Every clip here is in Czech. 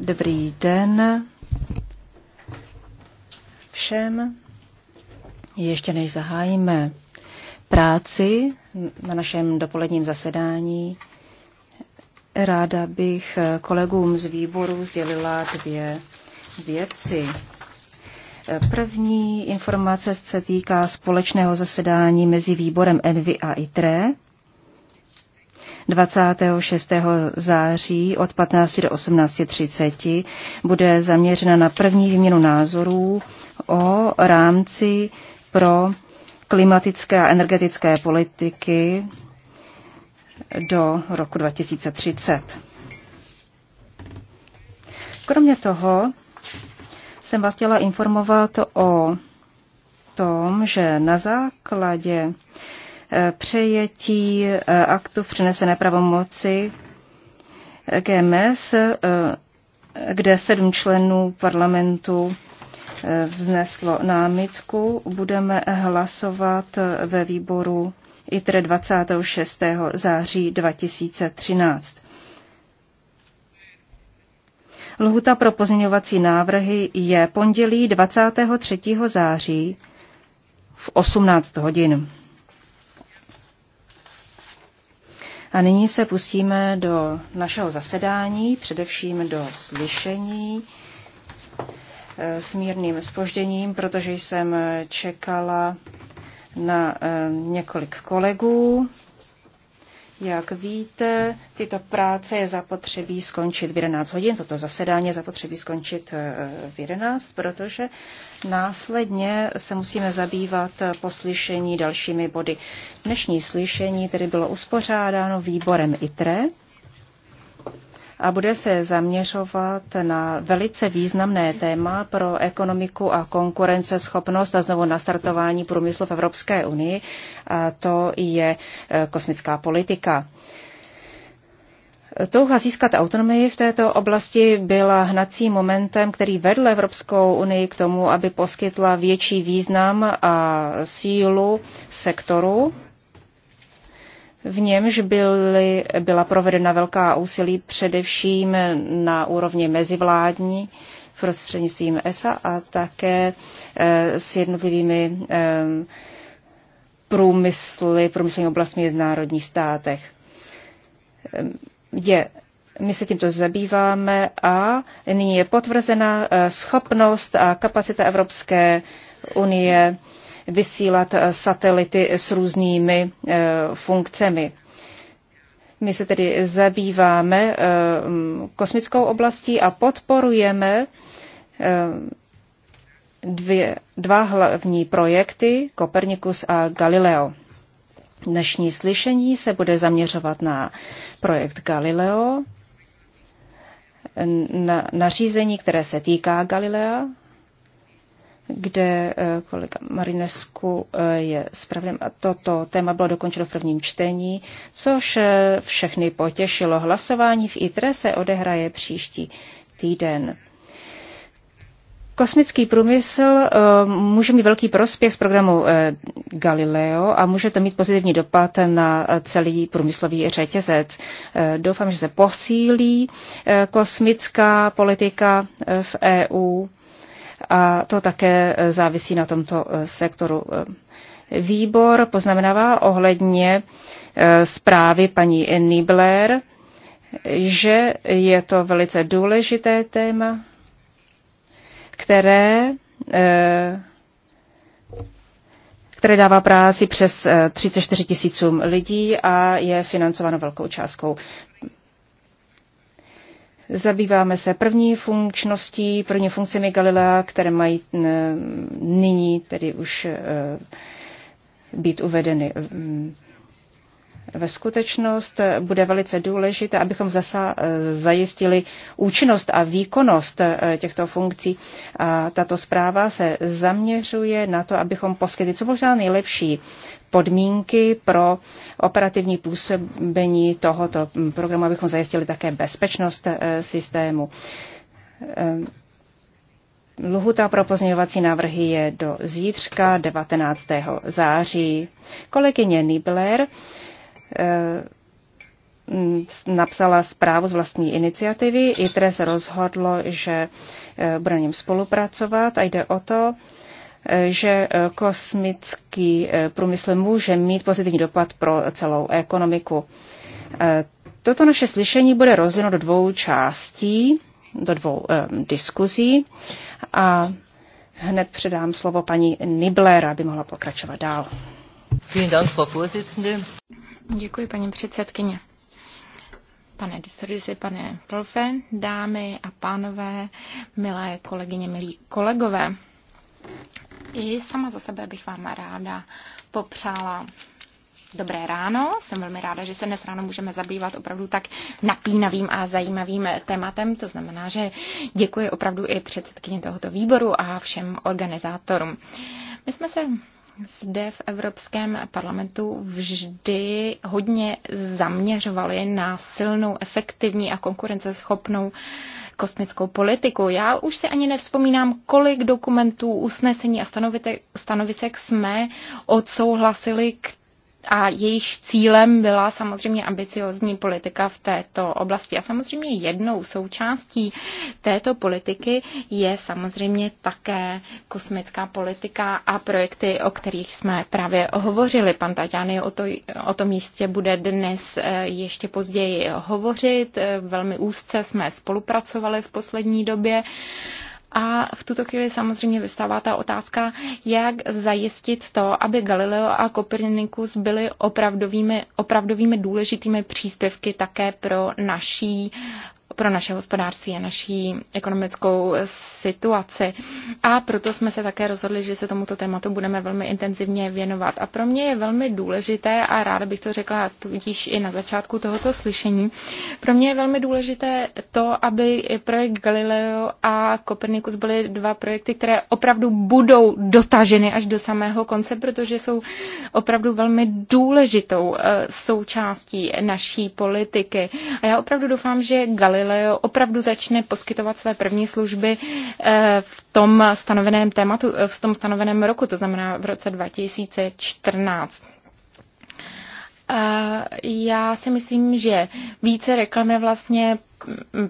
Dobrý den všem. Ještě než zahájíme práci na našem dopoledním zasedání, ráda bych kolegům z výboru sdělila dvě věci. První informace se týká společného zasedání mezi výborem Envy a ITRE 26. září od 15 do 18.30 bude zaměřena na první výměnu názorů o rámci pro klimatické a energetické politiky do roku 2030. Kromě toho jsem vás chtěla informovat o tom, že na základě přejetí eh, aktu v přenesené pravomoci GMS, eh, kde sedm členů parlamentu eh, vzneslo námitku. Budeme hlasovat ve výboru i 26. září 2013. Lhuta pro pozměňovací návrhy je pondělí 23. září v 18 hodin. A nyní se pustíme do našeho zasedání, především do slyšení eh, s mírným spožděním, protože jsem čekala na eh, několik kolegů. Jak víte, tyto práce je zapotřebí skončit v 11 hodin, toto zasedání je zapotřebí skončit eh, v 11, protože následně se musíme zabývat poslyšení dalšími body. Dnešní slyšení tedy bylo uspořádáno výborem ITRE a bude se zaměřovat na velice významné téma pro ekonomiku a konkurenceschopnost a znovu nastartování průmyslu v Evropské unii, a to je e, kosmická politika. Touha získat autonomii v této oblasti byla hnacím momentem, který vedl Evropskou unii k tomu, aby poskytla větší význam a sílu sektoru v němž byly, byla provedena velká úsilí především na úrovni mezivládní prostřednictvím ESA a také eh, s jednotlivými eh, průmysly, průmyslovými oblastmi v národních státech. Je, my se tímto zabýváme a nyní je potvrzena eh, schopnost a kapacita Evropské unie vysílat eh, satelity s různými eh, funkcemi. My se tedy zabýváme eh, kosmickou oblastí a podporujeme dvě, dva hlavní projekty, Kopernikus a Galileo. Dnešní slyšení se bude zaměřovat na projekt Galileo, na nařízení, které se týká Galilea kde eh, kolega Marinesku eh, je zpravodajem. A toto téma bylo dokončeno v prvním čtení, což eh, všechny potěšilo. Hlasování v ITRE se odehraje příští týden. Kosmický průmysl může mít velký prospěch z programu Galileo a může to mít pozitivní dopad na celý průmyslový řetězec. Doufám, že se posílí kosmická politika v EU a to také e, závisí na tomto e, sektoru. E, výbor poznamenává ohledně zprávy paní Nibler, že je to velice důležité téma, které, které dává práci přes 34 tisícům lidí a je financováno velkou částkou Zabýváme se první funkčností, první funkcemi Galilea, které mají nyní tedy už e, být uvedeny ve skutečnost bude velice důležité, abychom zasa e, zajistili účinnost a výkonnost e, těchto funkcí. A tato zpráva se zaměřuje na to, abychom poskytli co možná nejlepší podmínky pro operativní působení tohoto programu, abychom zajistili také bezpečnost eh, systému. Eh, lhuta pro pozměňovací návrhy je do zítřka 19. září. Kolegyně Nibler eh, napsala zprávu z vlastní iniciativy. ITRE se rozhodlo, že bude na něm spolupracovat a jde o to, že e, kosmický e, průmysl může mít pozitivní dopad pro celou ekonomiku. E, toto naše slyšení bude rozděleno do dvou částí, do dvou um, diskuzí a hned předám slovo paní Nibler, aby mohla pokračovat dál. Děkuji, paní předsedkyně. Pane Distorizi, pane Rolfe, dámy a pánové, milé kolegyně, milí kolegové. I sama za sebe bych vám ráda popřála Dobré ráno, jsem velmi ráda, že se dnes ráno můžeme zabývat opravdu tak napínavým a zajímavým tématem. To znamená, že děkuji opravdu i předsedkyni tohoto výboru a všem organizátorům. My jsme se zde v Evropském parlamentu vždy hodně zaměřovali na silnou, efektivní a konkurenceschopnou kosmickou politiku. Já už si ani nevzpomínám, kolik dokumentů, usnesení a stanovisek jsme odsouhlasili k a jejich cílem byla samozřejmě ambiciozní politika v této oblasti. A samozřejmě jednou součástí této politiky je samozřejmě také kosmická politika a projekty, o kterých jsme právě hovořili. Pan Tatiany o, to, o tom místě bude dnes eh, ještě později hovořit. Eh, velmi úzce jsme spolupracovali v poslední době. A v tuto chvíli samozřejmě vystává ta otázka, jak zajistit to, aby Galileo a Kopernikus byly opravdovými, opravdovými důležitými příspěvky také pro naší pro naše hospodářství a naší ekonomickou situaci. A proto jsme se také rozhodli, že se tomuto tématu budeme velmi intenzivně věnovat. A pro mě je velmi důležité, a ráda bych to řekla tudíž i na začátku tohoto slyšení, pro mě je velmi důležité to, aby projekt Galileo a Copernicus byly dva projekty, které opravdu budou dotaženy až do samého konce, protože jsou opravdu velmi důležitou eh, součástí naší politiky. A já opravdu doufám, že Galileo Galileo opravdu začne poskytovat své první služby eh, v tom stanoveném tématu, eh, v tom stanoveném roku, to znamená v roce 2014. Eh, já si myslím, že více reklamy vlastně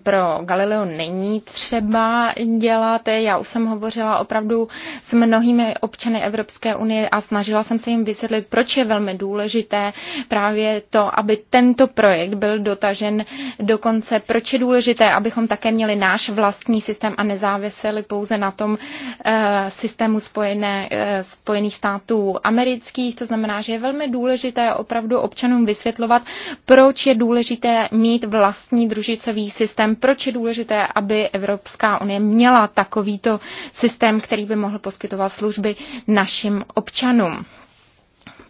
pro Galileo není třeba dělat. Já už jsem hovořila opravdu s mnohými občany Evropské unie a snažila jsem se jim vysvětlit, proč je velmi důležité právě to, aby tento projekt byl dotažen do konce, proč je důležité, abychom také měli náš vlastní systém a nezáviseli pouze na tom eh, systému spojené, eh, Spojených států amerických. To znamená, že je velmi důležité opravdu občanům vysvětlovat, proč je důležité mít vlastní družicový takový systém. Proč je důležité, aby Evropská unie měla takovýto systém, který by mohl poskytovat služby našim občanům?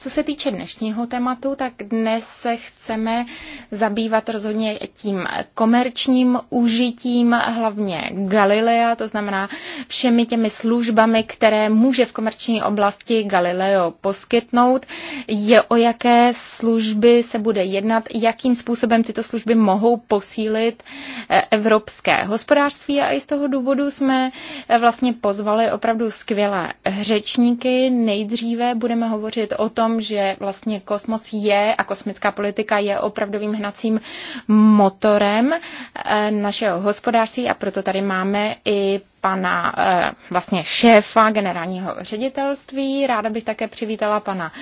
Co se týče dnešního tématu, tak dnes se chceme zabývat rozhodně tím komerčním užitím, hlavně Galilea, to znamená všemi těmi službami, které může v komerční oblasti Galileo poskytnout, je o jaké služby se bude jednat, jakým způsobem tyto služby mohou posílit eh, evropské hospodářství a i z toho důvodu jsme eh, vlastně pozvali opravdu skvělé řečníky. Nejdříve budeme hovořit o tom, tom, že vlastně kosmos je a kosmická politika je opravdovým hnacím motorem eh, našeho hospodářství a proto tady máme i pana eh, vlastně šéfa generálního ředitelství. Ráda bych také přivítala pana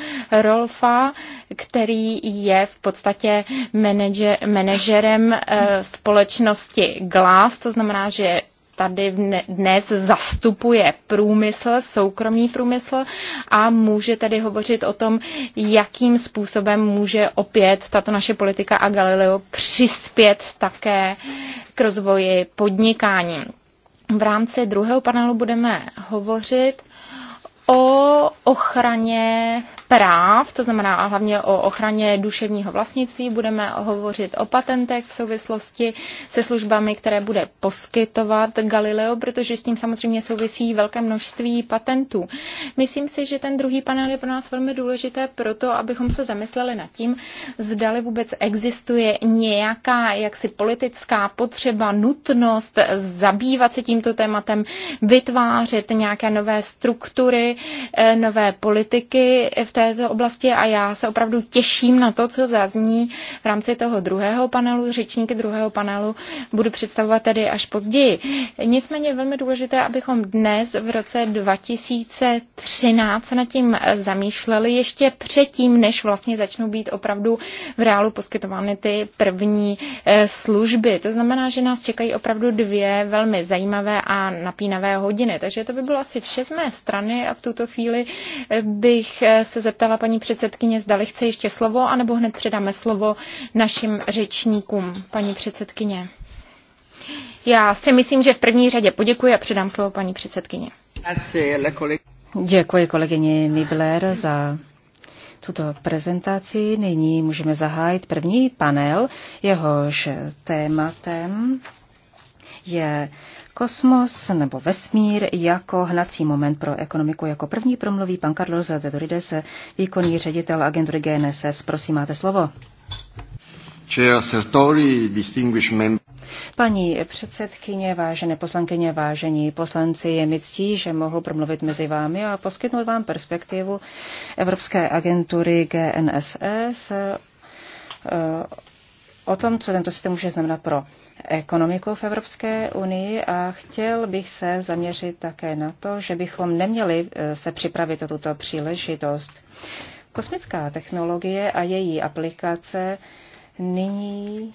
Rolfa, který je v podstatě manažerem eh, společnosti GLAS, to znamená, že tady dnes zastupuje průmysl, soukromý průmysl a může tedy hovořit o tom, jakým způsobem může opět tato naše politika a Galileo přispět také k rozvoji podnikání. V rámci druhého panelu budeme hovořit o ochraně práv, to znamená hlavně o ochraně duševního vlastnictví. Budeme hovořit o patentech v souvislosti se službami, které bude poskytovat Galileo, protože s tím samozřejmě souvisí velké množství patentů. Myslím si, že ten druhý panel je pro nás velmi důležité proto, abychom se zamysleli nad tím, zdali vůbec existuje nějaká jaksi politická potřeba, nutnost zabývat se tímto tématem, vytvářet nějaké nové struktury, eh, nové politiky v této oblasti a já se opravdu těším na to, co zazní v rámci toho druhého panelu. Řečníky druhého panelu budu představovat tedy až později. Nicméně je velmi důležité, abychom dnes v roce 2013 nad tím zamýšleli ještě předtím, než vlastně začnou být opravdu v reálu poskytovány ty první eh, služby. To znamená, že nás čekají opravdu dvě velmi zajímavé a napínavé hodiny. Takže to by bylo asi vše z mé strany a v tuto chvíli eh, bych eh, se zeptala paní předsedkyně, zdali chce ještě slovo, anebo hned předáme slovo našim řečníkům, paní předsedkyně. Já si myslím, že v první řadě poděkuji a předám slovo paní předsedkyně. Děkuji kolegyni Nibler za tuto prezentaci. Nyní můžeme zahájit první panel. Jehož tématem je Kosmos nebo vesmír jako hnací moment pro ekonomiku. Jako první promluví pan Carlos Zadorides, výkonný ředitel agentury GNSS. Prosím, máte slovo. Paní předsedkyně, vážené poslankyně, vážení poslanci, je mi ctí, že mohu promluvit mezi vámi a poskytnout vám perspektivu Evropské agentury GNSS eh, o tom, co tento systém může znamenat pro ekonomiku v Evropské unii a chtěl bych se zaměřit také na to, že bychom neměli e, se připravit o tuto příležitost. Kosmická technologie a její aplikace nyní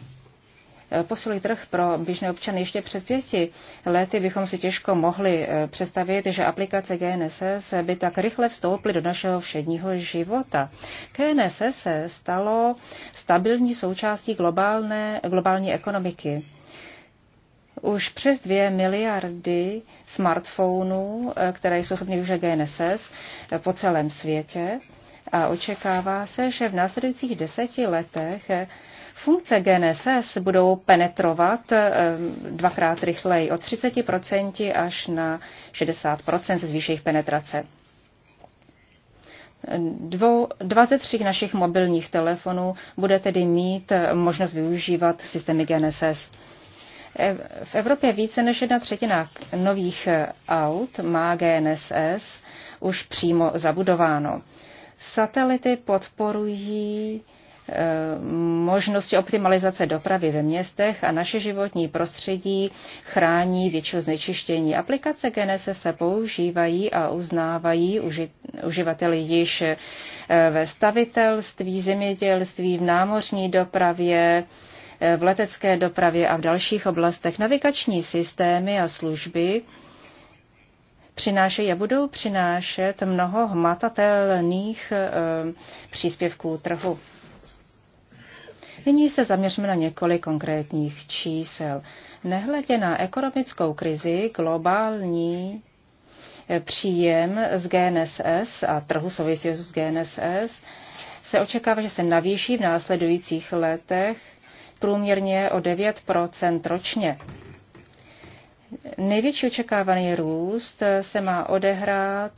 posilují trh pro běžné občany ještě před pěti lety, bychom si těžko mohli eh, představit, že aplikace GNSS by tak rychle vstoupily do našeho všedního života. GNSS se stalo stabilní součástí globálné, globální ekonomiky. Už přes 2 miliardy smartphonů, eh, které jsou schopny využít GNSS eh, po celém světě, a očekává se, že v následujících deseti letech Funkce GNSS budou penetrovat eh, dvakrát rychleji, od 30% až na 60% se zvýší jejich penetrace. Dvou, dva ze tří našich mobilních telefonů bude tedy mít eh, možnost využívat systémy GNSS. V Evropě více než jedna třetina nových eh, aut má GNSS už přímo zabudováno. Satelity podporují Eh, možnosti optimalizace dopravy ve městech a naše životní prostředí chrání většího znečištění. Aplikace GNS se používají a uznávají uži, uživateli již eh, ve stavitelství, zemědělství, v námořní dopravě, eh, v letecké dopravě a v dalších oblastech. Navigační systémy a služby přinášejí a budou přinášet mnoho hmatatelných příspěvků trhu. Nyní se zaměřme na několik konkrétních čísel. Nehledě na ekonomickou krizi, globální eh, příjem z GNSS a trhu souvisí s GNSS se očekává, že se navýší v následujících letech průměrně o 9 ročně. Největší očekávaný růst se má odehrát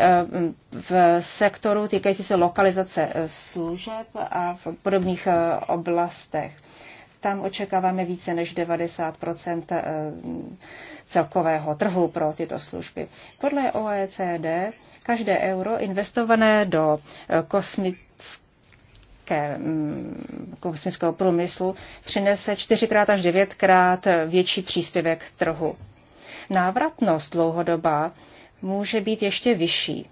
Eh, v sektoru týkající se lokalizace eh, služeb a v podobných eh, oblastech. Tam očekáváme více než 90 celkového trhu pro tyto služby. Podle OECD každé euro investované do kosmického mm, kosmického průmyslu přinese čtyřikrát až devětkrát větší příspěvek trhu. Návratnost dlouhodobá může být ještě vyšší.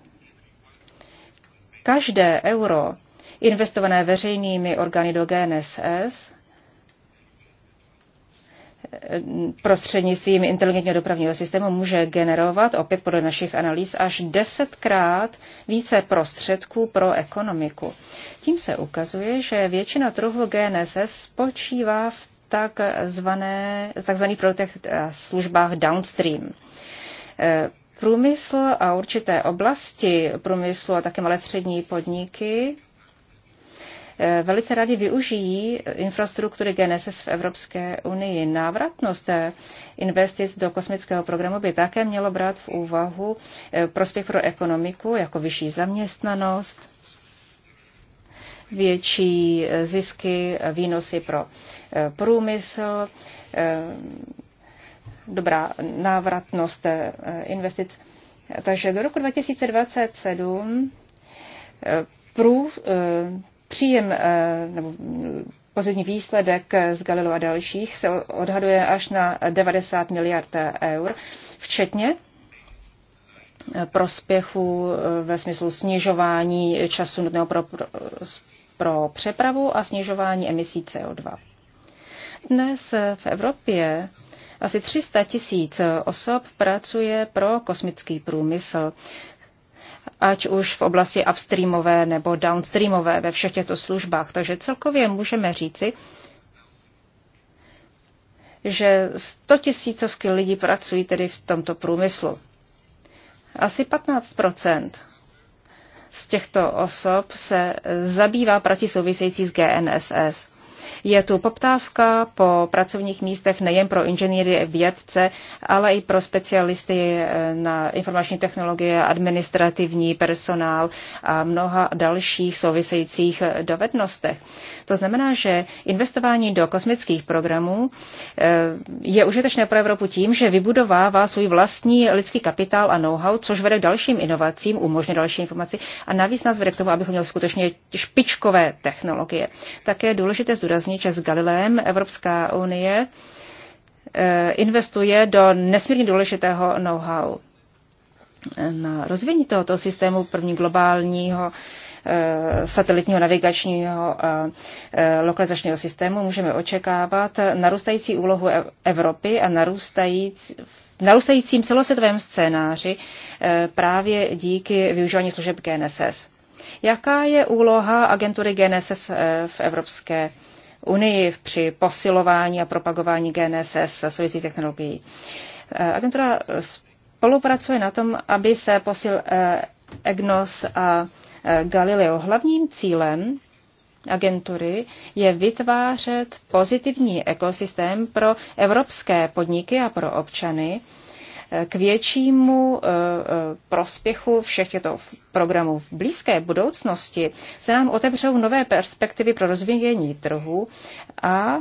Každé euro investované veřejnými orgány do GNSS eh, prostřednictvím inteligentního dopravního systému může generovat, opět podle našich analýz, až desetkrát více prostředků pro ekonomiku. Tím se ukazuje, že většina trhu GNSS spočívá v takzvané, takzvaných produktech a službách downstream eh, Průmysl a určité oblasti průmyslu a také malé střední podniky eh, velice rádi využijí infrastruktury Genesis v Evropské unii. Návratnost eh, investic do kosmického programu by také mělo brát v úvahu eh, prospěch pro ekonomiku, jako vyšší zaměstnanost, větší zisky, výnosy pro průmysl, dobrá návratnost eh, investic. Takže do roku 2027 eh, prů, eh, příjem nebo pozitivní výsledek z Galileo a dalších se odhaduje až na 90 miliard eur, včetně prospěchu ve smyslu snižování času nutného pro, pro, pro přepravu a snižování emisí CO2. Dnes v Evropě asi 300 tisíc osob pracuje pro kosmický průmysl ať už v oblasti upstreamové nebo downstreamové ve všech těchto službách. Takže celkově můžeme říci, že 100 tisícovky lidí pracují tedy v tomto průmyslu. Asi 15 z těchto osob se zabývá prací související s GNSS. Je tu poptávka po pracovních místech nejen pro inženýry vědce, ale i pro specialisty eh, na informační technologie, administrativní personál a mnoha dalších souvisejících eh, dovednostech. To znamená, že investování do kosmických programů eh, je užitečné pro Evropu tím, že vybudovává svůj vlastní lidský kapitál a know-how, což vede k dalším inovacím, umožňuje další informaci a navíc nás vede k tomu, abychom měli skutečně špičkové technologie. Také je důležité zdůraznit, zdůraznit, že s Galileem, Evropská unie eh, investuje do nesmírně důležitého know-how. Na rozvíjení tohoto systému první globálního eh, satelitního navigačního a eh, lokalizačního systému můžeme očekávat narůstající úlohu e- Evropy a narůstající, v narůstajícím celosvětovém scénáři právě díky využívání služeb GNSS. Jaká je úloha agentury GNSS v Evropské unii při posilování a propagování GNSS a souvisí technologií. Eh, agentura spolupracuje na tom, aby se posil eh, EGNOS a eh, Galileo. Hlavním cílem agentury je vytvářet pozitivní ekosystém pro evropské podniky a pro občany, k většímu e, e, prospěchu všech těchto programů v blízké budoucnosti se nám otevřou nové perspektivy pro rozvíjení trhu a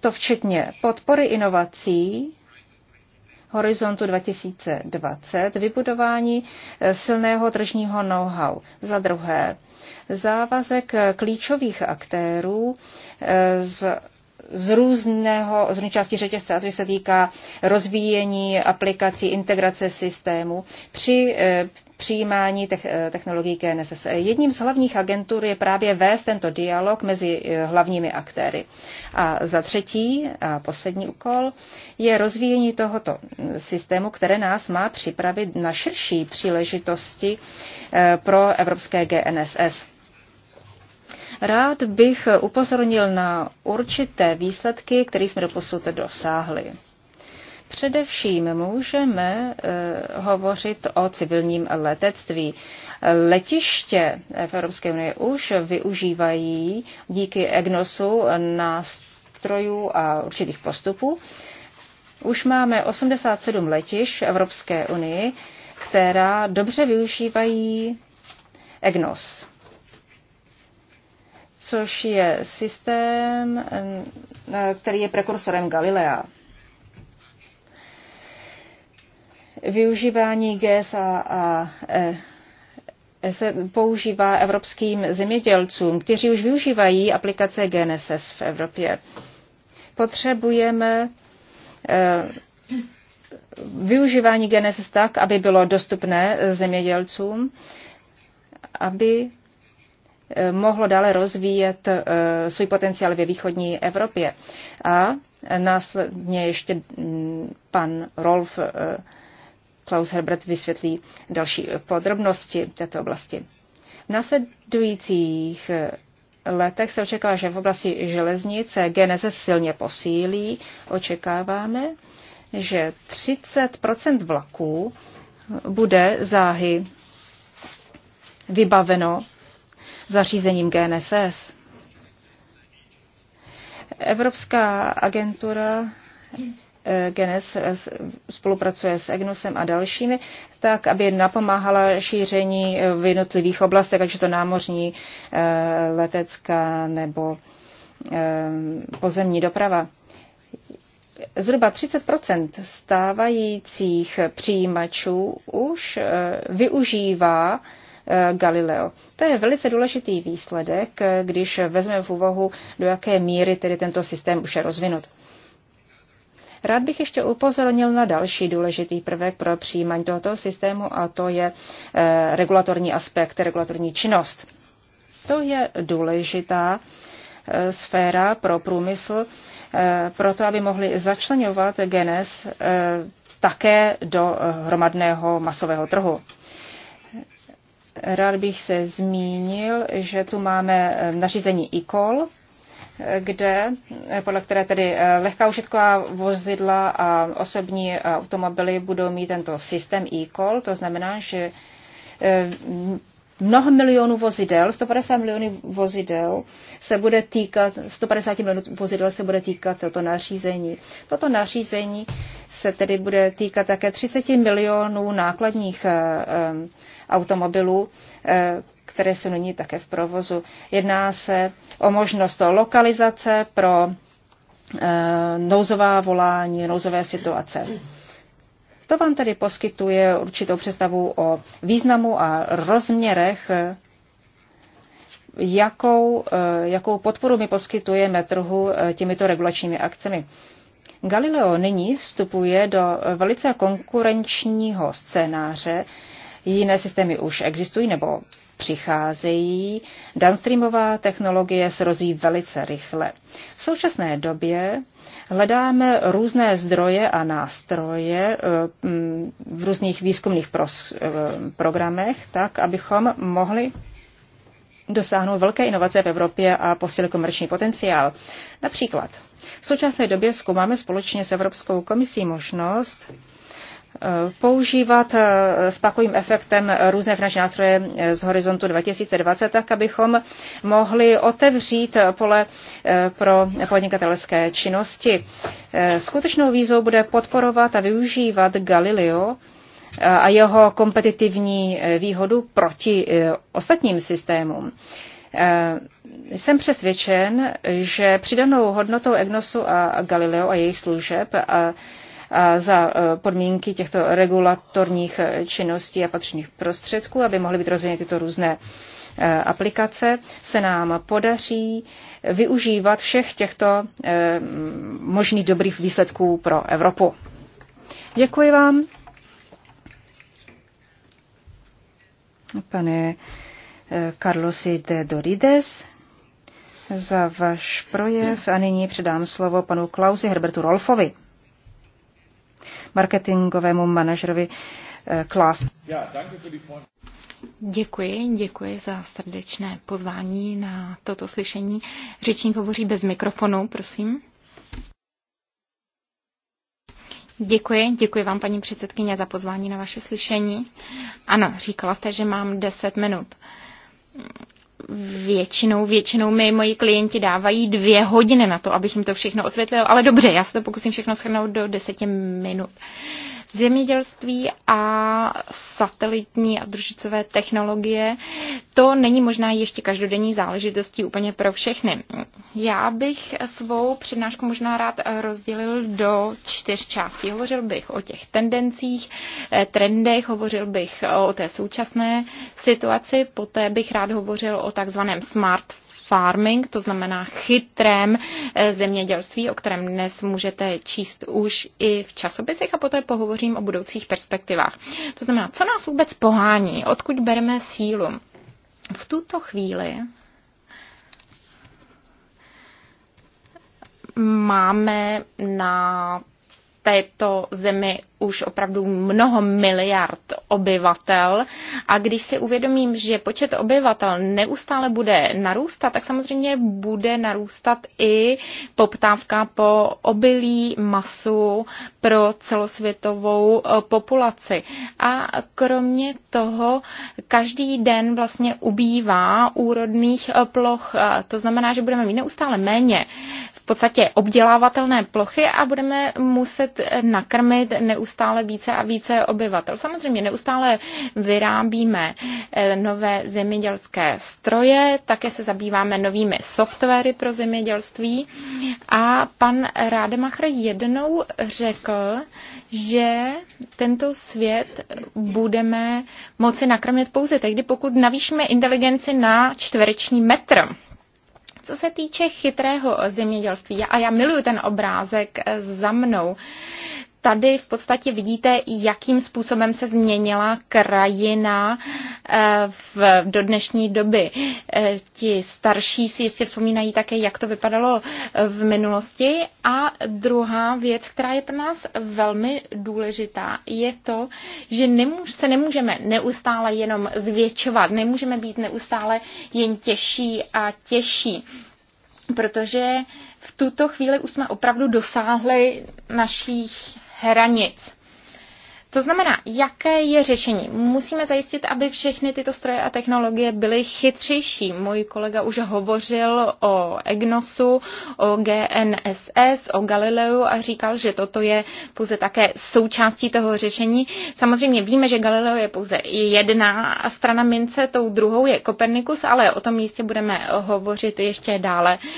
to včetně podpory inovací, horizontu 2020, vybudování e, silného tržního know-how. Za druhé, závazek klíčových aktérů z z různého, z různé částí řetězce, a to se týká rozvíjení aplikací, integrace systému při eh, přijímání eh, technologií KNSS. E. Jedním z hlavních agentur je právě vést tento dialog mezi eh, hlavními aktéry. A za třetí, a poslední úkol, je rozvíjení tohoto hm, systému, které nás má připravit na širší příležitosti pro evropské GNSS. Rád bych upozornil na určité výsledky, které jsme doposud dosáhli. Především můžeme eh, hovořit o civilním letectví. Letiště v Evropské unii už využívají díky EGNOSu nástrojů a určitých postupů. Už máme 87 letišť v Evropské unii, která dobře využívají EGNOS což je systém, eh, který je prekursorem Galilea. Využívání GSA a eh, se používá evropským zemědělcům, kteří už využívají aplikace GNSS v Evropě. Potřebujeme eh, využívání GNSS tak, aby bylo dostupné zemědělcům, aby mohlo dále rozvíjet eh, svůj potenciál ve východní Evropě. A následně ještě mm, pan Rolf eh, Klaus Herbert vysvětlí další podrobnosti této oblasti. V následujících eh, letech se očekává, že v oblasti železnice geneze silně posílí. Očekáváme, že 30 vlaků bude záhy vybaveno zařízením GNSS. Evropská agentura eh, GNSS spolupracuje s EGNOSem a dalšími, tak aby napomáhala šíření eh, v jednotlivých oblastech, ať je to námořní, eh, letecká nebo pozemní doprava. Zhruba 30 stávajících přijímačů už využívá Eh, Galileo. To je velice důležitý výsledek, eh, když vezmeme v úvahu, do jaké míry tedy tento systém už je rozvinut. Rád bych ještě upozornil na další důležitý prvek pro přijímání tohoto systému a to je eh, regulatorní aspekt, regulatorní činnost. To je důležitá sféra pro průmysl, proto aby mohli začlenovat genes také do hromadného masového trhu. Rád bych se zmínil, že tu máme eh, nařízení ICOL, eh, kde, eh, podle které tedy lehká užitková vozidla a osobní automobily budou mít tento systém ICOL. to znamená, že mnoho milionů vozidel, 150 milionů vozidel se bude týkat, 150 milionů vozidel se bude týkat toto nařízení. Toto nařízení se tedy bude týkat také 30 milionů nákladních automobilů, eh, které jsou nyní také v provozu. Jedná se o možnost lokalizace pro eh, nouzová volání, nouzové situace. To vám tedy poskytuje určitou představu o významu a rozměrech, jakou, eh, jakou podporu my poskytujeme trhu těmito regulačními akcemi. Galileo nyní vstupuje do velice konkurenčního scénáře, Jiné systémy už existují nebo přicházejí. Downstreamová technologie se rozvíjí velice rychle. V současné době hledáme různé zdroje a nástroje eh, mm, v různých výzkumných eh, programech, tak abychom mohli dosáhnout velké inovace v Evropě a posílit komerční potenciál. Například v současné době zkoumáme společně s Evropskou komisí možnost Eh, používat eh, s pakovým efektem různé finanční nástroje eh, z horizontu 2020, tak abychom mohli otevřít pole pro podnikatelské činnosti. Skutečnou výzvou bude podporovat a využívat Galileo a jeho kompetitivní výhodu proti ostatním systémům. Jsem přesvědčen, že přidanou hodnotou EGNOSu a Galileo a jejich služeb a za e, podmínky těchto regulatorních e, činností a patřených prostředků, aby mohly být rozvinuty tyto různé e, aplikace, se nám podaří využívat všech těchto možných dobrých výsledků pro Evropu. Děkuji vám. Pane Carlosi de Dorides, za váš projev a nyní předám slovo panu Klausi Herbertu Rolfovi marketingovému manažerovi eh, Klas. Děkuji, děkuji za srdečné pozvání na toto slyšení. Řečník hovoří bez mikrofonu, prosím. Děkuji, děkuji vám, paní předsedkyně, za pozvání na vaše slyšení. Ano, říkala jste, že mám 10 minut většinou, většinou mi moji klienti dávají dvě hodiny na to, abych jim to všechno osvětlil, ale dobře, já se to pokusím všechno shrnout do deseti minut. Uh, zemědělství a satelitní a družicové technologie, to není možná ještě každodenní záležitostí úplně pro všechny. Já bych svou přednášku možná rád rozdělil do čtyř částí. Hovořil bych o těch tendencích, eh, trendech, hovořil bych o té současné situaci, poté bych rád hovořil o takzvaném smart farming, to znamená chytrém eh, zemědělství, o kterém dnes můžete číst už i v časopisech a poté pohovořím o budoucích perspektivách. To znamená, co nás vůbec pohání, odkud bereme sílu. V tuto chvíli máme na této zemi už opravdu mnoho miliard obyvatel. A když si uvědomím, že počet obyvatel neustále bude narůstat, tak samozřejmě bude narůstat i poptávka po obilí, masu pro celosvětovou eh, populaci. A kromě toho každý den vlastně ubývá úrodných eh, ploch. To znamená, že budeme mít neustále méně podstatě obdělávatelné plochy a budeme muset nakrmit neustále více a více obyvatel. Samozřejmě neustále vyrábíme eh, nové zemědělské stroje, také se zabýváme novými softwary pro zemědělství a pan Rádemacher jednou řekl, že tento svět budeme moci nakrmit pouze tehdy, pokud navýšíme inteligenci na čtvereční metr. Co se týče chytrého zemědělství, a já miluju ten obrázek za mnou, tady v podstatě vidíte, jakým způsobem se změnila krajina eh, v, do dnešní doby. Eh, ti starší si jistě vzpomínají také, jak to vypadalo eh, v minulosti. A druhá věc, která je pro nás velmi důležitá, je to, že nemůž, se nemůžeme neustále jenom zvětšovat, nemůžeme být neustále jen těžší a těžší protože v tuto chvíli už jsme opravdu dosáhli našich hranic. To znamená, jaké je řešení? Musíme zajistit, aby všechny tyto stroje a technologie byly chytřejší. Můj kolega už hovořil o EGNOSu, o GNSS, o Galileu a říkal, že toto je pouze také součástí toho řešení. Samozřejmě víme, že Galileo je pouze jedna a strana mince, tou druhou je Kopernikus, ale o tom jistě budeme hovořit ještě dále. Uh,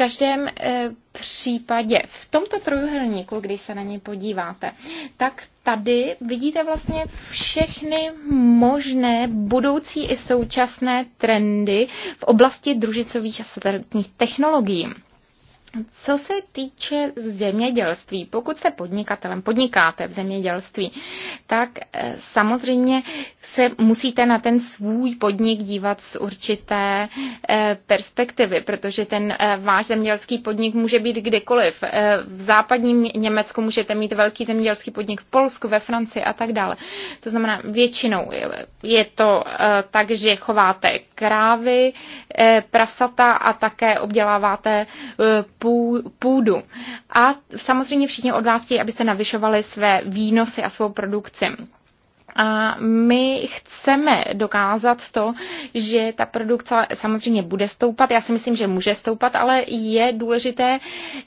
každém eh, případě v tomto trojuhelníku, když se na něj podíváte, tak tady vidíte vlastně všechny možné budoucí i současné trendy v oblasti družicových a satelitních technologií. Co se týče zemědělství, pokud jste podnikatelem, podnikáte v zemědělství, tak eh, samozřejmě se musíte na ten svůj podnik dívat z určité eh, perspektivy, protože ten eh, váš zemědělský podnik může být kdekoliv. V západním Německu můžete mít velký zemědělský podnik v Polsku, ve Francii a tak dále. To znamená, většinou je to tak, že chováte krávy, prasata a také obděláváte půdu. A samozřejmě všichni od vás chtějí, abyste navyšovali své výnosy a svou produkci. A my chceme dokázat to, že ta produkce samozřejmě bude stoupat. Já si myslím, že může stoupat, ale je důležité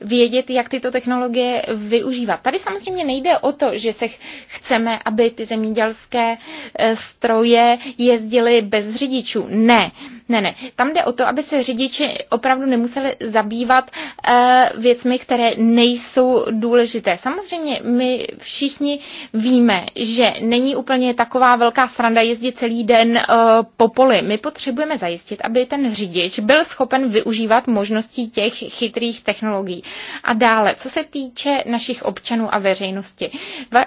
vědět, jak tyto technologie využívat. Tady samozřejmě nejde o to, že se chceme, aby ty zemědělské e, stroje jezdily bez řidičů. Ne, ne, ne. Tam jde o to, aby se řidiči opravdu nemuseli zabývat e, věcmi, které nejsou důležité. Samozřejmě my všichni víme, že není úplně úplně taková velká sranda jezdit celý den eh, po poli. My potřebujeme zajistit, aby ten řidič byl schopen využívat možností těch chytrých technologií. A dále, co se týče našich občanů a veřejnosti.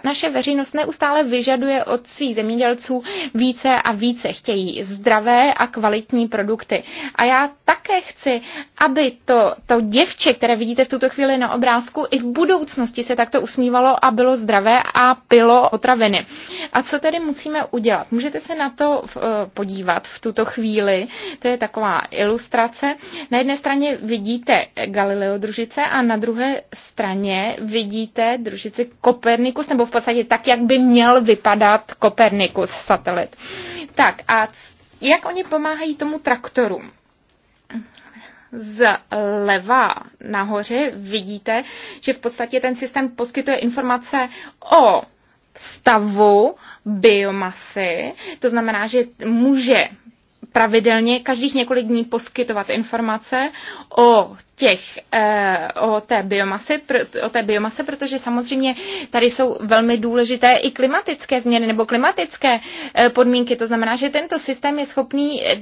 Naše veřejnost neustále vyžaduje od svých zemědělců více a více. Chtějí zdravé a kvalitní produkty. A já také chci, aby to, to děvče, které vidíte v tuto chvíli na obrázku, i v budoucnosti se takto usmívalo a bylo zdravé a pilo potraviny. A co co tedy musíme udělat? Můžete se na to eh, podívat v tuto chvíli. To je taková ilustrace. Na jedné straně vidíte Galileo družice a na druhé straně vidíte družici Kopernikus, nebo v podstatě tak, jak by měl vypadat Kopernikus satelit. Tak a jak oni pomáhají tomu traktoru? zleva nahoře vidíte, že v podstatě ten systém poskytuje informace o stavu biomasy. To znamená, že může pravidelně každých několik dní poskytovat informace o těch, eh, o té biomase, o té biomase, protože samozřejmě tady jsou velmi důležité i klimatické změny nebo klimatické eh, podmínky. To znamená, že tento systém je schopný eh,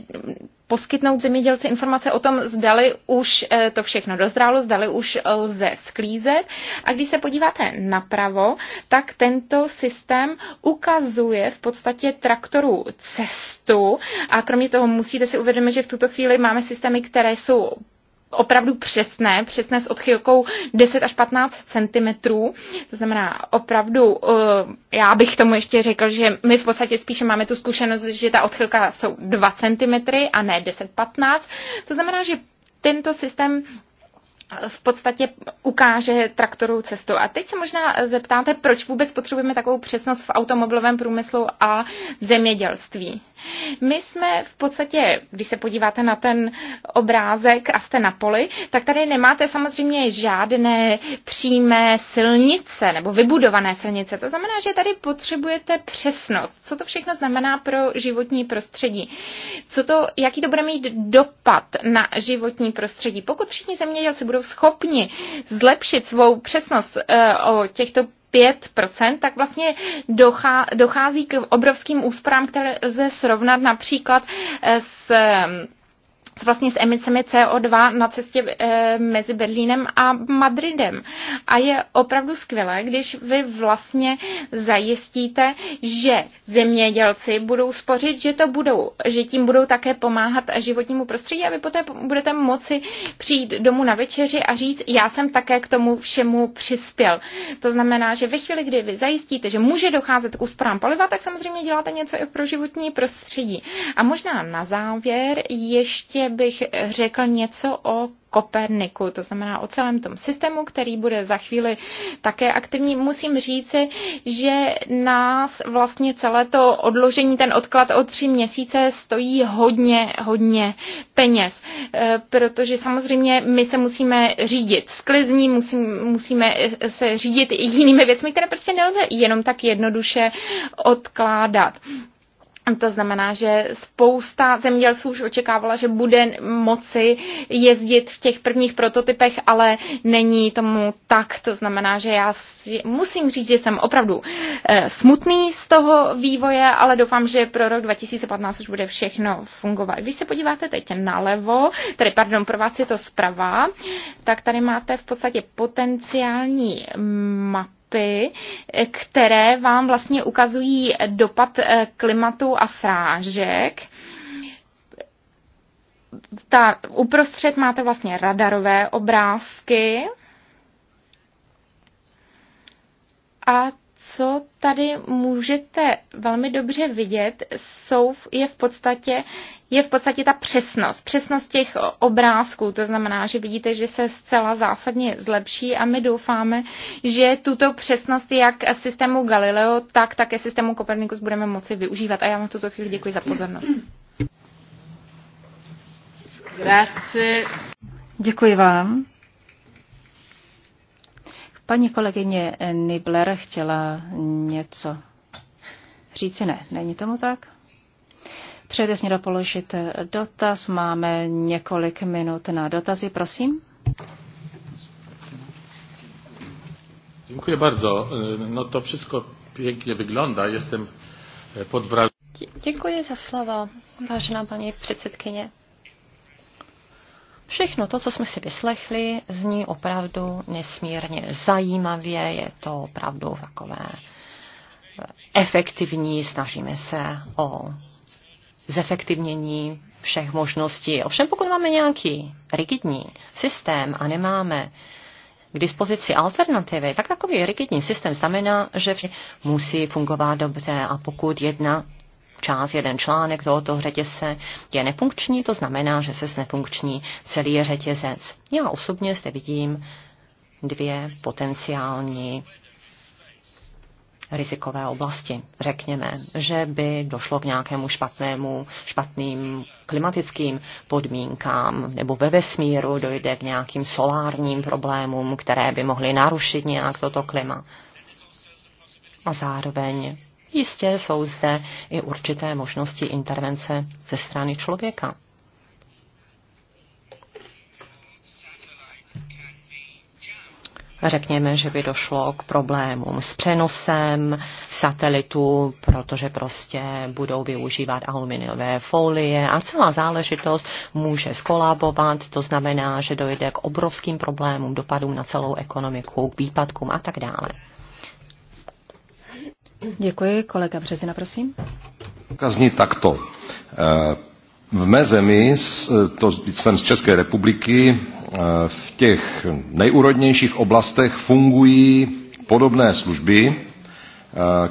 poskytnout zemědělci informace o tom, zdali už to všechno dozrálo, zdali už lze sklízet. A když se podíváte napravo, tak tento systém ukazuje v podstatě traktoru cestu a kromě toho musíte si uvědomit, že v tuto chvíli máme systémy, které jsou opravdu přesné, přesné s odchylkou 10 až 15 cm. To znamená opravdu, eh, já bych tomu ještě řekl, že my v podstatě spíše máme tu zkušenost, že ta odchylka jsou 2 cm a ne 10-15. To znamená, že tento systém eh, v podstatě ukáže traktoru cestu. A teď se možná zeptáte, proč vůbec potřebujeme takovou přesnost v automobilovém průmyslu a v zemědělství. My jsme v podstatě, když se podíváte na ten obrázek a jste na poli, tak tady nemáte samozřejmě žádné přímé silnice nebo vybudované silnice. To znamená, že tady potřebujete přesnost. Co to všechno znamená pro životní prostředí? Co to, jaký to bude mít dopad na životní prostředí? Pokud všichni zemědělci budou schopni zlepšit svou přesnost eh, o těchto 5%, tak vlastně dochá, dochází k obrovským úsporám, které lze srovnat například s vlastně s emicemi CO2 na cestě eh, mezi Berlínem a Madridem. A je opravdu skvělé, když vy vlastně zajistíte, že zemědělci budou spořit, že, to budou, že tím budou také pomáhat životnímu prostředí a vy poté budete moci přijít domů na večeři a říct, já jsem také k tomu všemu přispěl. To znamená, že ve chvíli, kdy vy zajistíte, že může docházet k úsporám paliva, tak samozřejmě děláte něco i pro životní prostředí. A možná na závěr ještě bych řekl něco o Koperniku, to znamená o celém tom systému, který bude za chvíli také aktivní. Musím říci, že nás vlastně celé to odložení, ten odklad o tři měsíce stojí hodně, hodně peněz, eh, protože samozřejmě my se musíme řídit sklizní, musí, musíme se řídit i jinými věcmi, které prostě nelze jenom tak jednoduše odkládat. To znamená, že spousta zemědělců už očekávala, že bude moci jezdit v těch prvních prototypech, ale není tomu tak. To znamená, že já si, musím říct, že jsem opravdu eh, smutný z toho vývoje, ale doufám, že pro rok 2015 už bude všechno fungovat. Když se podíváte teď nalevo, tady pardon, pro vás je to zprava, tak tady máte v podstatě potenciální map mapy, které vám vlastně ukazují dopad eh, klimatu a srážek ta, uprostřed máte vlastně radarové obrázky. A co tady můžete velmi dobře vidět, jsou, je v podstatě je v podstatě ta přesnost, přesnost těch obrázků, to znamená, že vidíte, že se zcela zásadně zlepší a my doufáme, že tuto přesnost jak systému Galileo, tak také systému Copernicus budeme moci využívat a já vám v tuto chvíli děkuji za pozornost. Grazie. Děkuji vám. Paní kolegyně Nibler chtěla něco říci. Ne, není tomu tak? Předesně směro dotaz. Máme několik minut na dotazy, prosím. Děkuji bardzo. No to všechno pěkně vygląda. Jestem pod wrażeniem. Děkuji za slovo, vážená paní předsedkyně. Všechno to, co jsme si vyslechli, zní opravdu nesmírně zajímavě, je to opravdu takové eh, efektivní, snažíme se o zefektivnění všech možností. Ovšem pokud máme nějaký rigidní systém a nemáme k dispozici alternativy, tak takový rigidní systém znamená, že musí fungovat dobře a pokud jedna část, jeden článek tohoto řetězce je nefunkční, to znamená, že se nefunkční celý řetězec. Já osobně zde vidím dvě potenciální rizikové oblasti. Řekněme, že by došlo k nějakému špatnému, špatným klimatickým podmínkám nebo ve vesmíru dojde k nějakým solárním problémům, které by mohly narušit nějak toto klima. A zároveň Jistě jsou zde i určité možnosti intervence ze strany člověka. řekněme, že by došlo k problémům s přenosem satelitu, protože prostě budou využívat aluminiové folie a celá záležitost může skolabovat, to znamená, že dojde k obrovským problémům, dopadům na celou ekonomiku, k výpadkům a tak dále. Děkuji. Kolega Březina, prosím. Zní takto. Eh, v mé zemi, to jsem z České republiky, eh, v těch nejurodnějších oblastech fungují podobné služby, eh,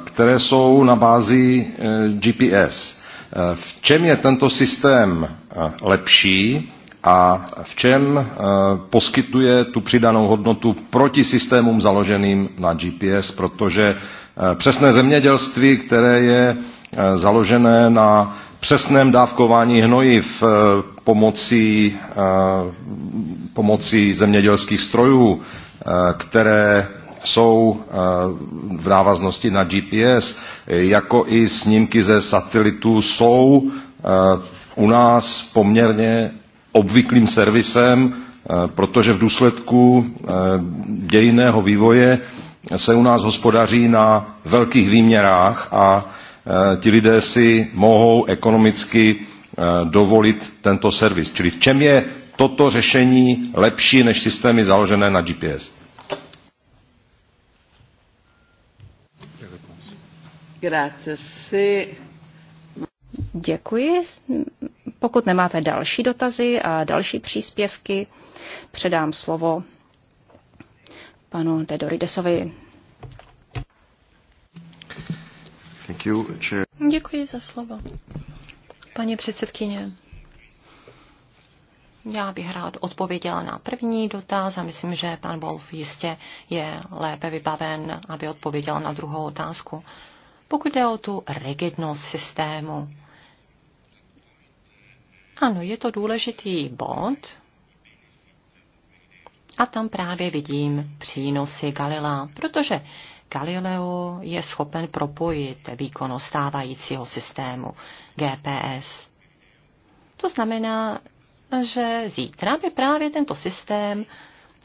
které jsou na bázi GPS. V čem je tento systém lepší a v čem poskytuje tu přidanou hodnotu proti systémům založeným na GPS, protože Eh, přesné zemědělství, které je eh, založené na přesném dávkování hnojiv eh, pomocí, pomocí zemědělských strojů, které jsou v návaznosti na GPS, jako i snímky ze satelitů, jsou u nás poměrně obvyklým servisem, protože v důsledku dějiného vývoje se u nás hospodaří na velkých výměrách a e, ti lidé si mohou ekonomicky e, dovolit tento servis. Čili v čem je toto řešení lepší než systémy založené na GPS? Děkuji. Pokud nemáte další dotazy a další příspěvky, předám slovo panu Dedoridesovi. You, Děkuji za slovo. Paní předsedkyně, já bych rád odpověděla na první dotaz a myslím, že pan Wolf jistě je lépe vybaven, aby odpověděl na druhou otázku. Pokud jde o tu rigidnost systému, ano, je to důležitý bod, a tam právě vidím přínosy Galilea, protože Galileo je schopen propojit výkonnost stávajícího systému GPS. To znamená, že zítra by právě tento systém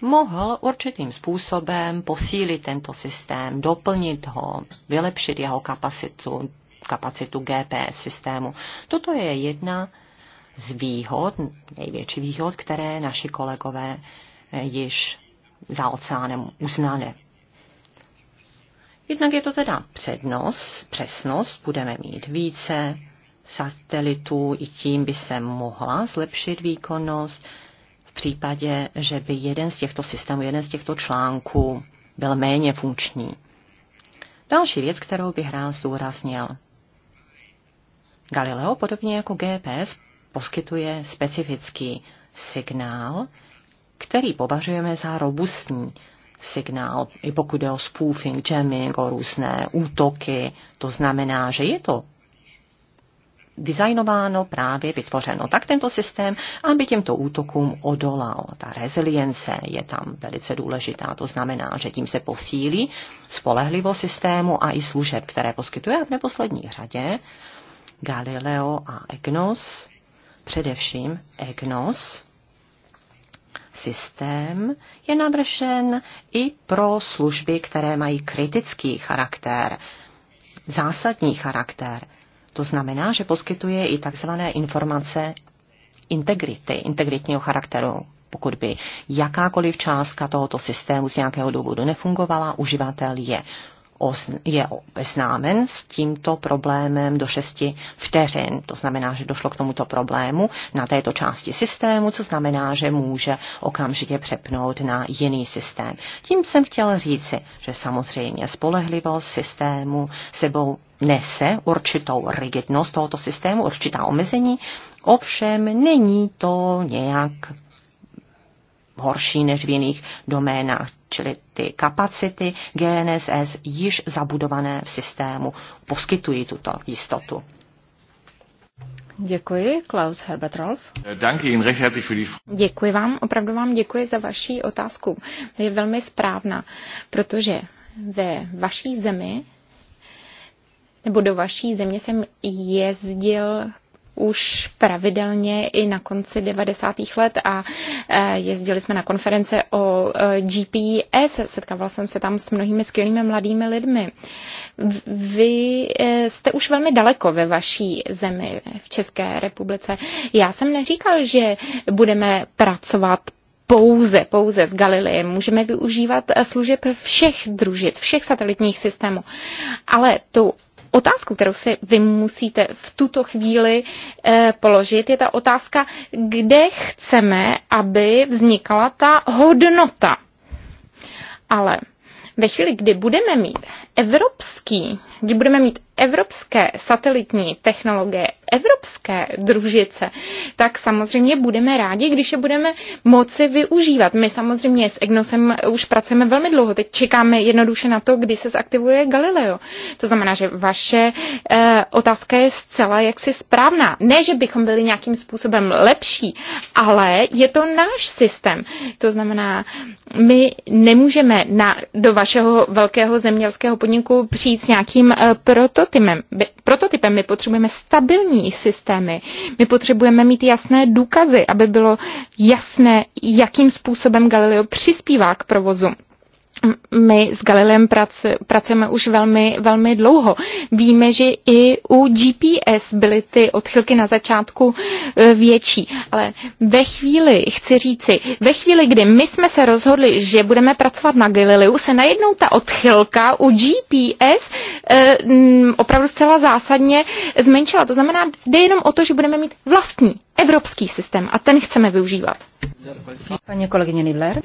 mohl určitým způsobem posílit tento systém, doplnit ho, vylepšit jeho kapacitu, kapacitu GPS systému. Toto je jedna z výhod, největší výhod, které naši kolegové již za oceánem uznané. Jednak je to teda přednost, přesnost, budeme mít více satelitů, i tím by se mohla zlepšit výkonnost v případě, že by jeden z těchto systémů, jeden z těchto článků byl méně funkční. Další věc, kterou bych rád zdůraznil. Galileo, podobně jako GPS, poskytuje specifický signál, který považujeme za robustní signál, i pokud jde o spoofing, jamming, o různé útoky. To znamená, že je to designováno, právě vytvořeno tak tento systém, aby těmto útokům odolal. Ta rezilience je tam velice důležitá, to znamená, že tím se posílí spolehlivost systému a i služeb, které poskytuje v neposlední řadě Galileo a EGNOS, především EGNOS, systém je navršen i pro služby, které mají kritický charakter, zásadní charakter. To znamená, že poskytuje i takzvané informace integrity, integritního charakteru. Pokud by jakákoliv částka tohoto systému z nějakého důvodu nefungovala, uživatel je je obeznámen s tímto problémem do 6 vteřin. To znamená, že došlo k tomuto problému na této části systému, co znamená, že může okamžitě přepnout na jiný systém. Tím jsem chtěl říci, že samozřejmě spolehlivost systému sebou nese určitou rigidnost tohoto systému, určitá omezení, ovšem není to nějak horší než v jiných doménách čili ty kapacity GNSS již zabudované v systému poskytují tuto jistotu. Děkuji, Klaus Herbert Rolf. Děkuji vám, opravdu vám děkuji za vaši otázku. Je velmi správná, protože ve vaší zemi nebo do vaší země jsem jezdil už pravidelně i na konci 90. let a e, jezdili jsme na konference o e, GPS. Setkávala jsem se tam s mnohými skvělými mladými lidmi. Vy e, jste už velmi daleko ve vaší zemi v České republice. Já jsem neříkal, že budeme pracovat pouze, pouze s Galileem. Můžeme využívat služeb všech družic, všech satelitních systémů. Ale tu otázku, kterou si vy musíte v tuto chvíli eh, položit, je ta otázka, kde chceme, aby vznikala ta hodnota. Ale ve chvíli, kdy budeme mít evropský, kdy budeme mít evropské satelitní technologie, evropské družice, tak samozřejmě budeme rádi, když je budeme moci využívat. My samozřejmě s Egnosem už pracujeme velmi dlouho, teď čekáme jednoduše na to, kdy se zaktivuje Galileo. To znamená, že vaše e, otázka je zcela jaksi správná. Ne, že bychom byli nějakým způsobem lepší, ale je to náš systém. To znamená, my nemůžeme na, do vašeho velkého zemědělského podniku přijít s nějakým eh, prototypem. prototypem. My potřebujeme stabilní právní systémy. My potřebujeme mít jasné důkazy, aby bylo jasné, jakým způsobem Galileo přispívá k provozu my s Galilem prac, pracujeme už velmi, velmi dlouho. Víme, že i u GPS byly ty odchylky na začátku e, větší, ale ve chvíli, chci říci, ve chvíli, kdy my jsme se rozhodli, že budeme pracovat na Galileu, se najednou ta odchylka u GPS eh, opravdu zcela zásadně zmenšila. To znamená, jde jenom o to, že budeme mít vlastní evropský systém a ten chceme využívat. Paní kolegyně Nibler.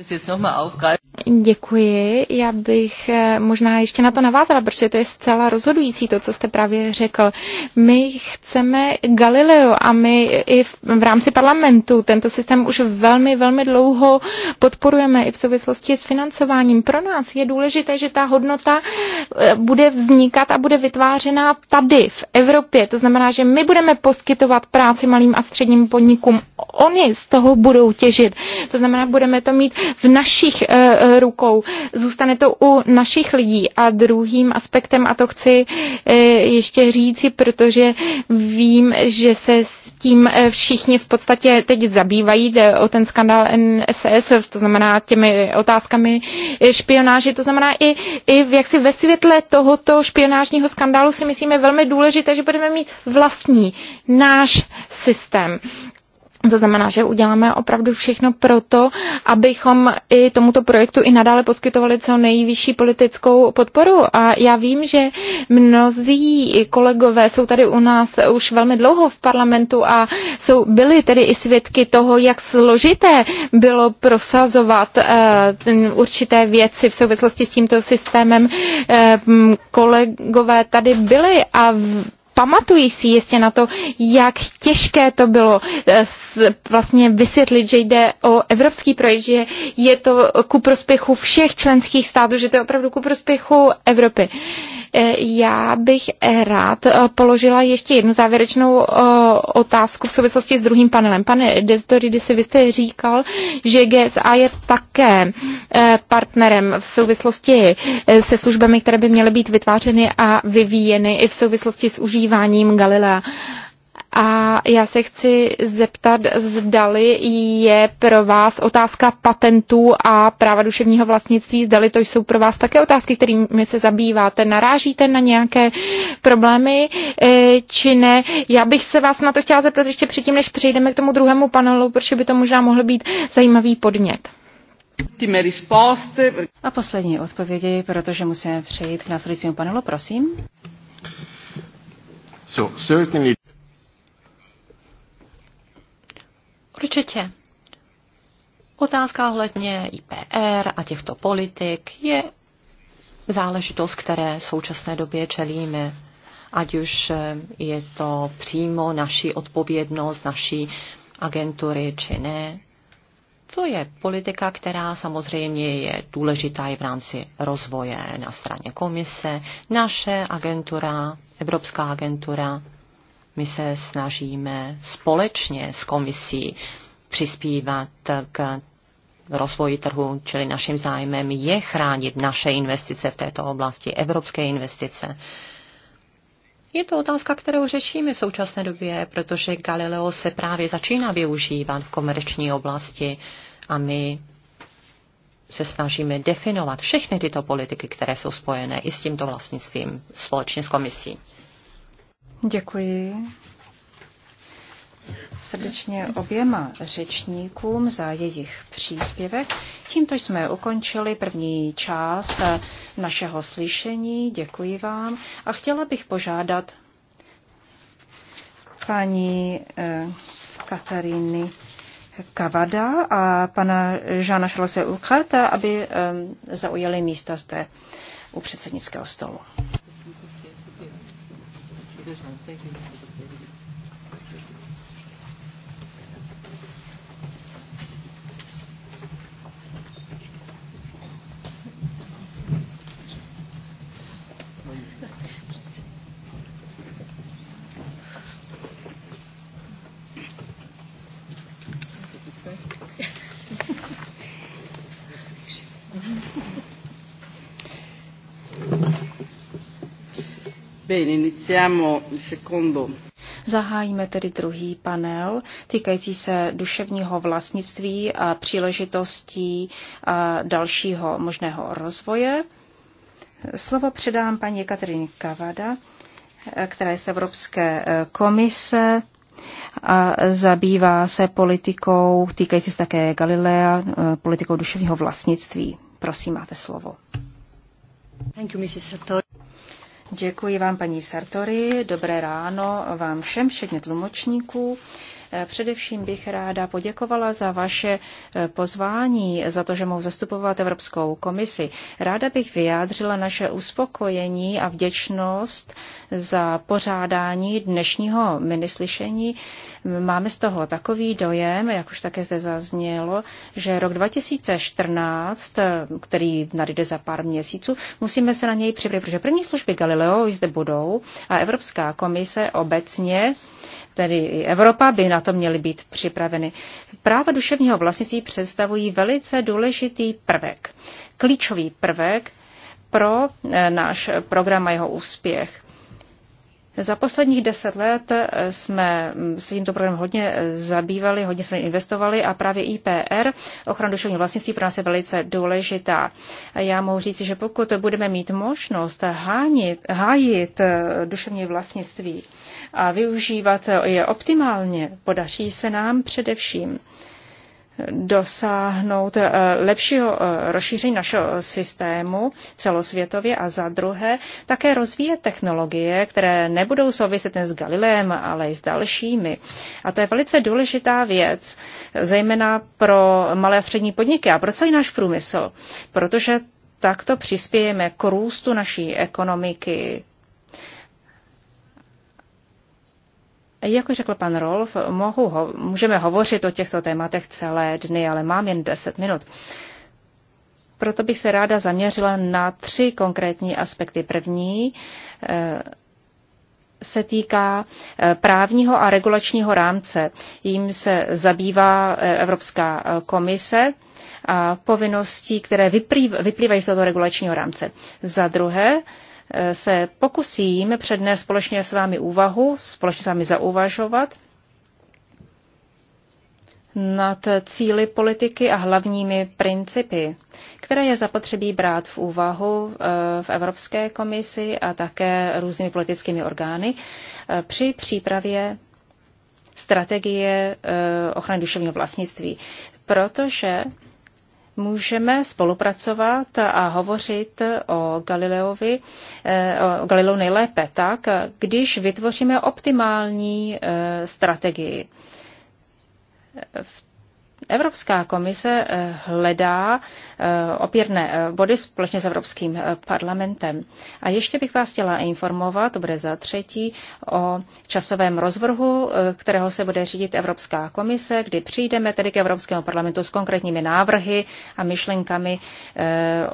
Děkuji. Já bych eh, možná ještě na to navázala, protože to je zcela rozhodující to, co jste právě řekl. My chceme Galileo a my i v, v rámci parlamentu tento systém už velmi, velmi dlouho podporujeme i v souvislosti s financováním. Pro nás je důležité, že ta hodnota eh, bude vznikat a bude vytvářena tady v Evropě. To znamená, že my budeme poskytovat práci malým a středním středním podnikům. Oni z toho budou těžit. To znamená, budeme to mít v našich uh, rukou. Zůstane to u našich lidí. A druhým aspektem, a to chci uh, ještě říci, protože vím, že se s tím eh, všichni v podstatě teď zabývají, jde o ten skandál NSS, to znamená těmi otázkami špionáže, to znamená i, i jaksi ve světle tohoto špionážního skandálu si myslíme velmi důležité, že budeme mít vlastní náš systém. To znamená, že uděláme opravdu všechno pro to, abychom i tomuto projektu i nadále poskytovali co nejvyšší politickou podporu. A já vím, že mnozí kolegové jsou tady u nás už velmi dlouho v parlamentu a jsou byli tedy i svědky toho, jak složité bylo prosazovat uh, určité věci v souvislosti s tímto systémem. Uh, kolegové tady byli a v pamatují si jistě na to, jak těžké to bylo eh, vlastně vysvětlit, že jde o evropský projekt, že je to ku prospěchu všech členských států, že to je opravdu ku prospěchu Evropy. Uh, já bych rád eh, položila ještě jednu závěrečnou eh, otázku v souvislosti s druhým panelem. Pane Desdoridisi, vy jste říkal, že GSA je také eh, partnerem v souvislosti se službami, které by měly být vytvářeny a vyvíjeny i v souvislosti s užíváním Galilea. A já se chci zeptat, zdali je pro vás otázka patentů a práva duševního vlastnictví, zdali to jsou pro vás také otázky, kterými se zabýváte. Narážíte na nějaké problémy e, či ne? Já bych se vás na to chtěla zeptat ještě předtím, než přejdeme k tomu druhému panelu, protože by to možná mohl být zajímavý podnět. A poslední odpovědi, protože musíme přejít k následujícímu panelu, prosím. So, certainly... Určitě. Otázka ohledně IPR a těchto politik je záležitost, které v současné době čelíme. Ať už eh, je to přímo naší odpovědnost, naší agentury či ne. To je politika, která samozřejmě je důležitá i v rámci rozvoje na straně komise. Naše agentura, Evropská agentura my se snažíme společně s komisí přispívat k rozvoji trhu, čili naším zájmem je chránit naše investice v této oblasti, evropské investice. Je to otázka, kterou řešíme v současné době, protože Galileo se právě začíná využívat v komerční oblasti a my se snažíme definovat všechny tyto politiky, které jsou spojené i s tímto vlastnictvím společně s komisí. Děkuji srdečně oběma řečníkům za jejich příspěvek. Tímto jsme ukončili první část eh, našeho slyšení. Děkuji vám a chtěla bych požádat paní eh, Kataríny Kavada a pana Žána Šarlose Ukrata, aby eh, zaujali místa zde u předsednického stolu. Thank you. Zahájíme tedy druhý panel týkající se duševního vlastnictví a příležitostí a dalšího možného rozvoje. Slovo předám paní Katrině Kavada, která je z Evropské e, komise a zabývá se politikou týkající se také Galilea, e, politikou duševního vlastnictví. Prosím, máte slovo. Thank you, Mrs. Sator. Děkuji vám, paní Sartori. Dobré ráno vám všem, včetně tlumočníků. Eh, především bych ráda poděkovala za vaše eh, pozvání, za to, že mohu zastupovat Evropskou komisi. Ráda bych vyjádřila naše uspokojení a vděčnost za pořádání dnešního minislyšení. Máme z toho takový dojem, jak už také zde zaznělo, že rok 2014, eh, který nadjde za pár měsíců, musíme se na něj připravit, protože první služby Galileo zde budou a Evropská komise obecně tedy i Evropa, by na to měly být připraveny. Práva duševního vlastnictví představují velice důležitý prvek, klíčový prvek pro eh, náš program a jeho úspěch. Za posledních deset let eh, jsme mm, se tímto programem hodně eh, zabývali, hodně jsme investovali a právě IPR, ochrana duševního vlastnictví, pro nás je velice důležitá. Já mohu říct, že pokud budeme mít možnost hánit, hájit duševní vlastnictví, a využívat je optimálně, podaří se nám především dosáhnout eh, lepšího eh, rozšíření našeho systému celosvětově a za druhé také rozvíjet technologie, které nebudou souviset s Galileem, ale i s dalšími. A to je velice důležitá věc, zejména pro malé a střední podniky a pro celý náš průmysl, protože takto přispějeme k růstu naší ekonomiky Jak řekl pan Rolf, mohu ho, můžeme hovořit o těchto tématech celé dny, ale mám jen 10 minut. Proto bych se ráda zaměřila na tři konkrétní aspekty. První eh, se týká eh, právního a regulačního rámce. Jím se zabývá eh, Evropská komise a povinností, které vyplývají z toho regulačního rámce. Za druhé se pokusím přednést společně s vámi úvahu, společně s vámi zauvažovat nad cíly politiky a hlavními principy, které je zapotřebí brát v úvahu eh, v Evropské komisi a také různými politickými orgány eh, při přípravě strategie eh, ochrany duševního vlastnictví. Protože můžeme spolupracovat a hovořit o Galileovi, eh, o Galileu nejlépe tak, když vytvoříme optimální eh, strategii. V Evropská komise eh, hledá eh, opěrné eh, body společně s Evropským parlamentem. A ještě bych vás chtěla informovat, to bude za třetí, o časovém rozvrhu, kterého se bude řídit Evropská komise, kdy přijdeme tedy k Evropskému parlamentu s konkrétními návrhy a myšlenkami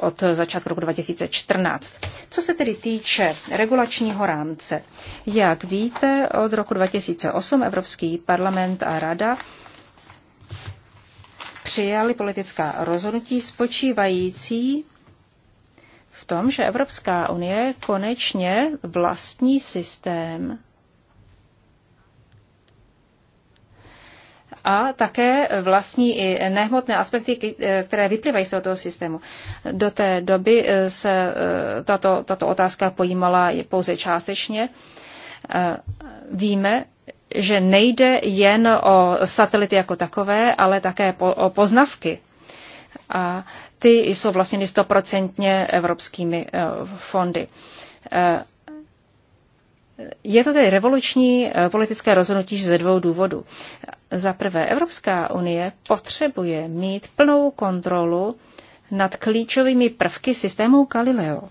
od začátku roku 2014. Co se tedy týče regulačního rámce, jak víte, od roku 2008 Evropský parlament a Rada přijali politická rozhodnutí spočívající v tom, že Evropská unie konečně vlastní systém a také vlastní i nehmotné aspekty, které vyplývají z toho systému. Do té doby se eh, tato, tato otázka pojímala pouze částečně. Eh, víme, že nejde jen o satelity jako takové, ale také po, o poznavky. A ty jsou vlastně stoprocentně evropskými eh, fondy. Eh, je to tedy revoluční eh, politické rozhodnutí ze dvou důvodů. Za prvé, Evropská unie potřebuje mít plnou kontrolu nad klíčovými prvky systému Galileo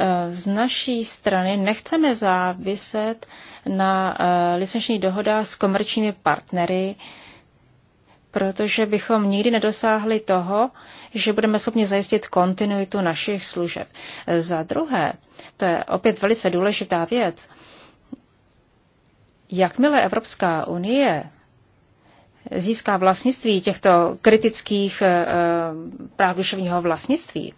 Eh, z naší strany nechceme záviset na eh, licenční dohoda s komerčními partnery, protože bychom nikdy nedosáhli toho, že budeme schopni zajistit kontinuitu našich služeb. Eh, za druhé, to je opět velice důležitá věc, jakmile Evropská unie získá vlastnictví těchto kritických práv duševního vlastnictví,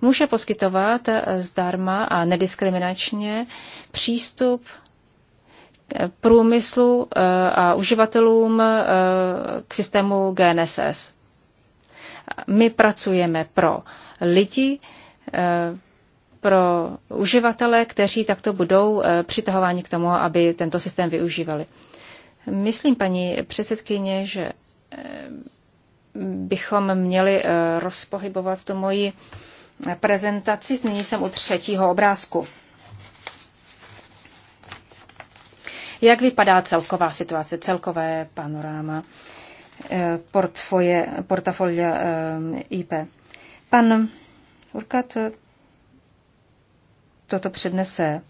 může poskytovat eh, zdarma a nediskriminačně přístup průmyslu eh, a uživatelům eh, k systému GNSS. My pracujeme pro lidi, pro uživatele, kteří takto budou přitahováni k tomu, aby tento systém využívali. Myslím, paní předsedkyně, že bychom měli rozpohybovat to moji prezentaci. Nyní jsem u třetího obrázku. Jak vypadá celková situace, celkové panoráma eh, portafolia eh, IP? Pan Urkat eh, toto přednese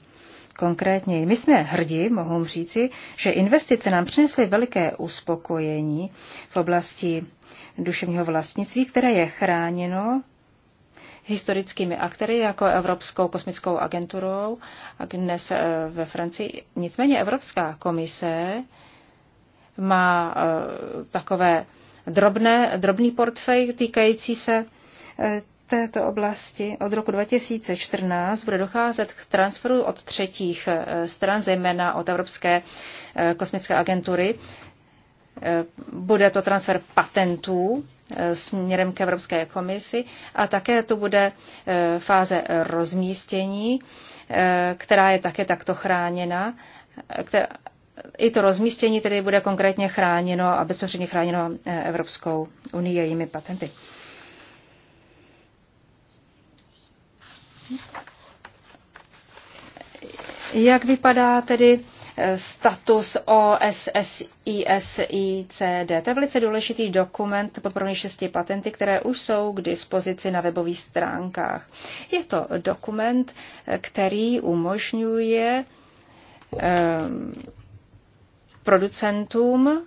konkrétně. My jsme hrdí, mohu říci, že investice nám přinesly veliké uspokojení v oblasti duševního vlastnictví, které je chráněno historickými aktéry, jako Evropskou kosmickou agenturou, a dnes eh, ve Francii. Nicméně Evropská komise má eh, takové drobné, drobný portfej týkající se eh, této oblasti od roku 2014 bude docházet k transferu od třetích stran, zejména od Evropské kosmické agentury, Eh, bude to transfer patentů eh, směrem k Evropské komisi a také to bude eh, fáze rozmístění, která je také takto chráněna. I to rozmístění tedy bude konkrétně chráněno a bezpečně chráněno Evropskou unii a jejími patenty. Jak vypadá tedy status OSSISICD. To je velice důležitý dokument podporovaný šesti patenty, které už jsou k dispozici na webových stránkách. Je to dokument, který umožňuje ehm, producentům eh,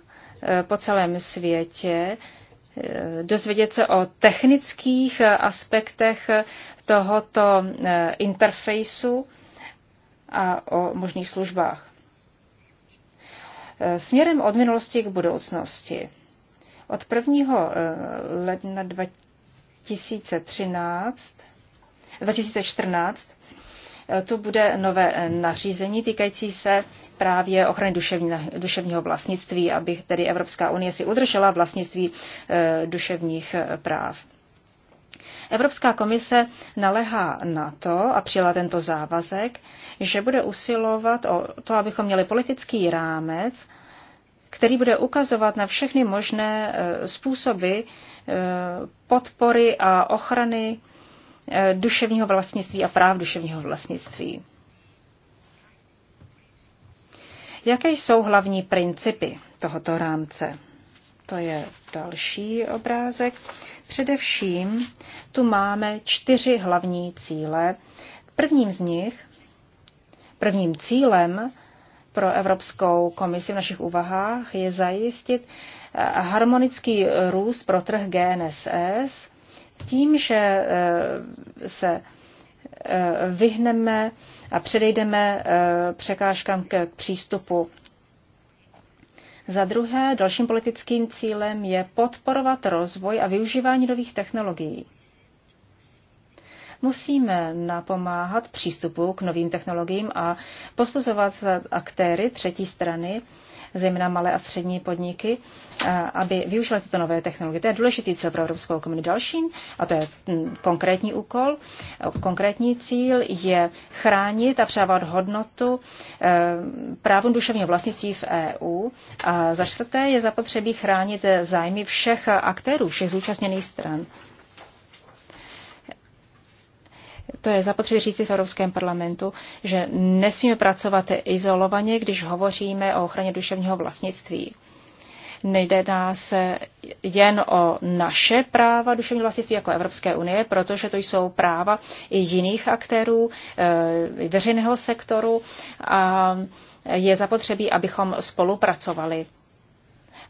po celém světě eh, dozvědět se o technických aspektech tohoto eh, interfejsu a o možných službách. Eh, směrem od minulosti k budoucnosti. Od 1. Eh, ledna 2013, 2014 to bude nové eh, nařízení týkající se právě ochrany duševní, duševního vlastnictví, aby tedy Evropská unie si udržela vlastnictví duševních práv. Evropská komise nalehá na to a přijala tento závazek, že bude usilovat o to, abychom měli politický rámec, který bude ukazovat na všechny možné eh, způsoby eh, podpory a ochrany eh, duševního vlastnictví a práv duševního vlastnictví. Jaké jsou hlavní principy tohoto rámce? To je další obrázek. Především tu máme čtyři hlavní cíle. Prvním z nich, prvním cílem pro Evropskou komisi v našich úvahách je zajistit eh, harmonický růst pro trh GNSS tím, že eh, se eh, vyhneme a předejdeme překážkám k přístupu za druhé, dalším politickým cílem je podporovat rozvoj a využívání nových technologií. Musíme napomáhat přístupu k novým technologiím a pospozovat aktéry třetí strany, zejména malé a střední podniky, eh, aby využili tyto nové technologie. To je důležitý cíl pro Evropskou komunu. Další, a to je mm, konkrétní úkol, eh, konkrétní cíl je chránit a přávat hodnotu eh, právům duševního vlastnictví v EU. A za čtvrté je zapotřebí chránit zájmy všech aktérů, všech zúčastněných stran to je zapotřebí říci v Evropském parlamentu, že nesmíme pracovat izolovaně, když hovoříme o ochraně duševního vlastnictví. Nejde nás jen o naše práva duševního vlastnictví jako Evropské unie, protože to jsou práva i jiných aktérů, eh, veřejného sektoru a je zapotřebí, abychom spolupracovali,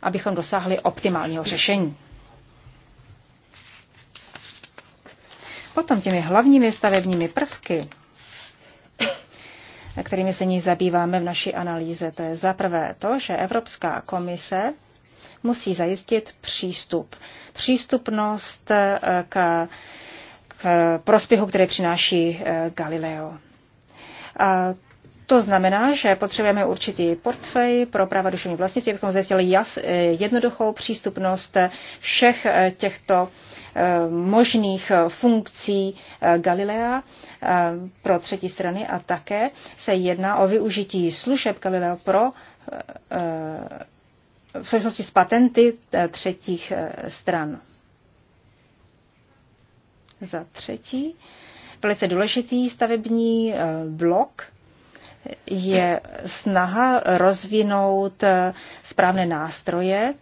abychom dosáhli optimálního řešení. Potom těmi hlavními stavebními prvky, kterými se ní zabýváme v naší analýze, to je zaprvé to, že Evropská komise musí zajistit přístup. Přístupnost eh, k, k prospěchu, který přináší eh, Galileo. A to znamená, že potřebujeme určitý portfej pro práva duševní vlastnictví, abychom zajistili jas, eh, jednoduchou přístupnost všech těchto Eh, možných funkcí eh, Galilea eh, pro třetí strany a také se jedná o využití služeb Galileo pro v souvislosti s patenty třetích stran. Za třetí, velice důležitý stavební blok je snaha rozvinout správné nástroje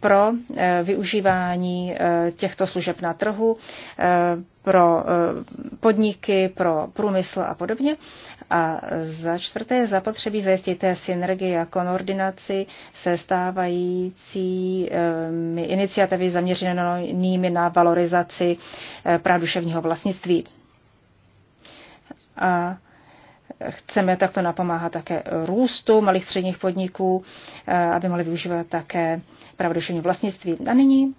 pro eh, využívání eh, těchto služeb na trhu, eh, pro podniky, pro průmysl a podobně. A za čtvrté je zapotřebí zajistit té synergie a koordinaci se stávajícími iniciativy zaměřenými na valorizaci práv duševního vlastnictví. A Chceme takto napomáhat také růstu malých středních podniků, eh, aby mohli využívat také pravodušení vlastnictví. A nyní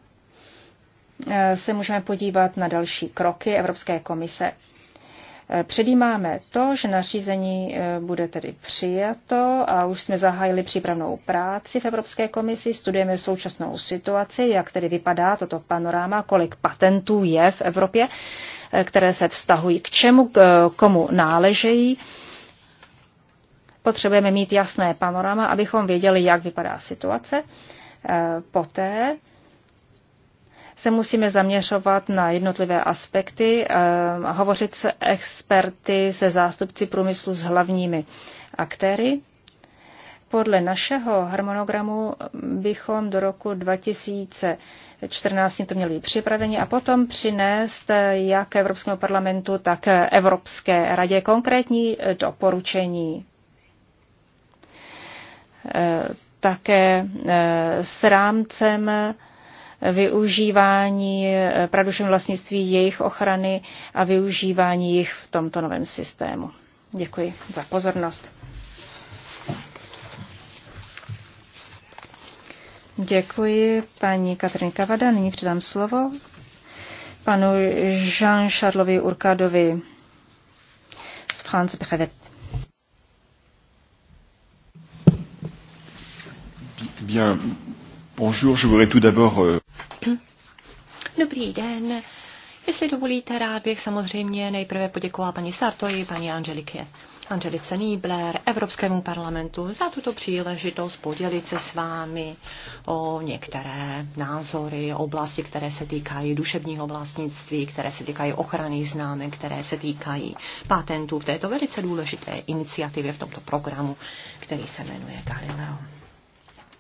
eh, se můžeme podívat na další kroky Evropské komise. Eh, předjímáme to, že nařízení bude tedy přijato a už jsme zahájili přípravnou práci v Evropské komisi, studujeme současnou situaci, jak tedy vypadá toto panoráma, kolik patentů je v Evropě, které se vztahují k čemu, k komu náležejí Potřebujeme mít jasné panorama, abychom věděli, jak vypadá situace. E, poté se musíme zaměřovat na jednotlivé aspekty, e, hovořit se experty, se zástupci průmyslu s hlavními aktéry. Podle našeho harmonogramu bychom do roku 2014 to měli být připraveni a potom přinést jak Evropskému parlamentu, tak Evropské radě konkrétní doporučení také eh, s rámcem využívání eh, pradušem vlastnictví jejich ochrany a využívání jich v tomto novém systému. Děkuji za pozornost. Děkuji paní Katrin Kavada. Nyní předám slovo panu Jean-Charlesovi Urkádovi z France Brevet. Bien, bonjour, je voudrais tout d'abord... Euh, Dobrý den. Jestli dovolíte, rád bych samozřejmě nejprve poděkoval paní Sartoji, paní Angelike. Angelice Niebler, Evropskému parlamentu za tuto příležitost podělit se s vámi o některé názory, oblasti, které se týkají duševního vlastnictví, které se týkají ochrany známek, které se týkají patentů v této velice důležité iniciativě v tomto programu, který se jmenuje Galileo.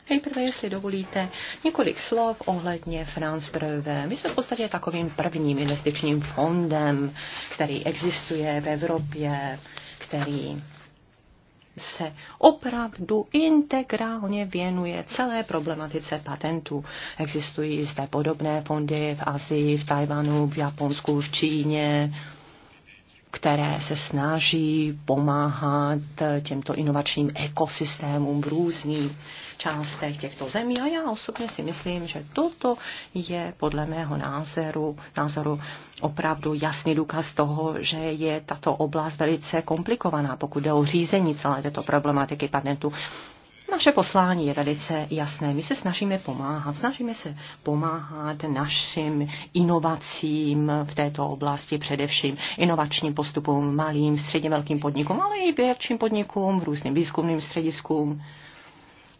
Nejprve, jestli dovolíte, několik slov ohledně France Preuve. My jsme v podstatě takovým prvním investičním fondem, který existuje v Evropě, který se opravdu integrálně věnuje celé problematice patentů. Existují zde podobné fondy v Asii, v Tajvanu, v Japonsku, v Číně, které se snaží pomáhat těmto inovačním ekosystémům v různých částech těchto zemí. A já osobně si myslím, že toto je podle mého názoru, názoru opravdu jasný důkaz toho, že je tato oblast velice komplikovaná, pokud jde o řízení celé této problematiky patentů. Naše poslání je velice jasné. My se snažíme pomáhat. Snažíme se pomáhat našim inovacím v této oblasti, především inovačním postupům, malým, středně velkým podnikům, ale i větším podnikům, různým výzkumným střediskům.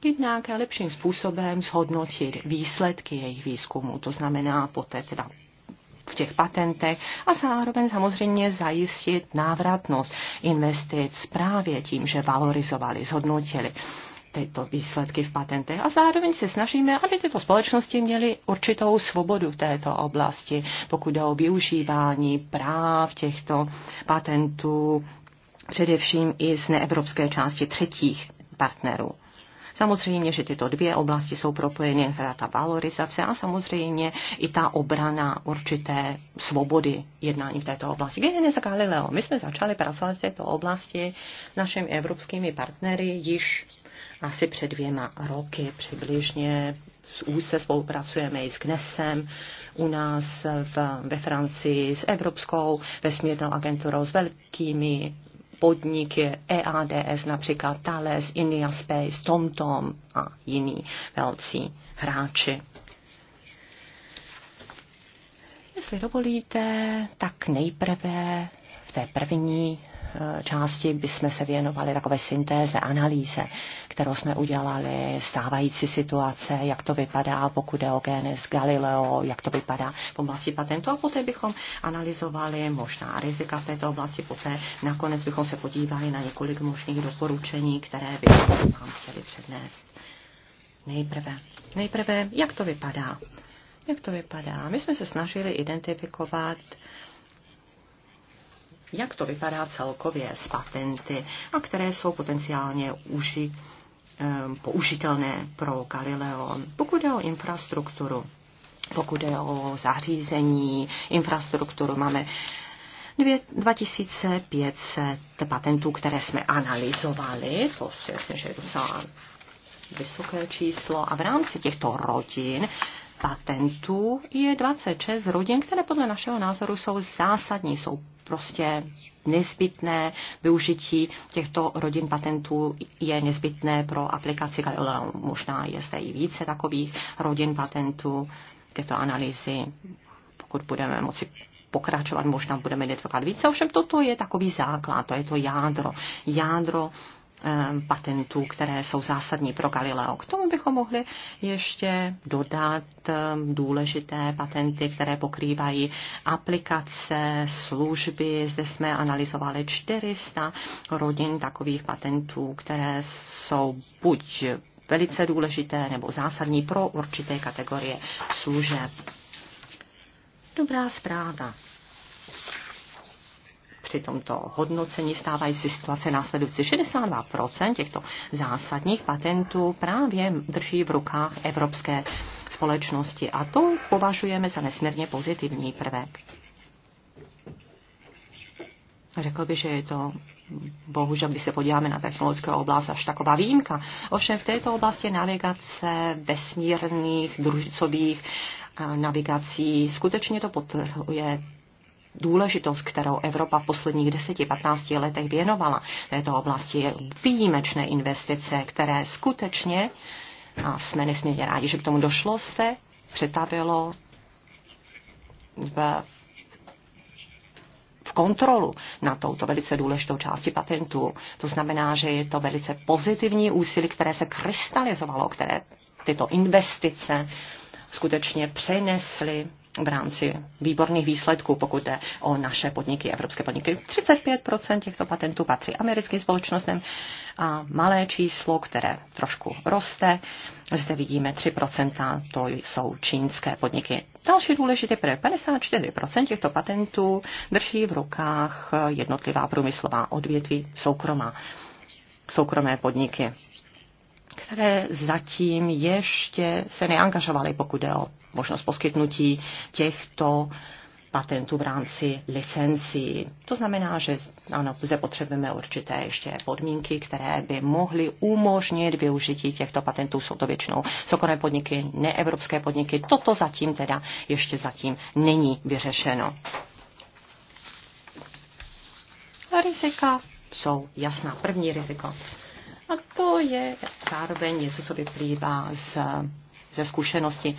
Jednak lepším způsobem zhodnotit výsledky jejich výzkumu, to znamená poté teda v těch patentech a zároveň samozřejmě zajistit návratnost investic právě tím, že valorizovali, zhodnotili tyto výsledky v patentech a zároveň se snažíme, aby tyto společnosti měly určitou svobodu v této oblasti, pokud jde o využívání práv těchto patentů, především i z neevropské části třetích partnerů. Samozřejmě, že tyto dvě oblasti jsou propojeny, teda ta valorizace a samozřejmě i ta obrana určité svobody jednání v této oblasti. Geneza Galileo, my jsme začali pracovat v této oblasti s našimi evropskými partnery již asi před dvěma roky přibližně. Už se spolupracujeme i s Knesem u nás v, ve Francii, s Evropskou vesmírnou agenturou, s velkými podniky EADS, například Thales, India Space, TomTom a jiní velcí hráči. Jestli dovolíte, tak nejprve v té první Eh, části bychom se věnovali takové syntéze, analýze, kterou jsme udělali, stávající situace, jak to vypadá, pokud je o Genes Galileo, jak to vypadá v oblasti patentu a poté bychom analyzovali možná rizika v této oblasti, poté nakonec bychom se podívali na několik možných doporučení, které bychom vám chtěli přednést. Nejprve, nejprve, jak to vypadá? Jak to vypadá? My jsme se snažili identifikovat jak to vypadá celkově s patenty a které jsou potenciálně uži, eh, použitelné pro Galileo. Pokud je o infrastrukturu, pokud je o zařízení, infrastrukturu, máme 2500 patentů, které jsme analyzovali, to si myslím, že je docela vysoké číslo. A v rámci těchto rodin patentů je 26 rodin, které podle našeho názoru jsou zásadní, jsou prostě nezbytné. Využití těchto rodin patentů je nezbytné pro aplikaci Galileo. Možná je zde i více takových rodin patentů. Tyto analýzy, pokud budeme moci pokračovat, možná budeme identifikovat více. Ovšem toto je takový základ, to je to jádro. Jádro Eh, patentů, které jsou zásadní pro Galileo. K tomu bychom mohli ještě dodat eh, důležité patenty, které pokrývají aplikace, služby. Zde jsme analyzovali 400 rodin takových patentů, které jsou buď velice důležité nebo zásadní pro určité kategorie služeb. Dobrá zpráva při tomto hodnocení stávající situace následující. 62% těchto zásadních patentů právě drží v rukách evropské společnosti a to považujeme za nesmírně pozitivní prvek. Řekl bych, že je to bohužel, když se podíváme na technologickou oblast, až taková výjimka. Ovšem v této oblasti navigace vesmírných, družicových eh, navigací skutečně to potvrzuje důležitost, kterou Evropa v posledních 10-15 letech věnovala této oblasti, je výjimečné investice, které skutečně, a jsme nesmírně rádi, že k tomu došlo, se přetavilo v, v kontrolu na touto velice důležitou části patentů. To znamená, že je to velice pozitivní úsilí, které se krystalizovalo, které tyto investice skutečně přenesly v rámci výborných výsledků, pokud jde o naše podniky, evropské podniky. 35% těchto patentů patří americkým společnostem a malé číslo, které trošku roste, zde vidíme 3%, to jsou čínské podniky. Další důležité pro 54% těchto patentů drží v rukách jednotlivá průmyslová odvětví soukromá, soukromé podniky které zatím ještě se neangažovaly, pokud jde o možnost poskytnutí těchto patentů v rámci licencí. To znamená, že ano, zde potřebujeme určité ještě podmínky, které by mohly umožnit využití těchto patentů. Jsou to většinou soukromé podniky, neevropské podniky. Toto zatím teda ještě zatím není vyřešeno. Rizika jsou jasná. První riziko a to je zároveň něco, co vyplývá z, ze zkušenosti.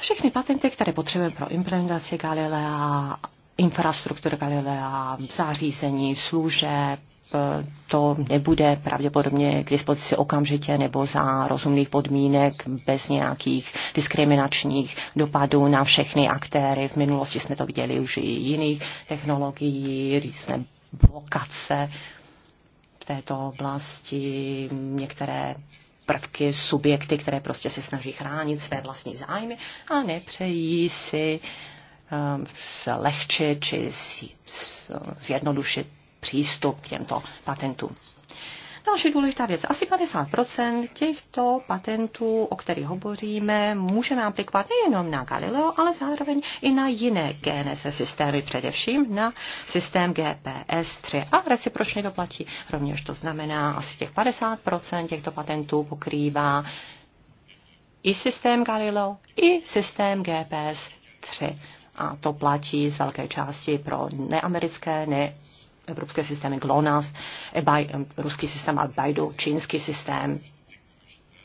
Všechny patenty, které potřebujeme pro implementaci Galilea, infrastruktura Galilea, zařízení, služeb, to nebude pravděpodobně k dispozici okamžitě nebo za rozumných podmínek bez nějakých diskriminačních dopadů na všechny aktéry. V minulosti jsme to viděli už i jiných technologií, různé blokace této oblasti některé prvky, subjekty, které prostě se snaží chránit své vlastní zájmy a nepřejí si um, zlehčit či zjednodušit přístup k těmto patentům. Další důležitá věc. Asi 50% těchto patentů, o kterých hovoříme, můžeme aplikovat nejenom na Galileo, ale zároveň i na jiné GNSS systémy, především na systém GPS 3. A recipročně to platí. Rovněž to znamená, asi těch 50% těchto patentů pokrývá i systém Galileo, i systém GPS 3 a to platí z velké části pro neamerické, ne evropské systémy GLONASS, EBAI, eh, ruský systém a Baidu, čínský systém.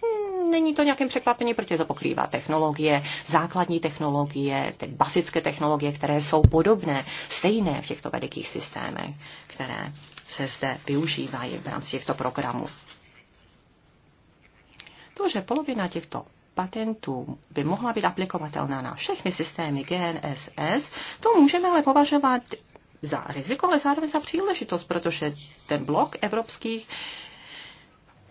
Hmm, není to nějakým překvapení, protože to pokrývá technologie, základní technologie, ty basické technologie, které jsou podobné, stejné v těchto velikých systémech, které se zde využívají v rámci těchto programů. To, že polovina těchto patentů by mohla být aplikovatelná na všechny systémy GNSS, to můžeme ale považovat za riziko, ale zároveň za příležitost, protože ten blok evropských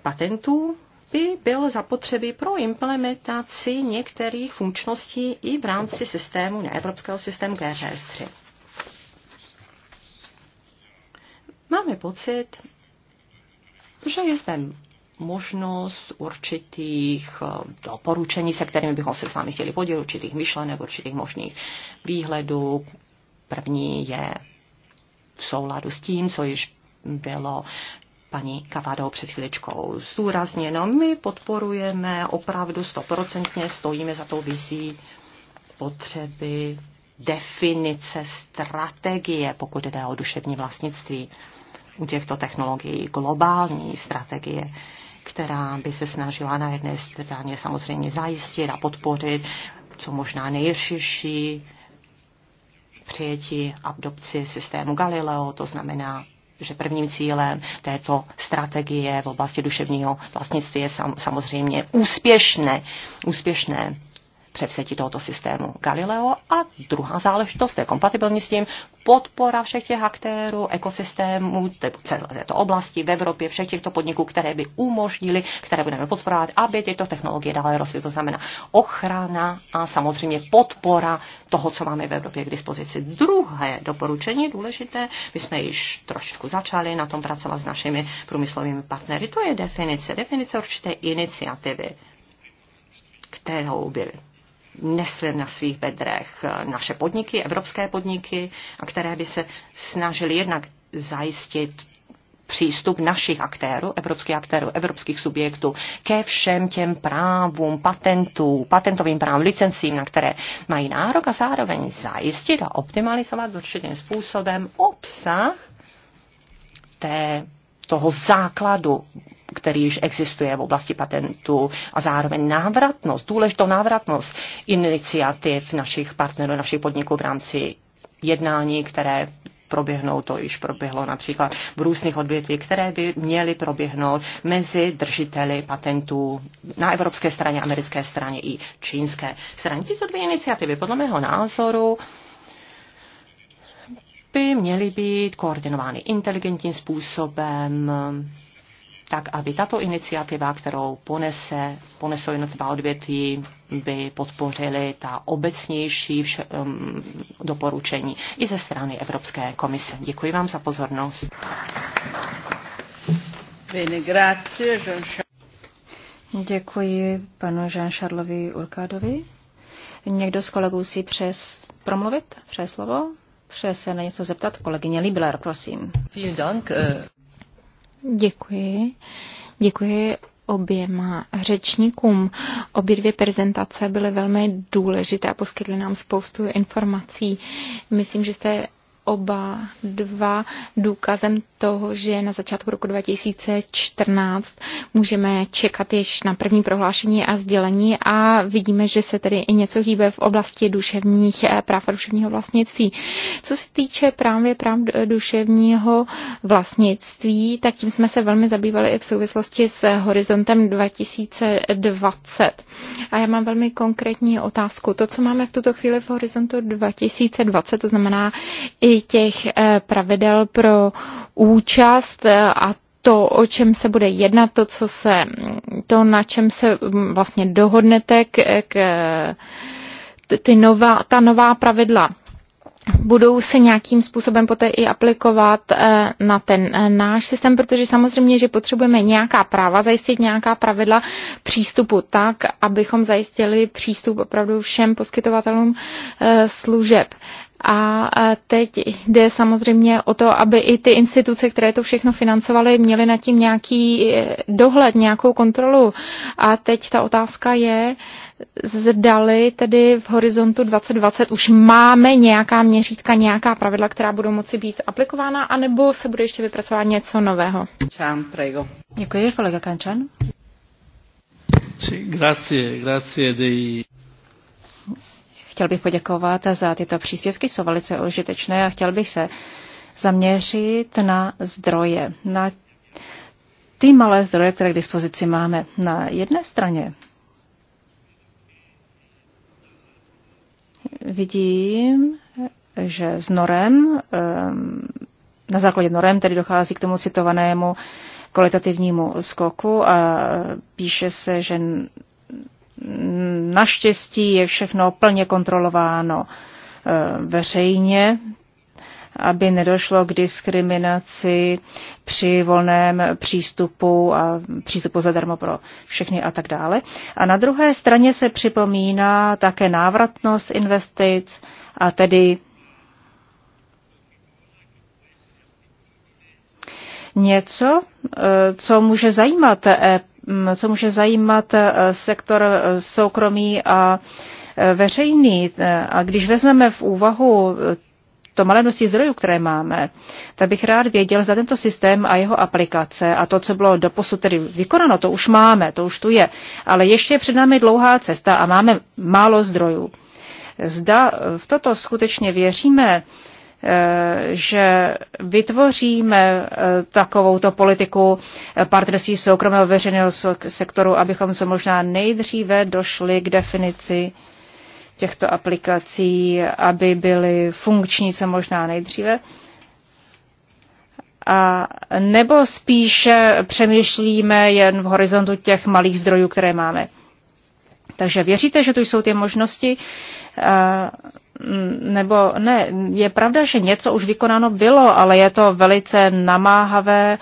patentů by byl zapotřebí pro implementaci některých funkčností i v rámci systému, neevropského systému gps 3 Máme pocit, že je zde možnost určitých eh, doporučení, se kterými bychom se s vámi chtěli podělit, určitých myšlenek, určitých možných výhledů. První je v souladu s tím, co již bylo paní Kavadou před chvíličkou zdůrazněno. My podporujeme opravdu stoprocentně, stojíme za tou vizí potřeby definice strategie, pokud jde o duševní vlastnictví u těchto technologií, globální strategie, která by se snažila na jedné straně samozřejmě zajistit a podpořit co možná nejširší přijetí adopci systému Galileo, to znamená že prvním cílem této strategie v oblasti duševního vlastnictví je sam, samozřejmě úspěšné, úspěšné převzetí tohoto systému Galileo. A druhá záležitost, to je kompatibilní s tím, podpora všech těch aktérů, ekosystémů, celé této oblasti v Evropě, všech těchto podniků, které by umožnili, které budeme podporovat, aby tyto technologie dále rostly. To znamená ochrana a samozřejmě podpora toho, co máme v Evropě k dispozici. Druhé doporučení důležité, my jsme již trošičku začali na tom pracovat s našimi průmyslovými partnery, to je definice, definice určité iniciativy, kterou by nesly na svých bedrech eh, naše podniky, evropské podniky, a které by se snažily jednak zajistit přístup našich aktérů, evropských aktérů, evropských subjektů ke všem těm právům, patentů, patentovým právům, licencím, na které mají nárok a zároveň zajistit a optimalizovat určitým způsobem obsah té, toho základu který již existuje v oblasti patentů a zároveň návratnost, důležitou návratnost iniciativ našich partnerů, našich podniků v rámci jednání, které proběhnou, to již proběhlo například v různých odvětvích, které by měly proběhnout mezi držiteli patentů na evropské straně, americké straně i čínské straně. Tyto dvě iniciativy podle mého názoru by měly být koordinovány inteligentním způsobem, tak aby tato iniciativa, kterou ponese, ponesou jednotlivá odvětví, by podpořili ta obecnější vše, um, doporučení i ze strany Evropské komise. Děkuji vám za pozornost. Děkuji panu Jean-Charlesovi Urkádovi. Někdo z kolegů si přes promluvit, přes slovo, přes se na něco zeptat? Kolegyně Libler, prosím. Vielen Dank. Eh, Děkuji. Děkuji oběma řečníkům. Obě dvě prezentace byly velmi důležité a poskytly nám spoustu informací. Myslím, že jste oba dva důkazem toho, že na začátku roku 2014 můžeme čekat již na první prohlášení a sdělení a vidíme, že se tedy i něco hýbe v oblasti duševních eh, práv a duševního vlastnictví. Co se týče právě práv duševního vlastnictví, tak tím jsme se velmi zabývali i v souvislosti s horizontem 2020. A já mám velmi konkrétní otázku. To, co máme v tuto chvíli v horizontu 2020, to znamená i těch eh, pravidel pro účast eh, a to, o čem se bude jednat, to, co se, to na čem se mm, vlastně dohodnete, k, k, ty nová, ta nová pravidla budou se nějakým způsobem poté i aplikovat eh, na ten eh, náš systém, protože samozřejmě, že potřebujeme nějaká práva, zajistit nějaká pravidla přístupu tak, abychom zajistili přístup opravdu všem poskytovatelům služeb. A teď jde samozřejmě o to, aby i ty instituce, které to všechno financovaly, měly nad tím nějaký eh, dohled, nějakou kontrolu. A teď ta otázka je, zdali tedy v horizontu 2020 už máme nějaká měřítka, nějaká pravidla, která budou moci být aplikována, anebo se bude ještě vypracovat něco nového. Děkuji, kolega Kančan. Grazie, grazie dei... Chtěl bych poděkovat za tyto příspěvky, jsou velice užitečné a chtěl bych se zaměřit na zdroje, na ty malé zdroje, které k dispozici máme. Na jedné straně vidím, že s norem, ehm, na základě norem tedy dochází k tomu citovanému kvalitativnímu skoku a píše se, že Naštěstí je všechno plně kontrolováno eh, veřejně, aby nedošlo k diskriminaci při volném přístupu a přístupu zadarmo pro všechny a tak dále. A na druhé straně se připomíná také návratnost investic a tedy něco, eh, co může zajímat EP co může zajímat eh, sektor eh, soukromý a eh, veřejný. A když vezmeme v úvahu to malé množství zdrojů, které máme, tak bych rád věděl za tento systém a jeho aplikace a to, co bylo doposud tedy vykonáno, to už máme, to už tu je, ale ještě je před námi dlouhá cesta a máme málo zdrojů. Zda v toto skutečně věříme, Eh, že vytvoříme eh, takovouto politiku partnerství soukromého veřejného sektoru, abychom se možná nejdříve došli k definici těchto aplikací, aby byly funkční co možná nejdříve. A nebo spíše přemýšlíme jen v horizontu těch malých zdrojů, které máme. Takže věříte, že tu jsou ty možnosti? Eh, nebo ne, je pravda, že něco už vykonáno bylo, ale je to velice namáhavé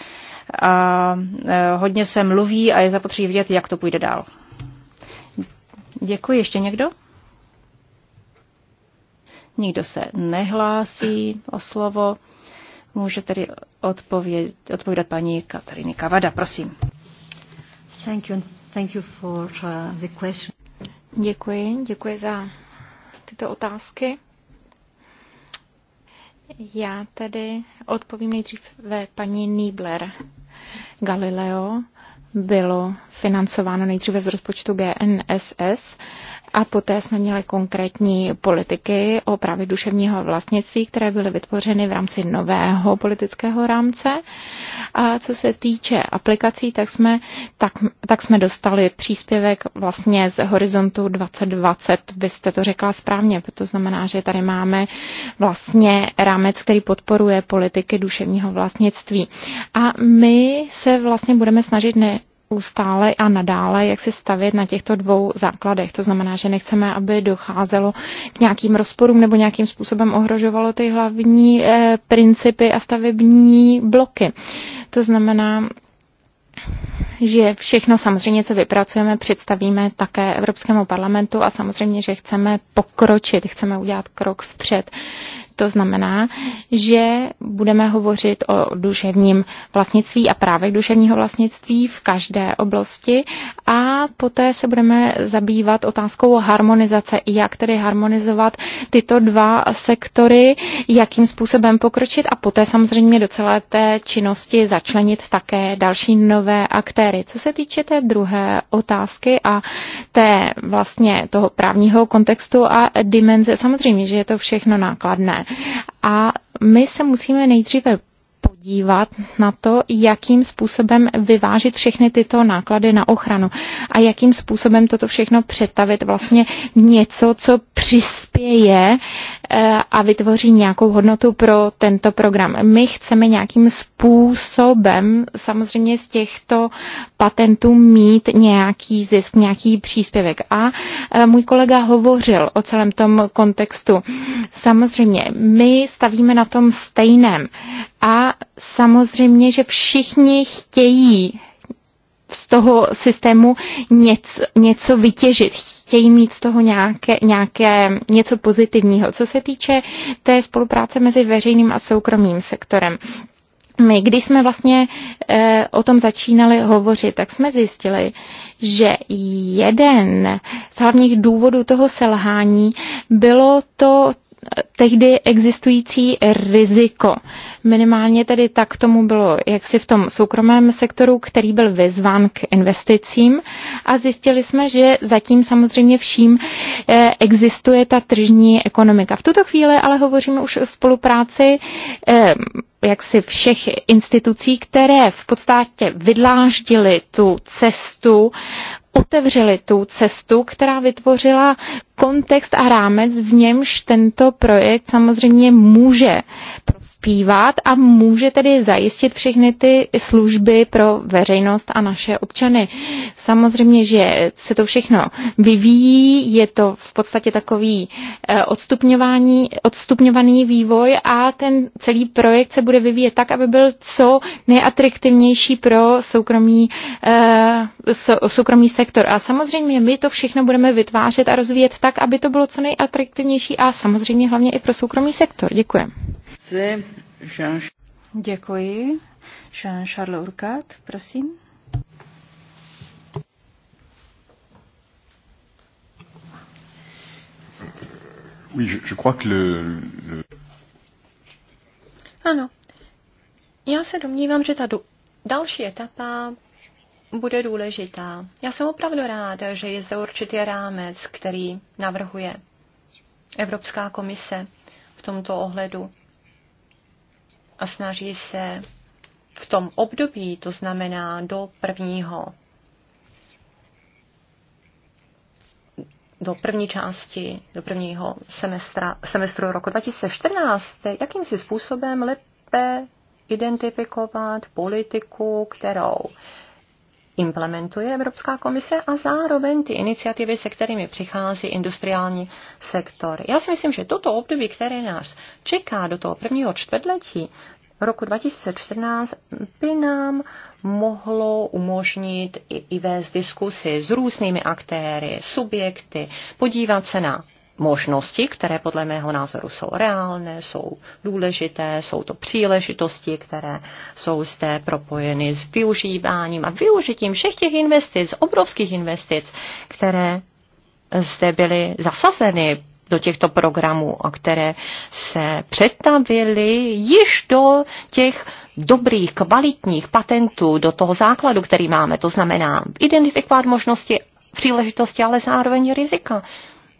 a e, hodně se mluví a je zapotřebí vidět, jak to půjde dál. Děkuji. Ještě někdo? Nikdo se nehlásí o slovo. Může tedy odpověd, odpovídat paní Kataríny Kavada, prosím. Thank you. Thank you for uh, the question. Děkuji, děkuji za tyto otázky. Já tedy odpovím nejdřív ve paní Niebler. Galileo bylo financováno nejdříve z rozpočtu GNSS a poté jsme měli konkrétní politiky o právě duševního vlastnictví, které byly vytvořeny v rámci nového politického rámce. A co se týče aplikací, tak jsme, tak, tak jsme dostali příspěvek vlastně z horizontu 2020. Vy jste to řekla správně, to znamená, že tady máme vlastně rámec, který podporuje politiky duševního vlastnictví. A my se vlastně budeme snažit ne, stále a nadále, jak si stavět na těchto dvou základech. To znamená, že nechceme, aby docházelo k nějakým rozporům nebo nějakým způsobem ohrožovalo ty hlavní eh, principy a stavební bloky. To znamená, že všechno samozřejmě, co vypracujeme, představíme také Evropskému parlamentu a samozřejmě, že chceme pokročit, chceme udělat krok vpřed. To znamená, že budeme hovořit o duševním vlastnictví a právech duševního vlastnictví v každé oblasti a poté se budeme zabývat otázkou harmonizace, jak tedy harmonizovat tyto dva sektory, jakým způsobem pokročit a poté samozřejmě do celé té činnosti začlenit také další nové aktéry. Co se týče té druhé otázky a té vlastně toho právního kontextu a dimenze, samozřejmě, že je to všechno nákladné. A my se musíme nejdříve podívat na to, jakým způsobem vyvážit všechny tyto náklady na ochranu a jakým způsobem toto všechno přetavit vlastně něco, co přispěje eh, a vytvoří nějakou hodnotu pro tento program. My chceme nějakým způsobem samozřejmě z těchto patentů mít nějaký zisk, nějaký příspěvek. A eh, můj kolega hovořil o celém tom kontextu. Samozřejmě, my stavíme na tom stejném. A samozřejmě, že všichni chtějí z toho systému něco, něco vytěžit, chtějí mít z toho nějaké, nějaké něco pozitivního. Co se týče té spolupráce mezi veřejným a soukromým sektorem, my, když jsme vlastně e, o tom začínali hovořit, tak jsme zjistili, že jeden z hlavních důvodů toho selhání bylo to eh, tehdy existující riziko. E, Minimálně tedy tak tomu bylo jaksi v tom soukromém sektoru, který byl vyzván k investicím a zjistili jsme, že zatím samozřejmě vším eh, existuje ta tržní ekonomika. V tuto chvíli ale hovoříme už o spolupráci eh, jaksi všech institucí, které v podstatě vydláždily tu cestu otevřeli tu cestu, která vytvořila kontext a rámec, v němž tento projekt samozřejmě může prospívat a může tedy zajistit všechny ty služby pro veřejnost a naše občany. Samozřejmě, že se to všechno vyvíjí, je to v podstatě takový eh, odstupňování, odstupňovaný vývoj a ten celý projekt se bude vyvíjet tak, aby byl co nejatraktivnější pro soukromý, eh, soukromý sektor sektor. A samozřejmě my to všechno budeme vytvářet a rozvíjet tak, aby to bylo co nejatraktivnější a samozřejmě hlavně i pro soukromý sektor. Děkuji. Děkuji. Jean-Charles Urquhart, prosím. Oui, je, je crois que le, le... Ano. Já se domnívám, že ta do... další etapa bude důležitá. Já jsem opravdu ráda, že je zde určitý rámec, který navrhuje Evropská komise v tomto ohledu a snaží se v tom období, to znamená do prvního, do první části, do prvního semestra, semestru roku 2014, jakým si způsobem lépe identifikovat politiku, kterou implementuje Evropská komise a zároveň ty iniciativy, se kterými přichází industriální sektor. Já si myslím, že toto období, které nás čeká do toho prvního čtvrtletí roku 2014, by nám mohlo umožnit i, i vést diskusy s různými aktéry, subjekty, podívat se na možnosti, které podle mého názoru jsou reálné, jsou důležité, jsou to příležitosti, které jsou zde propojeny s využíváním a využitím všech těch investic, obrovských investic, které zde byly zasazeny do těchto programů a které se přetavily již do těch dobrých, kvalitních patentů, do toho základu, který máme. To znamená identifikovat možnosti, příležitosti, ale zároveň rizika.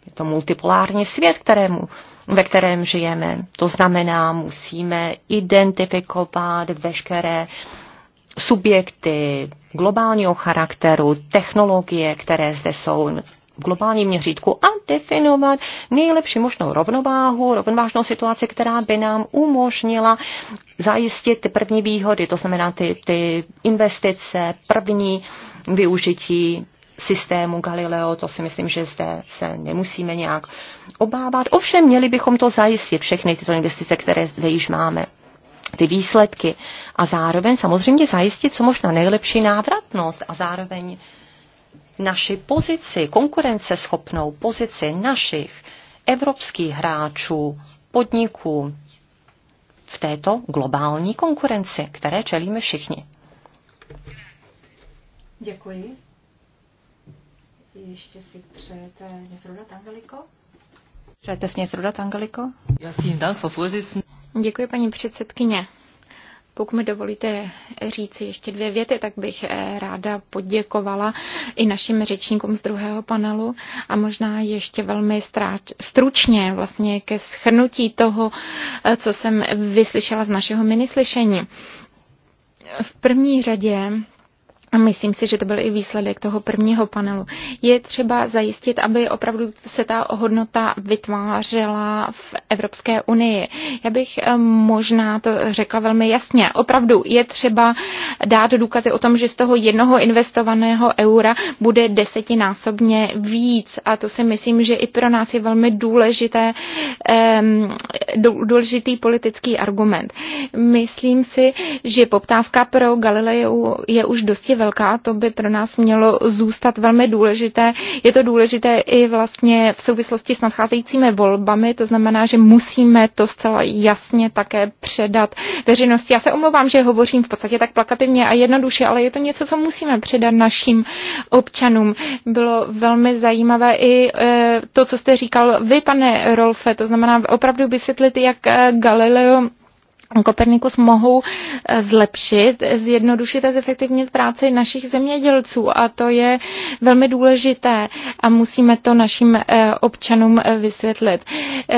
Je to multipolární svět, kterému, ve kterém žijeme. To znamená, musíme identifikovat veškeré subjekty globálního charakteru, technologie, které zde jsou v globálním měřítku a definovat nejlepší možnou rovnováhu, rovnovážnou situaci, která by nám umožnila zajistit ty první výhody, to znamená ty, ty investice, první využití systému Galileo, to si myslím, že zde se nemusíme nějak obávat. Ovšem, měli bychom to zajistit, všechny tyto investice, které zde již máme ty výsledky a zároveň samozřejmě zajistit co možná nejlepší návratnost a zároveň naši pozici, konkurenceschopnou pozici našich evropských hráčů, podniků v této globální konkurenci, které čelíme všichni. Děkuji. Ještě si přejete něco dodat, Angeliko? Přejete si něco dodat, Angeliko? Děkuji, paní předsedkyně. Pokud mi dovolíte říci ještě dvě věty, tak bych eh, ráda poděkovala i našim řečníkům z druhého panelu a možná ještě velmi stráč, stručně vlastně ke schrnutí toho, eh, co jsem vyslyšela z našeho minislyšení. V první řadě a Myslím si, že to byl i výsledek toho prvního panelu. Je třeba zajistit, aby opravdu se ta hodnota vytvářela v Evropské unii. Já bych eh, možná to řekla velmi jasně. Opravdu je třeba dát důkazy o tom, že z toho jednoho investovaného eura bude desetinásobně víc. A to si myslím, že i pro nás je velmi důležité, ehm, důležitý politický argument. Myslím si, že poptávka pro Galileu je už dosti velká a to by pro nás mělo zůstat velmi důležité. Je to důležité i vlastně v souvislosti s nadcházejícími volbami, to znamená, že musíme to zcela jasně také předat veřejnosti. Já se omlouvám, že hovořím v podstatě tak plakativně a jednoduše, ale je to něco, co musíme předat našim občanům. Bylo velmi zajímavé i e, to, co jste říkal vy, pane Rolfe, to znamená opravdu vysvětlit, jak e, Galileo Kopernikus mohou eh, zlepšit, zjednodušit a zefektivnit práci našich zemědělců a to je velmi důležité a musíme to našim eh, občanům eh, vysvětlit.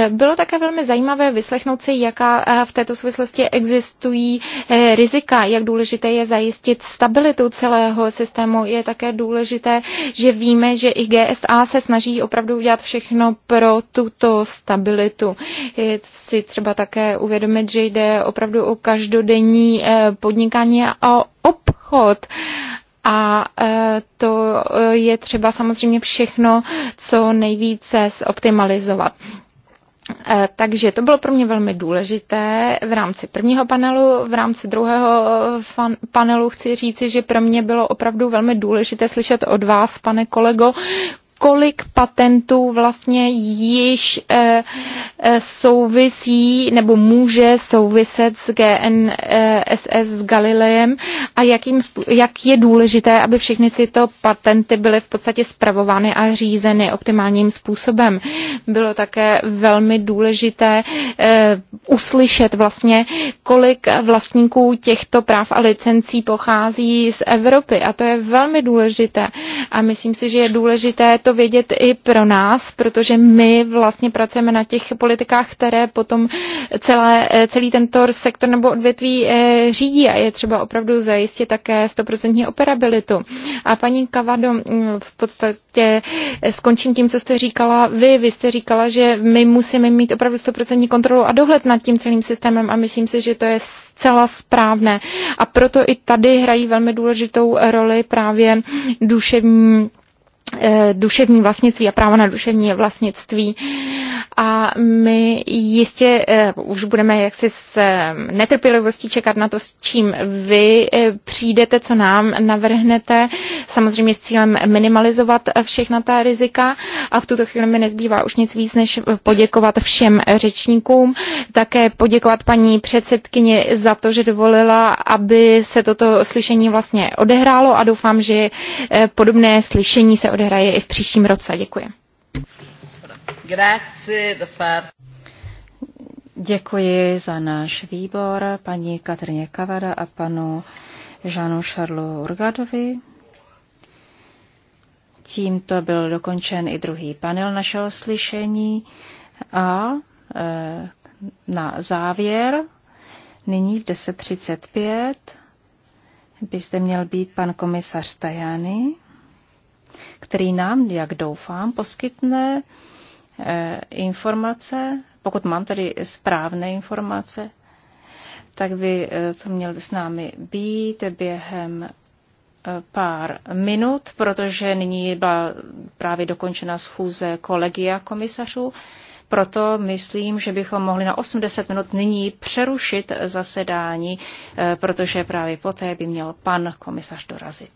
Bylo také velmi zajímavé vyslechnout si, jaká v této souvislosti existují rizika, jak důležité je zajistit stabilitu celého systému. Je také důležité, že víme, že i GSA se snaží opravdu udělat všechno pro tuto stabilitu. Je si třeba také uvědomit, že jde opravdu o každodenní eh, podnikání a obchod. A eh, to eh, je třeba samozřejmě všechno, co nejvíce zoptimalizovat. Takže to bylo pro mě velmi důležité v rámci prvního panelu. V rámci druhého fan, panelu chci říci, že pro mě bylo opravdu velmi důležité slyšet od vás, pane kolego, kolik patentů vlastně již eh, eh, souvisí nebo může souviset s GNSS, s Galileem a jakým, jak je důležité, aby všechny tyto patenty byly v podstatě spravovány a řízeny optimálním způsobem. Bylo také velmi důležité eh, uslyšet vlastně, kolik vlastníků těchto práv a licencí pochází z Evropy a to je velmi důležité a myslím si, že je důležité to vědět i pro nás, protože my vlastně pracujeme na těch politikách, které potom celé, eh, celý tento sektor nebo odvětví eh, řídí a je třeba opravdu zajistit také 100% operabilitu. A paní Kavado, mm, v podstatě eh, skončím tím, co jste říkala vy. Vy jste říkala, že my musíme mít opravdu 100% kontrolu a dohled nad tím celým systémem a myslím si, že to je zcela správné. A proto i tady hrají velmi důležitou roli právě duševní Eh, duševní vlastnictví a právo na duševní vlastnictví. A my jistě eh, už budeme jaksi s eh, netrpělivostí čekat na to, s čím vy přijdete, co nám navrhnete, samozřejmě s cílem minimalizovat všechna ta rizika. A v tuto chvíli mi nezbývá už nic víc, než poděkovat všem řečníkům, také poděkovat paní předsedkyni za to, že dovolila, aby se toto slyšení vlastně odehrálo a doufám, že podobné slyšení se odehraje i v příštím roce. Děkuji. Děkuji za náš výbor paní Katrině Kavada a panu Žánu Šarlu Urgadovi. Tímto byl dokončen i druhý panel našeho slyšení a e, na závěr nyní v 10.35 byste měl být pan komisař Tajany který nám, jak doufám, poskytne eh, informace, pokud mám tedy správné informace, tak by to eh, měl s námi být během eh, pár minut, protože nyní byla právě dokončena schůze kolegia komisařů. Proto myslím, že bychom mohli na 80 minut nyní přerušit zasedání, protože právě poté by měl pan komisař dorazit.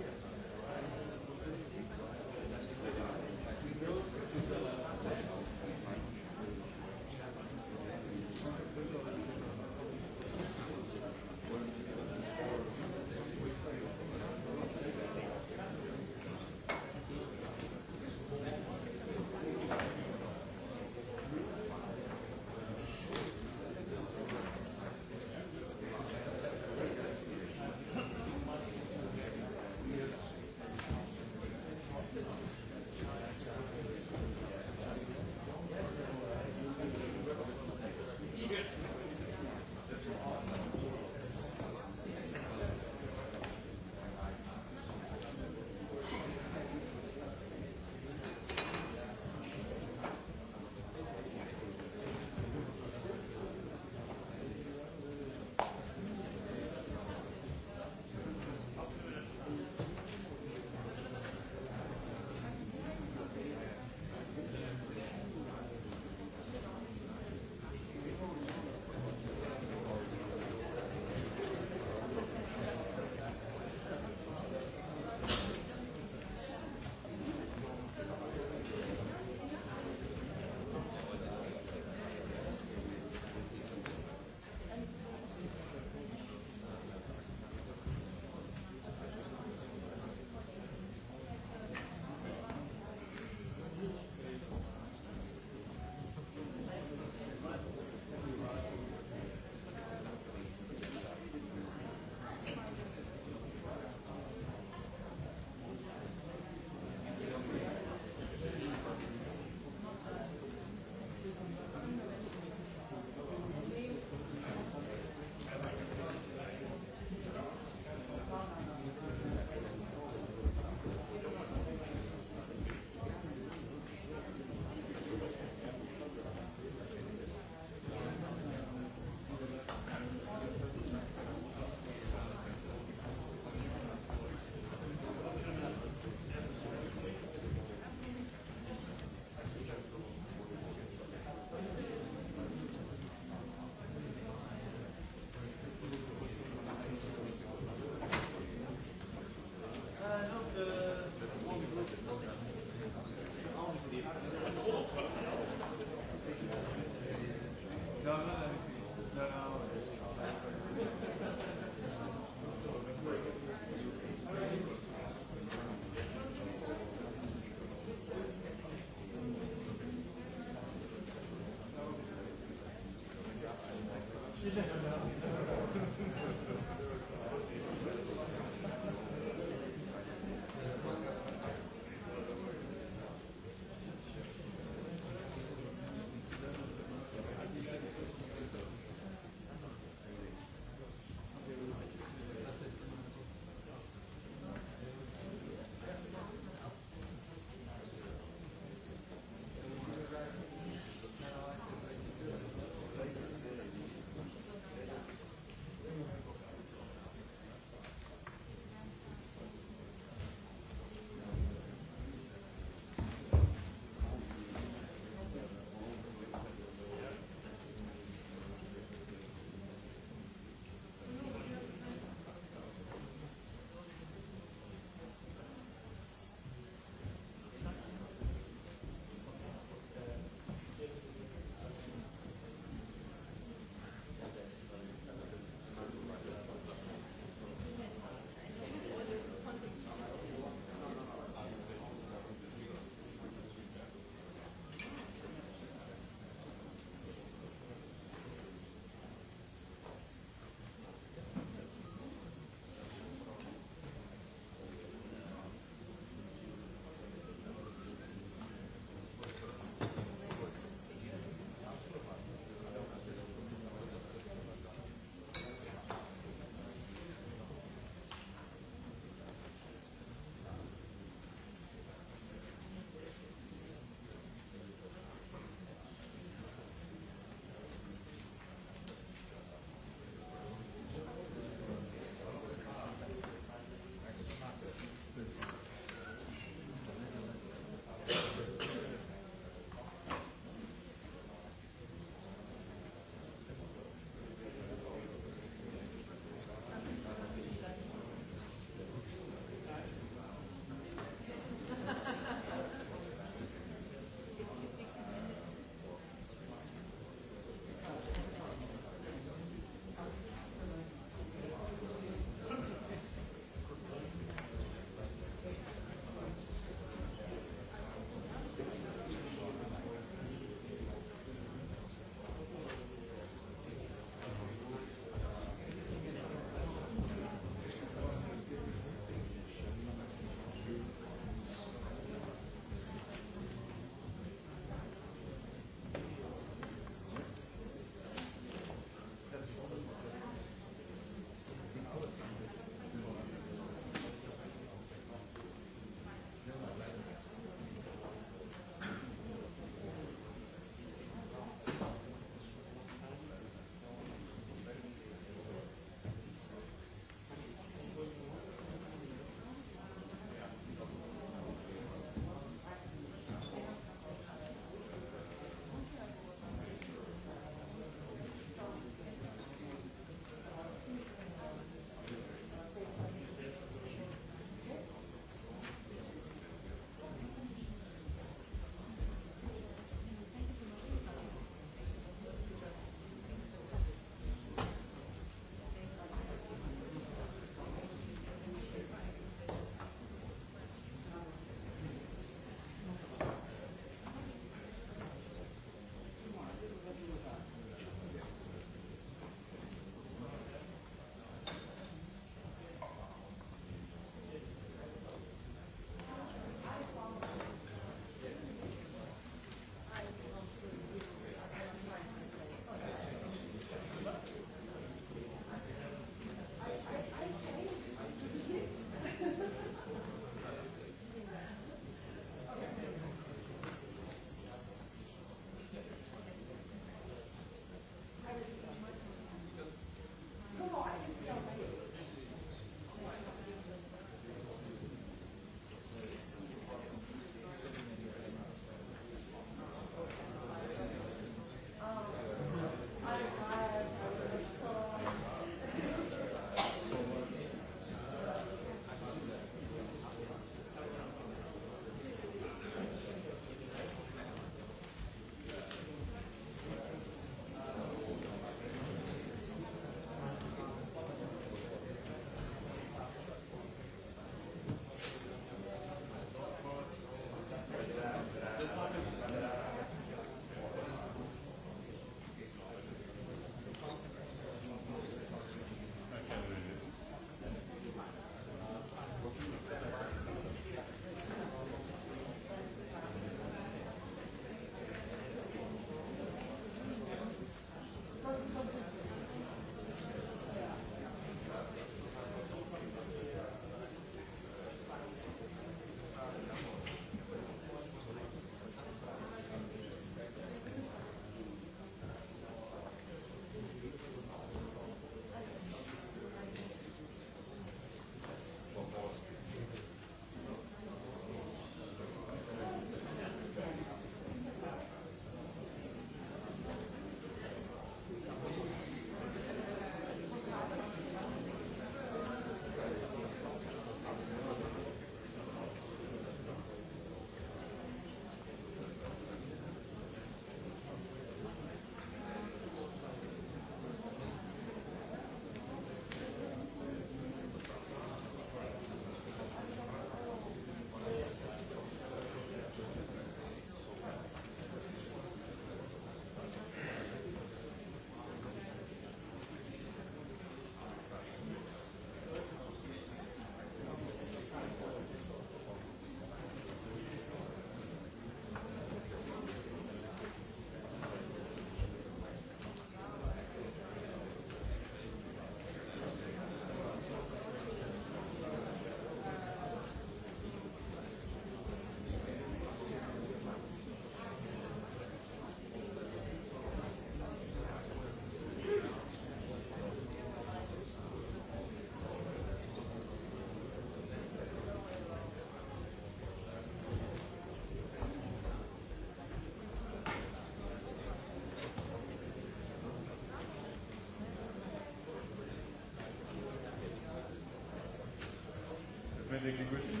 Greek language.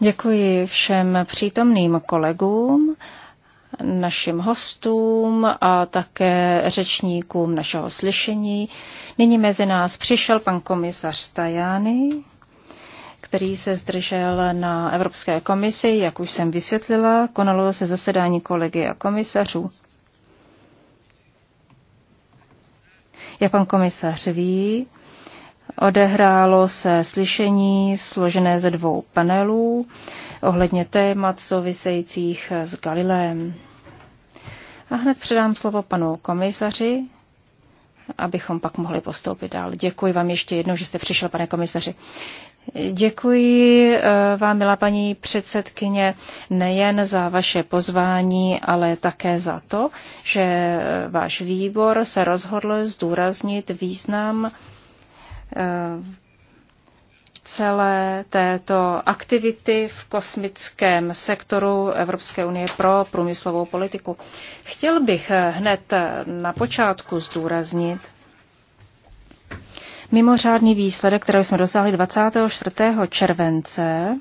Děkuji všem přítomným kolegům, našim hostům a také řečníkům našeho slyšení. Nyní mezi nás přišel pan komisař Tajány, který se zdržel na Evropské komisi, jak už jsem vysvětlila, konalo se zasedání kolegy a komisařů. Jak pan komisař ví, Odehrálo se slyšení složené ze dvou panelů ohledně témat souvisejících s Galilem. A hned předám slovo panu komisaři, abychom pak mohli postoupit dál. Děkuji vám ještě jednou, že jste přišel, pane komisaři. Děkuji eh, vám, milá paní předsedkyně, nejen za vaše pozvání, ale také za to, že váš výbor se rozhodl zdůraznit význam celé této aktivity v kosmickém sektoru Evropské unie pro průmyslovou politiku. Chtěl bych hned na počátku zdůraznit mimořádný výsledek, který jsme dosáhli 24. července,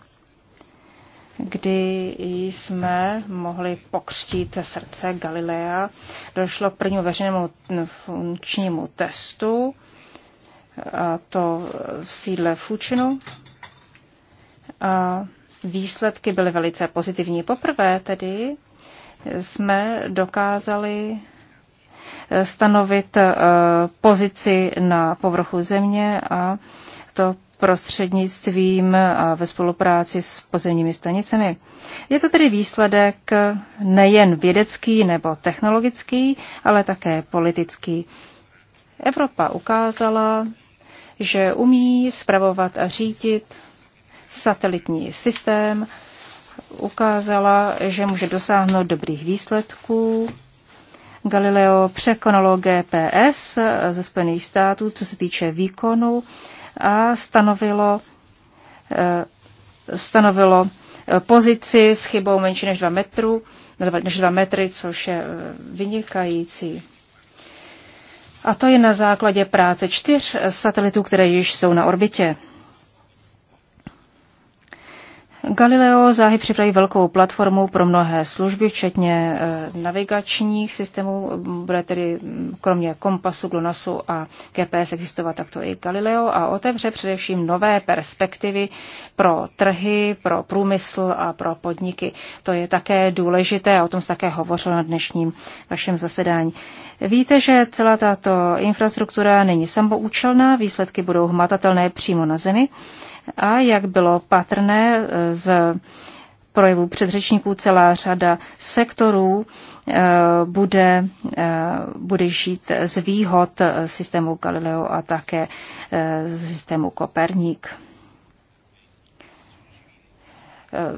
kdy jsme mohli pokřtít srdce Galilea. Došlo k prvnímu veřejnému funkčnímu testu a to v sídle Fučinu. A výsledky byly velice pozitivní. Poprvé tedy jsme dokázali eh, stanovit eh, pozici na povrchu země a to prostřednictvím eh, a ve spolupráci s pozemními stanicemi. Je to tedy výsledek nejen vědecký nebo technologický, ale také politický. Evropa ukázala, že umí spravovat a řídit satelitní systém, ukázala, že může dosáhnout dobrých výsledků. Galileo překonalo GPS ze Spojených států, co se týče výkonu, a stanovilo, eh, stanovilo eh, pozici s chybou menší než 2 metru, než 2 metry, což je eh, vynikající. A to je na základě práce čtyř satelitů, které již jsou na orbitě. Galileo záhy připraví velkou platformu pro mnohé služby, včetně e, navigačních systémů. Bude tedy kromě kompasu, GLONASu a GPS existovat takto i Galileo a otevře především nové perspektivy pro trhy, pro průmysl a pro podniky. To je také důležité a o tom se také hovořilo na dnešním vašem zasedání. Víte, že celá tato infrastruktura není samoučelná, výsledky budou hmatatelné přímo na zemi. A jak bylo patrné e, z projevu předřečníků, celá řada sektorů e, bude, e, bude žít z výhod systému Galileo a také z systému Koperník.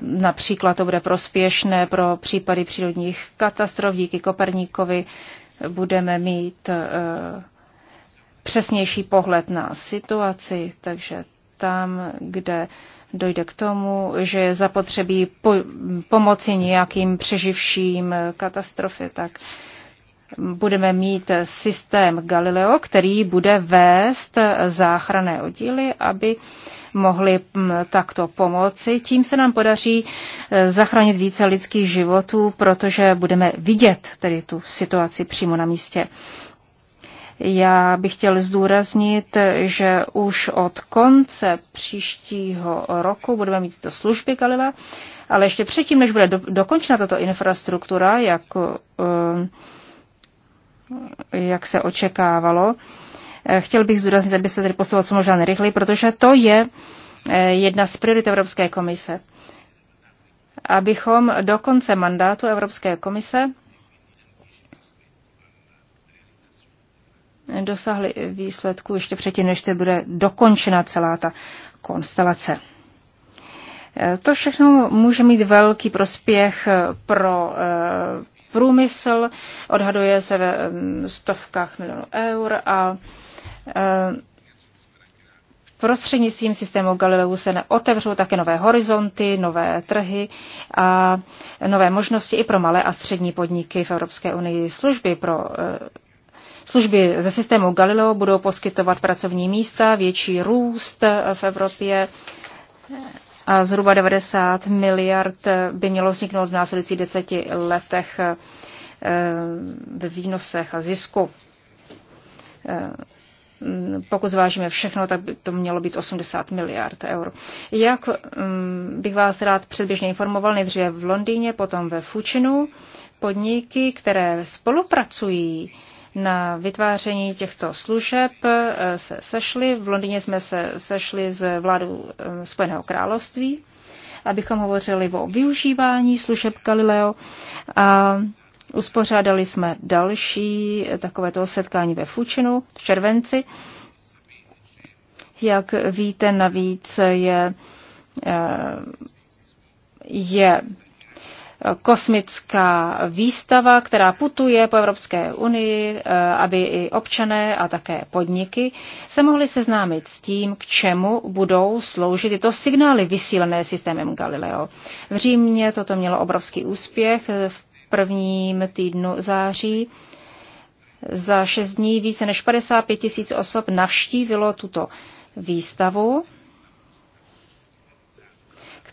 Například to bude prospěšné pro případy přírodních katastrof. Díky Koperníkovi budeme mít přesnější pohled na situaci, takže tam, kde dojde k tomu, že je zapotřebí po, pomoci nějakým přeživším katastrofy, tak budeme mít systém Galileo, který bude vést záchranné oddíly, aby mohli hm, takto pomoci. Tím se nám podaří eh, zachránit více lidských životů, protože budeme vidět tedy tu situaci přímo na místě. Já bych chtěl zdůraznit, že už od konce příštího roku budeme mít to služby Galilea, ale ještě předtím, než bude do, dokončena tato infrastruktura, jak, um, jak se očekávalo, eh, chtěl bych zdůraznit, aby se tady posouval co možná nejrychleji, protože to je eh, jedna z priorit Evropské komise. Abychom do konce mandátu Evropské komise dosáhli výsledku ještě předtím, než bude dokončena celá ta konstelace. To všechno může mít velký prospěch pro eh, průmysl, odhaduje se ve mm, stovkách milionů eur a eh, prostřednictvím systému Galileu se otevřou také nové horizonty, nové trhy a nové možnosti i pro malé a střední podniky v Evropské unii. Služby pro eh, Služby ze systému Galileo budou poskytovat pracovní místa, větší růst v Evropě a zhruba 90 miliard by mělo vzniknout v následujících deseti letech eh, ve výnosech a zisku. Eh, pokud zvážíme všechno, tak by to mělo být 80 miliard eur. Jak mm, bych vás rád předběžně informoval, nejdříve v Londýně, potom ve Fučinu, podniky, které spolupracují na vytváření těchto služeb eh, se sešli. V Londýně jsme se sešli z vládu eh, Spojeného království, abychom hovořili o využívání služeb Galileo a uspořádali jsme další eh, takovéto setkání ve Fučinu v červenci. Jak víte, navíc je, je kosmická výstava, která putuje po Evropské unii, eh, aby i občané a také podniky se mohli seznámit s tím, k čemu budou sloužit tyto signály vysílené systémem Galileo. V Římě toto mělo obrovský úspěch v prvním týdnu září. Za šest dní více než 55 tisíc osob navštívilo tuto výstavu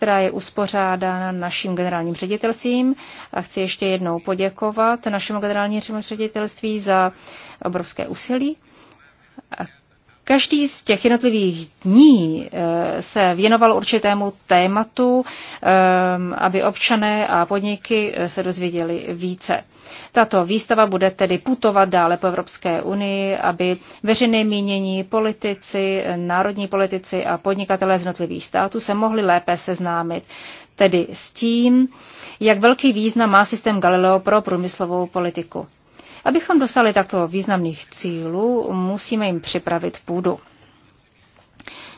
která je uspořádána naším generálním ředitelstvím. A chci ještě jednou poděkovat našemu generálnímu ředitelství za obrovské úsilí, Každý z těch jednotlivých dní eh, se věnoval určitému tématu, eh, aby občané a podniky eh, se dozvěděli více. Tato výstava bude tedy putovat dále po Evropské unii, aby veřejné mínění, politici, národní politici a podnikatelé z jednotlivých států se mohli lépe seznámit tedy s tím, jak velký význam má systém Galileo pro průmyslovou politiku. Abychom dosáhli takto významných cílů, musíme jim připravit půdu.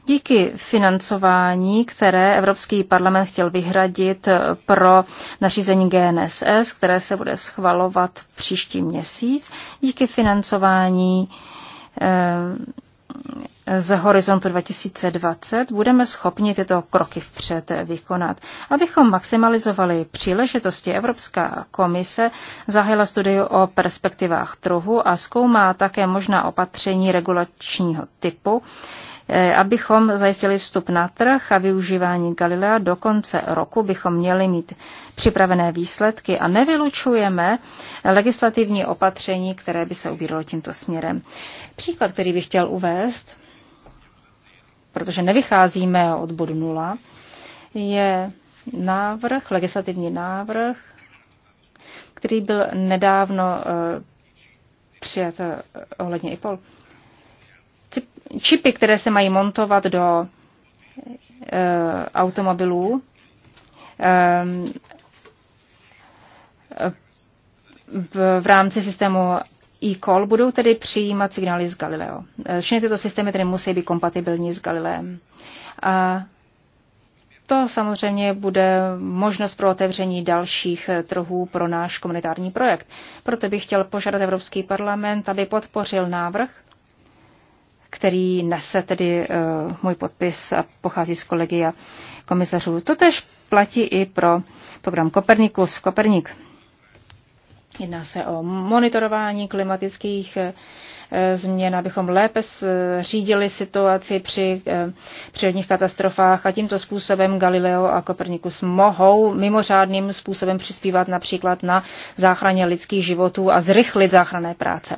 Díky financování, které Evropský parlament chtěl vyhradit pro nařízení GNSS, které se bude schvalovat příští měsíc, díky financování eh, z horizontu 2020 budeme schopni tyto kroky vpřed vykonat. Abychom maximalizovali příležitosti, Evropská komise zahájila studii o perspektivách trhu a zkoumá také možná opatření regulačního typu, Eh, abychom zajistili vstup na trh a využívání Galilea do konce roku bychom měli mít připravené výsledky a nevylučujeme legislativní opatření, které by se ubíralo tímto směrem. Příklad, který bych chtěl uvést, protože nevycházíme od bodu nula, je návrh, legislativní návrh, který byl nedávno eh, přijat eh, ohledně IPOL čipy, které se mají montovat do e, automobilů, e, v, v rámci systému e-call budou tedy přijímat signály z Galileo. Eh, všechny tyto systémy tedy musí být kompatibilní s Galileem. A to samozřejmě bude možnost pro otevření dalších eh, trhů pro náš komunitární projekt. Proto bych chtěl požádat Evropský parlament, aby podpořil návrh, který nese tedy eh, můj podpis a pochází z kolegia komisařů. To tež platí i pro program Kopernikus. Kopernik. Jedná se o monitorování klimatických eh, změn, abychom lépe eh, řídili situaci při přírodních katastrofách a tímto způsobem Galileo a Kopernikus mohou mimořádným způsobem přispívat například na záchraně lidských životů a zrychlit záchranné práce.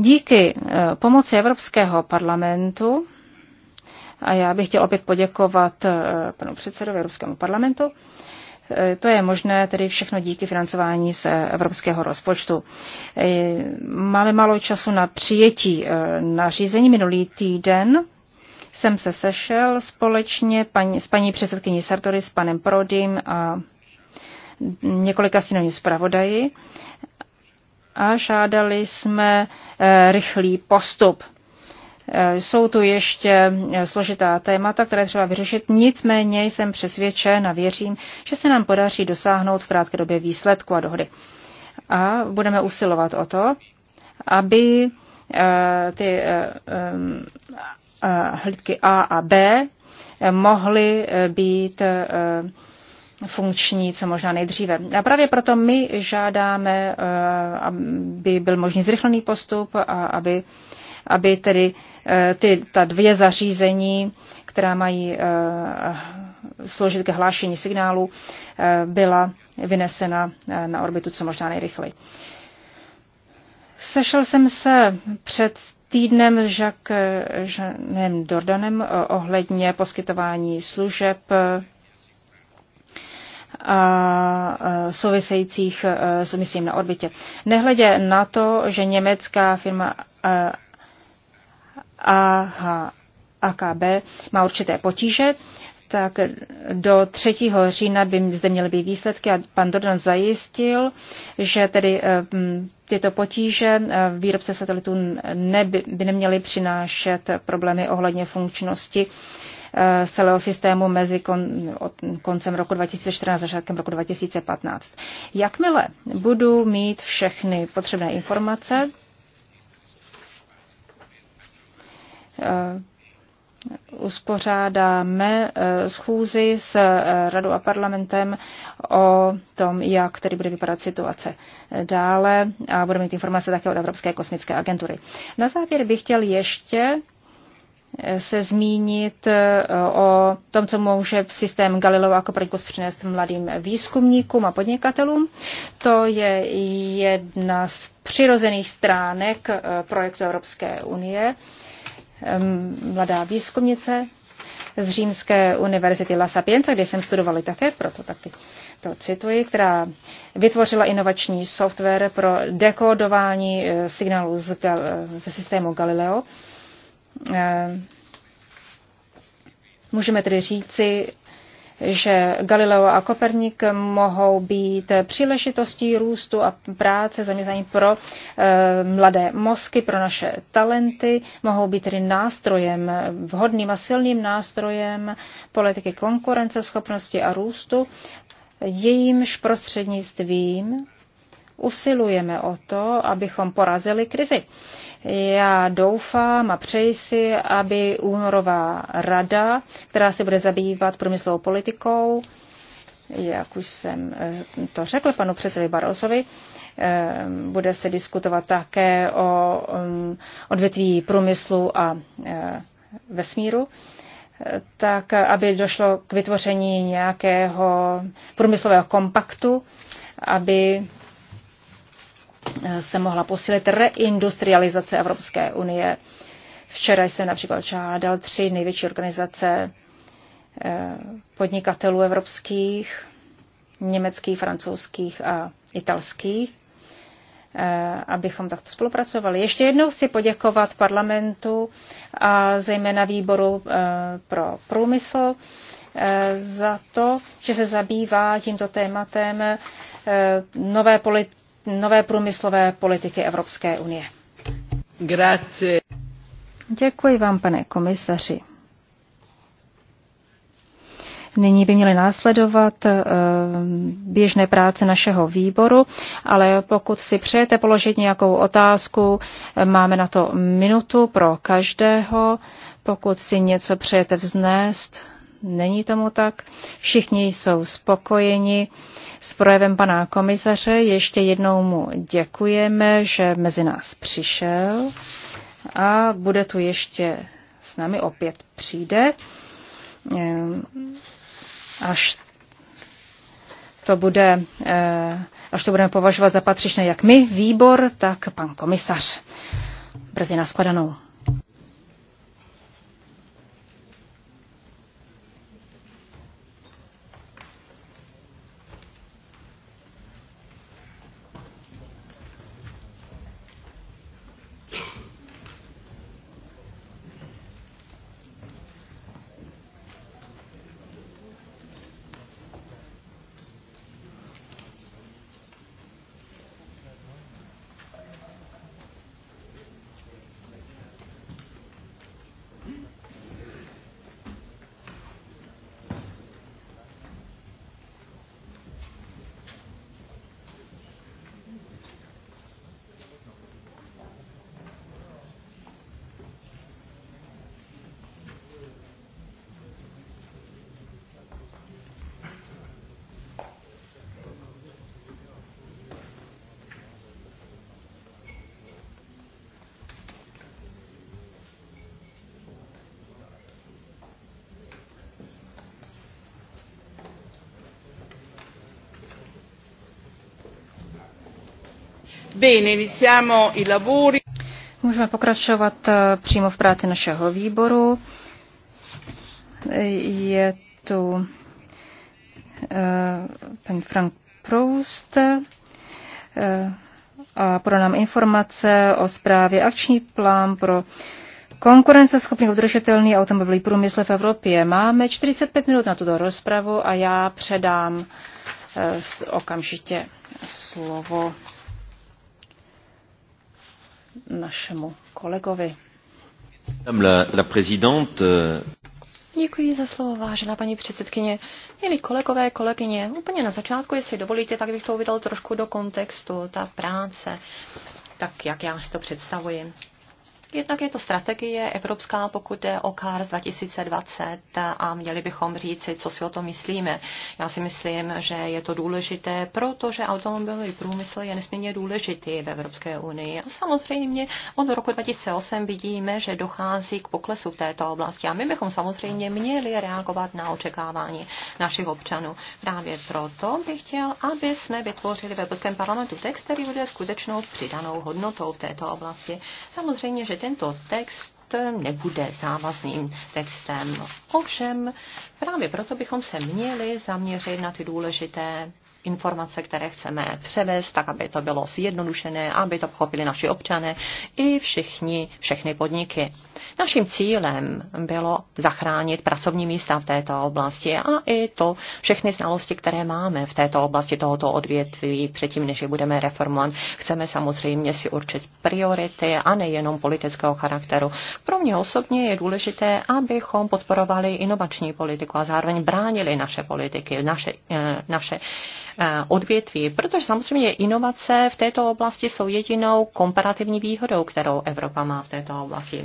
Díky eh, pomoci Evropského parlamentu, a já bych chtěl opět poděkovat eh, panu předsedovi Evropskému parlamentu, eh, to je možné tedy všechno díky financování z evropského rozpočtu. Máme málo času na přijetí nařízení. Minulý týden jsem se sešel společně paní, s paní předsedkyní Sartory, s panem Prodym a několika synovní zpravodaji a žádali jsme eh, rychlý postup. Eh, jsou tu ještě eh, složitá témata, které třeba vyřešit, nicméně jsem přesvědčen a věřím, že se nám podaří dosáhnout v krátké době výsledku a dohody. A budeme usilovat o to, aby ty hlídky A a B mohly být funkční co možná nejdříve. A právě proto my žádáme, eh, aby byl možný zrychlený postup a aby, aby tedy eh, ty, ta dvě zařízení, která mají eh, sloužit k hlášení signálu, byla vynesena na orbitu co možná nejrychleji. Sešel jsem se před týdnem Jacques Jeanem Dordanem ohledně poskytování služeb a souvisejících s misím na orbitě. Nehledě na to, že německá firma AKB má určité potíže, tak do 3. října by zde měly být výsledky a pan Dodan zajistil, že tedy e, tyto potíže e, výrobce satelitů neby, by neměly přinášet problémy ohledně funkčnosti z eh, celého systému mezi kon, od koncem roku 2014 a začátkem roku 2015. Jakmile budu mít všechny potřebné informace, eh, uspořádáme eh, schůzi s radou a parlamentem o tom, jak tedy bude vypadat situace dále a budeme mít informace také od Evropské kosmické agentury. Na závěr bych chtěl ještě se zmínit e, o tom, co může systém Galileo jako průkaz přinést mladým výzkumníkům a podnikatelům. To je jedna z přirozených stránek e, projektu Evropské unie. Mladá výzkumnice z Římské univerzity La Sapienza, kde jsem studovali také, proto taky to cituji, která vytvořila inovační software pro dekodování e, signálů ze systému Galileo Eh, můžeme tedy říci, že Galileo a Koperník mohou být příležitostí růstu a práce zaměření pro e, mladé mozky, pro naše talenty, mohou být tedy nástrojem, vhodným a silným nástrojem politiky konkurenceschopnosti a růstu, jejímž prostřednictvím usilujeme o to, abychom porazili krizi. Já doufám a přeji si, aby únorová rada, která se bude zabývat průmyslovou politikou, jak už jsem eh, to řekl panu předsedovi Barozovi, eh, bude se diskutovat také o mm, odvětví průmyslu a eh, vesmíru, tak aby došlo k vytvoření nějakého průmyslového kompaktu, aby Eh, se mohla posílit reindustrializace Evropské unie. Včera jsem například žádal tři největší organizace eh, podnikatelů evropských, německých, francouzských a italských, eh, abychom takto spolupracovali. Ještě jednou chci poděkovat parlamentu a zejména výboru pro průmysl za to, že se zabývá tímto tématem nové politiky nové průmyslové politiky Evropské unie. Grazie. Děkuji vám, pane komisaři. Nyní by měly následovat eh, běžné práce našeho výboru, ale pokud si přejete položit nějakou otázku, eh, máme na to minutu pro každého. Pokud si něco přejete vznést, Není tomu tak. Všichni jsou spokojeni s projevem pana komisaře. Ještě jednou mu děkujeme, že mezi nás přišel a bude tu ještě s námi opět přijde, ehm, až to bude, ehm, až to budeme považovat za patřičné jak my, výbor, tak pan komisař. Brzy na shledanou. Bene, iniziamo i lavori. Můžeme pokračovat eh, přímo v práci našeho výboru. Je tu eh, paní Frank Proust eh, a pro nám informace o zprávě akční plán pro konkurenceschopný udržitelný automobilový průmysl v Evropě. Máme 45 minut na tuto rozpravu a já předám okamžitě slovo našemu kolegovi. La, euh, Děkuji za slovo, vážená paní předsedkyně. Měli kolegové, kolegyně, úplně na začátku, jestli dovolíte, tak bych to uvedl trošku do kontextu, ta práce, tak jak já si to představuji. Jednak je to strategie evropská, pokud jde o CARS 2020 a měli bychom říci, co si o to myslíme. Já si myslím, že je to důležité, protože automobilový průmysl je nesmírně důležitý v Evropské unii. A samozřejmě od roku 2008 vidíme, že dochází k poklesu v této oblasti. A my bychom samozřejmě měli reagovat na očekávání našich občanů. Právě proto bych chtěl, aby jsme vytvořili v Evropském parlamentu text, který bude skutečnou přidanou hodnotou v této oblasti. Samozřejmě, že tento text nebude závazným textem. Ovšem, právě proto bychom se měli zaměřit na ty důležité informace, které chceme převést, tak aby to bylo zjednodušené, aby to pochopili naši občané i všichni, všechny podniky. Naším cílem bylo zachránit pracovní místa v této oblasti a i to všechny znalosti, které máme v této oblasti tohoto odvětví, předtím, než je budeme reformovat, chceme samozřejmě si určit priority a nejenom politického charakteru. Pro mě osobně je důležité, abychom podporovali inovační politiku a zároveň bránili naše politiky, naše, eh, naše Eh, odvětví, protože samozřejmě inovace v této oblasti jsou jedinou komparativní výhodou, kterou Evropa má v této oblasti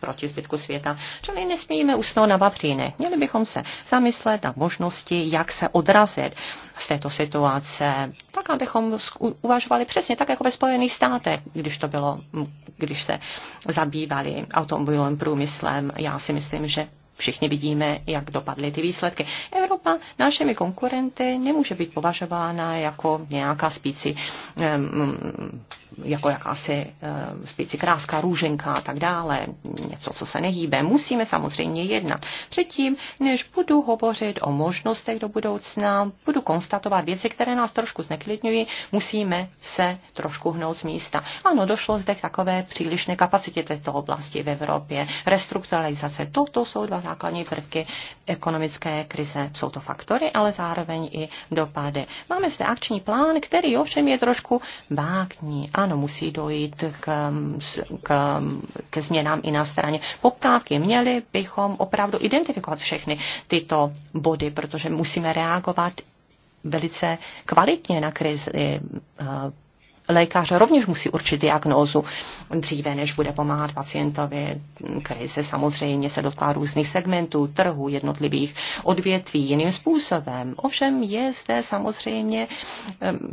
proti zbytku světa. Čili nesmíme usnout na vavříny. Měli bychom se zamyslet na možnosti, jak se odrazit z této situace, tak abychom uvažovali přesně tak, jako ve Spojených státech, když to bylo, když se zabývali automobilovým průmyslem. Já si myslím, že všichni vidíme, jak dopadly ty výsledky. Evropa našimi konkurenty nemůže být považována jako nějaká spíci, jako jakási spíci kráska, růženka a tak dále, něco, co se nehýbe. Musíme samozřejmě jednat. Předtím, než budu hovořit o možnostech do budoucna, budu konstatovat věci, které nás trošku zneklidňují, musíme se trošku hnout z místa. Ano, došlo zde k takové přílišné kapacitě této oblasti v Evropě, restrukturalizace, toto jsou dva základní prvky ekonomické krize. Jsou to faktory, ale zároveň i dopady. Máme zde akční plán, který ovšem je trošku vákní. Ano, musí dojít k, k, ke změnám i na straně poptávky. Měli bychom opravdu identifikovat všechny tyto body, protože musíme reagovat velice kvalitně na krizi eh, lékař rovněž musí určit diagnózu dříve, než bude pomáhat pacientovi. se samozřejmě se dotká různých segmentů, trhu, jednotlivých odvětví jiným způsobem. Ovšem je zde samozřejmě,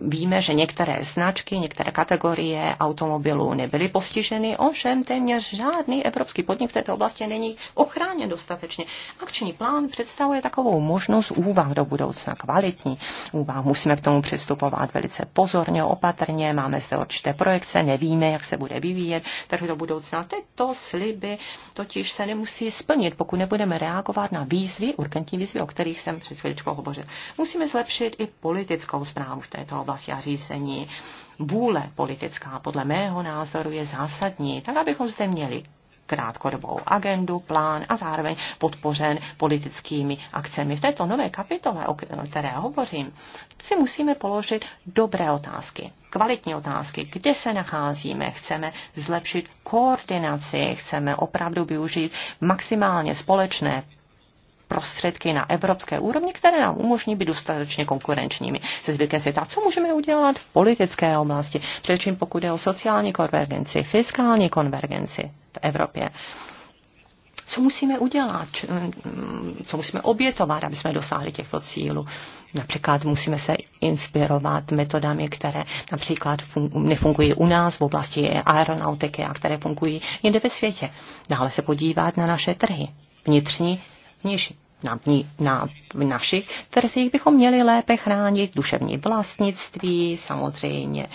víme, že některé značky, některé kategorie automobilů nebyly postiženy, ovšem téměř žádný evropský podnik v této oblasti není ochráněn dostatečně. Akční plán představuje takovou možnost úvah do budoucna, kvalitní úvah. Musíme k tomu přistupovat velice pozorně, opatrně, nemáme zde určité projekce, nevíme, jak se bude vyvíjet trh do budoucna. Tyto sliby totiž se nemusí splnit, pokud nebudeme reagovat na výzvy, urgentní výzvy, o kterých jsem před chvíličkou hovořil. Musíme zlepšit i politickou zprávu v této oblasti a řízení. Vůle politická podle mého názoru je zásadní, tak abychom zde měli krátkodobou agendu, plán a zároveň podpořen politickými akcemi. V této nové kapitole, o které hovořím, si musíme položit dobré otázky, kvalitní otázky, kde se nacházíme, chceme zlepšit koordinaci, chceme opravdu využít maximálně společné prostředky na evropské úrovni, které nám umožní být dostatečně konkurenčními se zbytkem světa. Co můžeme udělat v politické oblasti, především pokud je o sociální konvergenci, fiskální konvergenci v Evropě? co musíme udělat, co musíme obětovat, aby jsme dosáhli těchto cílů. Například musíme se inspirovat metodami, které například nefungují u nás v oblasti aeronautiky a které fungují jinde ve světě. Dále se podívat na naše trhy, vnitřní, vnější na, na našich trzích bychom měli lépe chránit duševní vlastnictví, samozřejmě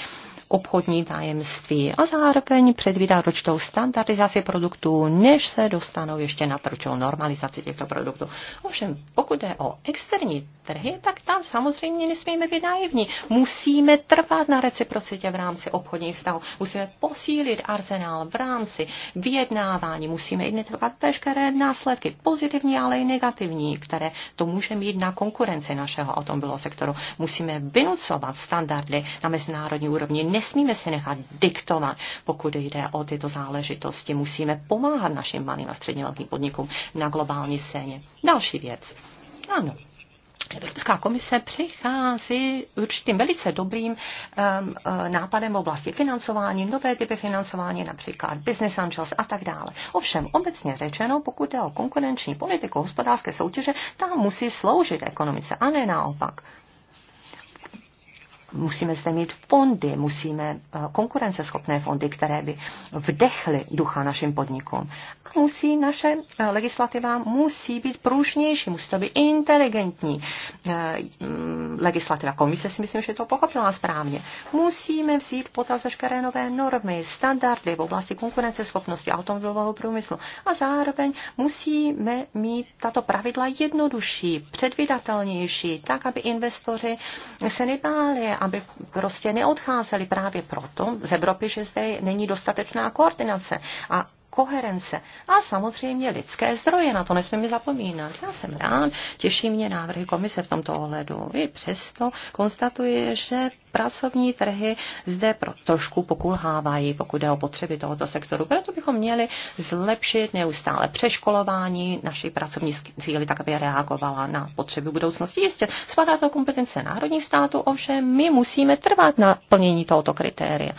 obchodní tajemství a zároveň předvídat ročnou standardizaci produktů, než se dostanou ještě na určitou normalizaci těchto produktů. Ovšem, pokud jde o externí trhy, tak tam samozřejmě nesmíme být naivní. Musíme trvat na reciprocitě v rámci obchodních vztahů. Musíme posílit arzenál v rámci vyjednávání. Musíme identifikovat veškeré následky, pozitivní, ale i negativní, které to může mít na konkurenci našeho automobilového sektoru. Musíme vynucovat standardy na mezinárodní úrovni Nesmíme se nechat diktovat, pokud jde o tyto záležitosti. Musíme pomáhat našim malým a středně velkým podnikům na globální scéně. Další věc. Ano, Evropská komise přichází určitým velice dobrým um, nápadem v oblasti financování, nové typy financování, například business angels a tak dále. Ovšem, obecně řečeno, pokud jde o konkurenční politiku hospodářské soutěže, ta musí sloužit ekonomice a ne naopak musíme zde mít fondy, musíme eh, konkurenceschopné fondy, které by vdechly ducha našim podnikům. A musí naše eh, legislativa musí být pružnější, musí to být inteligentní eh, mm, legislativa. Komise si myslím, že to pochopila správně. Musíme vzít potaz veškeré nové normy, standardy v oblasti konkurenceschopnosti automobilového průmyslu a zároveň musíme mít tato pravidla jednodušší, předvydatelnější, tak, aby investoři se nebáli aby prostě neodcházeli právě proto z Evropy, že zde není dostatečná koordinace. A koherence a samozřejmě lidské zdroje, na to nesmíme zapomínat. Já jsem rád, těší mě návrhy komise v tomto ohledu. I přesto konstatuje, že pracovní trhy zde pro, trošku pokulhávají, pokud jde o potřeby tohoto sektoru. Proto bychom měli zlepšit neustále přeškolování naší pracovní síly, tak aby reagovala na potřeby budoucnosti. Jistě spadá to kompetence národních států, ovšem my musíme trvat na plnění tohoto kritéria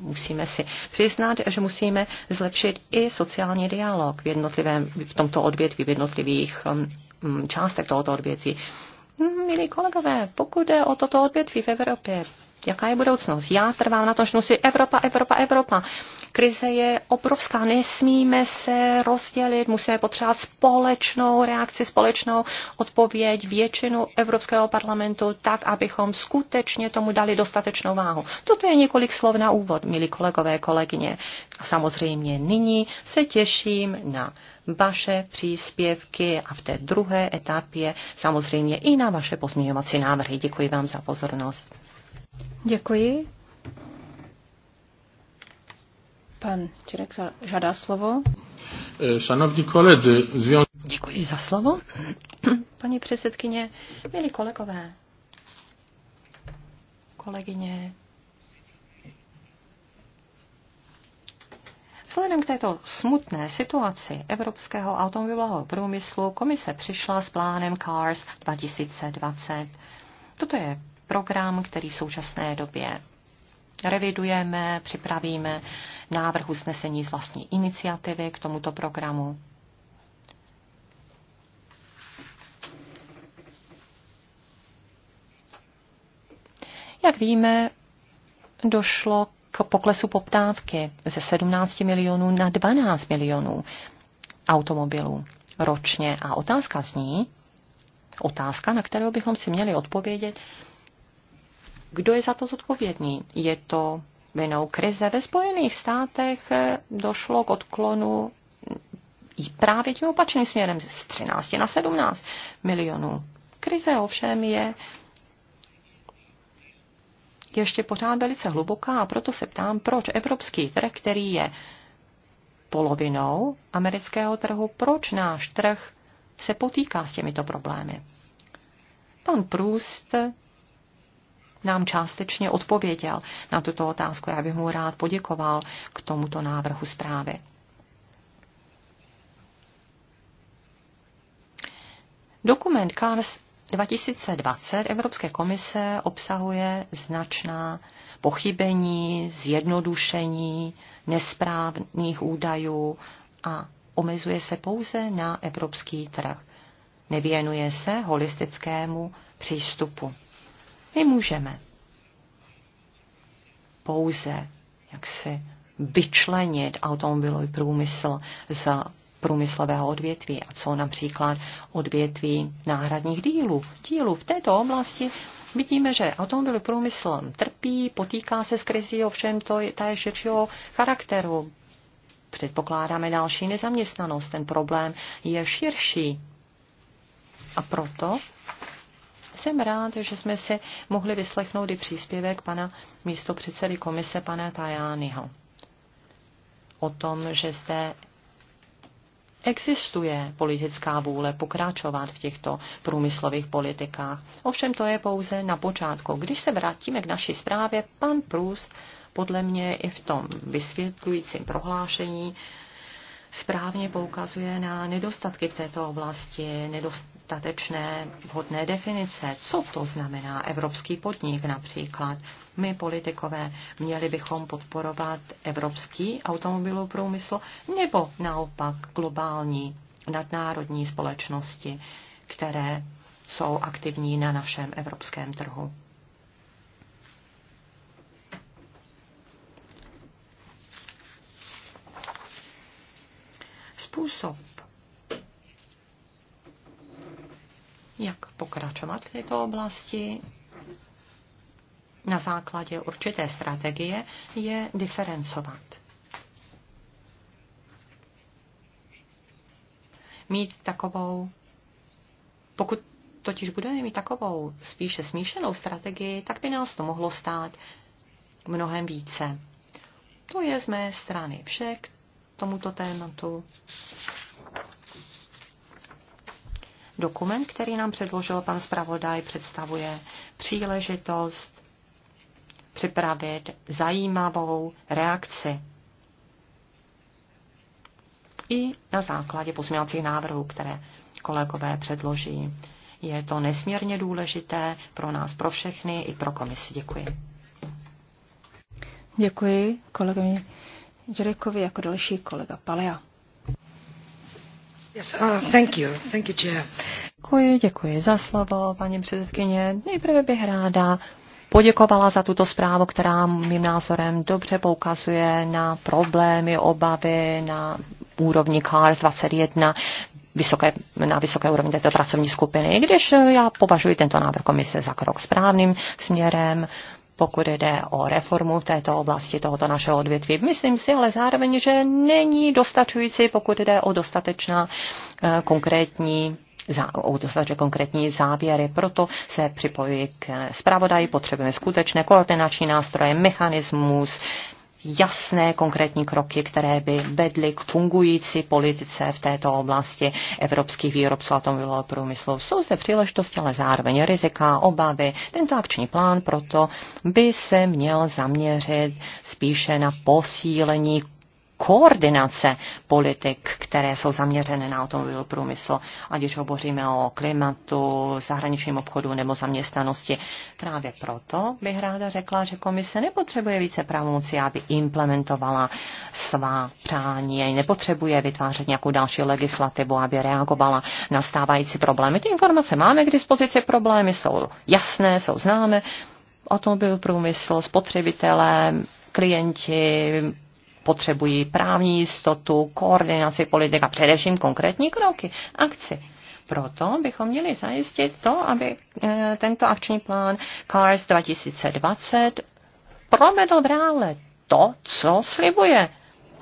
musíme si přiznat, že musíme zlepšit i sociální dialog v, jednotlivém, v tomto odvětví, v jednotlivých um, um, částech tohoto odvětví. Milí kolegové, pokud jde o toto odvětví v Evropě, jaká je budoucnost? Já trvám na tom, že musí Evropa, Evropa, Evropa. Krize je obrovská, nesmíme se rozdělit, musíme potřebovat společnou reakci, společnou odpověď většinu Evropského parlamentu, tak, abychom skutečně tomu dali dostatečnou váhu. Toto je několik slov na úvod, milí kolegové, kolegyně. A samozřejmě nyní se těším na vaše příspěvky a v té druhé etapě samozřejmě i na vaše pozměňovací návrhy. Děkuji vám za pozornost. Děkuji. Pan Čirek žádá slovo. E, Šanovní koledzy, zvěn... Děkuji za slovo. Paní předsedkyně, milí kolegové, kolegyně, Vzhledem k této smutné situaci evropského automobilového průmyslu komise přišla s plánem CARS 2020. Toto je program, který v současné době revidujeme, připravíme návrh usnesení z vlastní iniciativy k tomuto programu. Jak víme, došlo k poklesu poptávky ze 17 milionů na 12 milionů automobilů ročně. A otázka zní, otázka, na kterou bychom si měli odpovědět, kdo je za to zodpovědný? Je to vinou krize. Ve Spojených státech eh, došlo k odklonu i právě tím opačným směrem z 13 na 17 milionů. Krize ovšem je ještě pořád velice hluboká a proto se ptám, proč evropský trh, který je polovinou amerického trhu, proč náš trh se potýká s těmito problémy. Pan Proust nám částečně odpověděl na tuto otázku. Já bych mu rád poděkoval k tomuto návrhu zprávy. Dokument CARS 2020 Evropské komise obsahuje značná pochybení, zjednodušení nesprávných údajů a omezuje se pouze na evropský trh. Nevěnuje se holistickému přístupu. My můžeme pouze jaksi vyčlenit automobilový průmysl z průmyslového odvětví a co například odvětví náhradních dílů. Dílů v této oblasti vidíme, že automobilový průmysl trpí, potýká se s krizí, ovšem to je, ta je širšího charakteru. Předpokládáme další nezaměstnanost. Ten problém je širší. A proto jsem rád, že jsme si mohli vyslechnout i příspěvek pana místopředsedy komise, pana Tajányho, o tom, že zde Existuje politická vůle pokračovat v těchto průmyslových politikách. Ovšem to je pouze na počátku. Když se vrátíme k naší zprávě, pan Prus podle mě i v tom vysvětlujícím prohlášení správně poukazuje na nedostatky v této oblasti, nedostatečné vhodné definice. Co to znamená evropský podnik například? My, politikové, měli bychom podporovat evropský automobilový průmysl nebo naopak globální nadnárodní společnosti, které jsou aktivní na našem evropském trhu. způsob, jak pokračovat v této oblasti na základě určité strategie, je diferencovat. Mít takovou, pokud totiž budeme mít takovou spíše smíšenou strategii, tak by nás to mohlo stát mnohem více. To je z mé strany vše k tomuto tématu. Dokument, který nám předložil pan zpravodaj, představuje příležitost připravit zajímavou reakci. I na základě pozměňovacích návrhů, které kolegové předloží. Je to nesmírně důležité pro nás, pro všechny i pro komisi. Děkuji. Děkuji, kolegovi Žrekovi jako další kolega Palea. Yes, uh, thank you. Thank you, chair. Děkuji, děkuji za slovo, paní předsedkyně. Nejprve bych ráda poděkovala za tuto zprávu, která mým názorem dobře poukazuje na problémy, obavy na úrovni CARS 21 vysoké, na vysoké úrovni této pracovní skupiny. I když já považuji tento návrh komise za krok správným směrem, pokud jde o reformu v této oblasti tohoto našeho odvětví. Myslím si ale zároveň, že není dostačující, pokud jde o dostatečná eh, konkrétní dostatečně konkrétní závěry. Proto se připojuji k eh, zpravodaji. Potřebujeme skutečné koordinační nástroje, mechanismus, jasné konkrétní kroky, které by vedly k fungující politice v této oblasti evropských výrobců automobilového průmyslu. Jsou zde příležitosti, ale zároveň rizika, obavy. Tento akční plán proto by se měl zaměřit spíše na posílení koordinace politik, které jsou zaměřené na automobilový průmysl, ať už hovoříme o klimatu, zahraničním obchodu nebo zaměstnanosti. Právě proto bych ráda řekla, že komise nepotřebuje více pravomocí, aby implementovala svá přání, nepotřebuje vytvářet nějakou další legislativu, aby reagovala na stávající problémy. Ty informace máme k dispozici, problémy jsou jasné, jsou známé, automobil průmysl, spotřebitelé, klienti, potřebují právní jistotu, koordinaci politik a především konkrétní kroky, akci. Proto bychom měli zajistit to, aby eh, tento akční plán CARS 2020 provedl v reále to, co slibuje.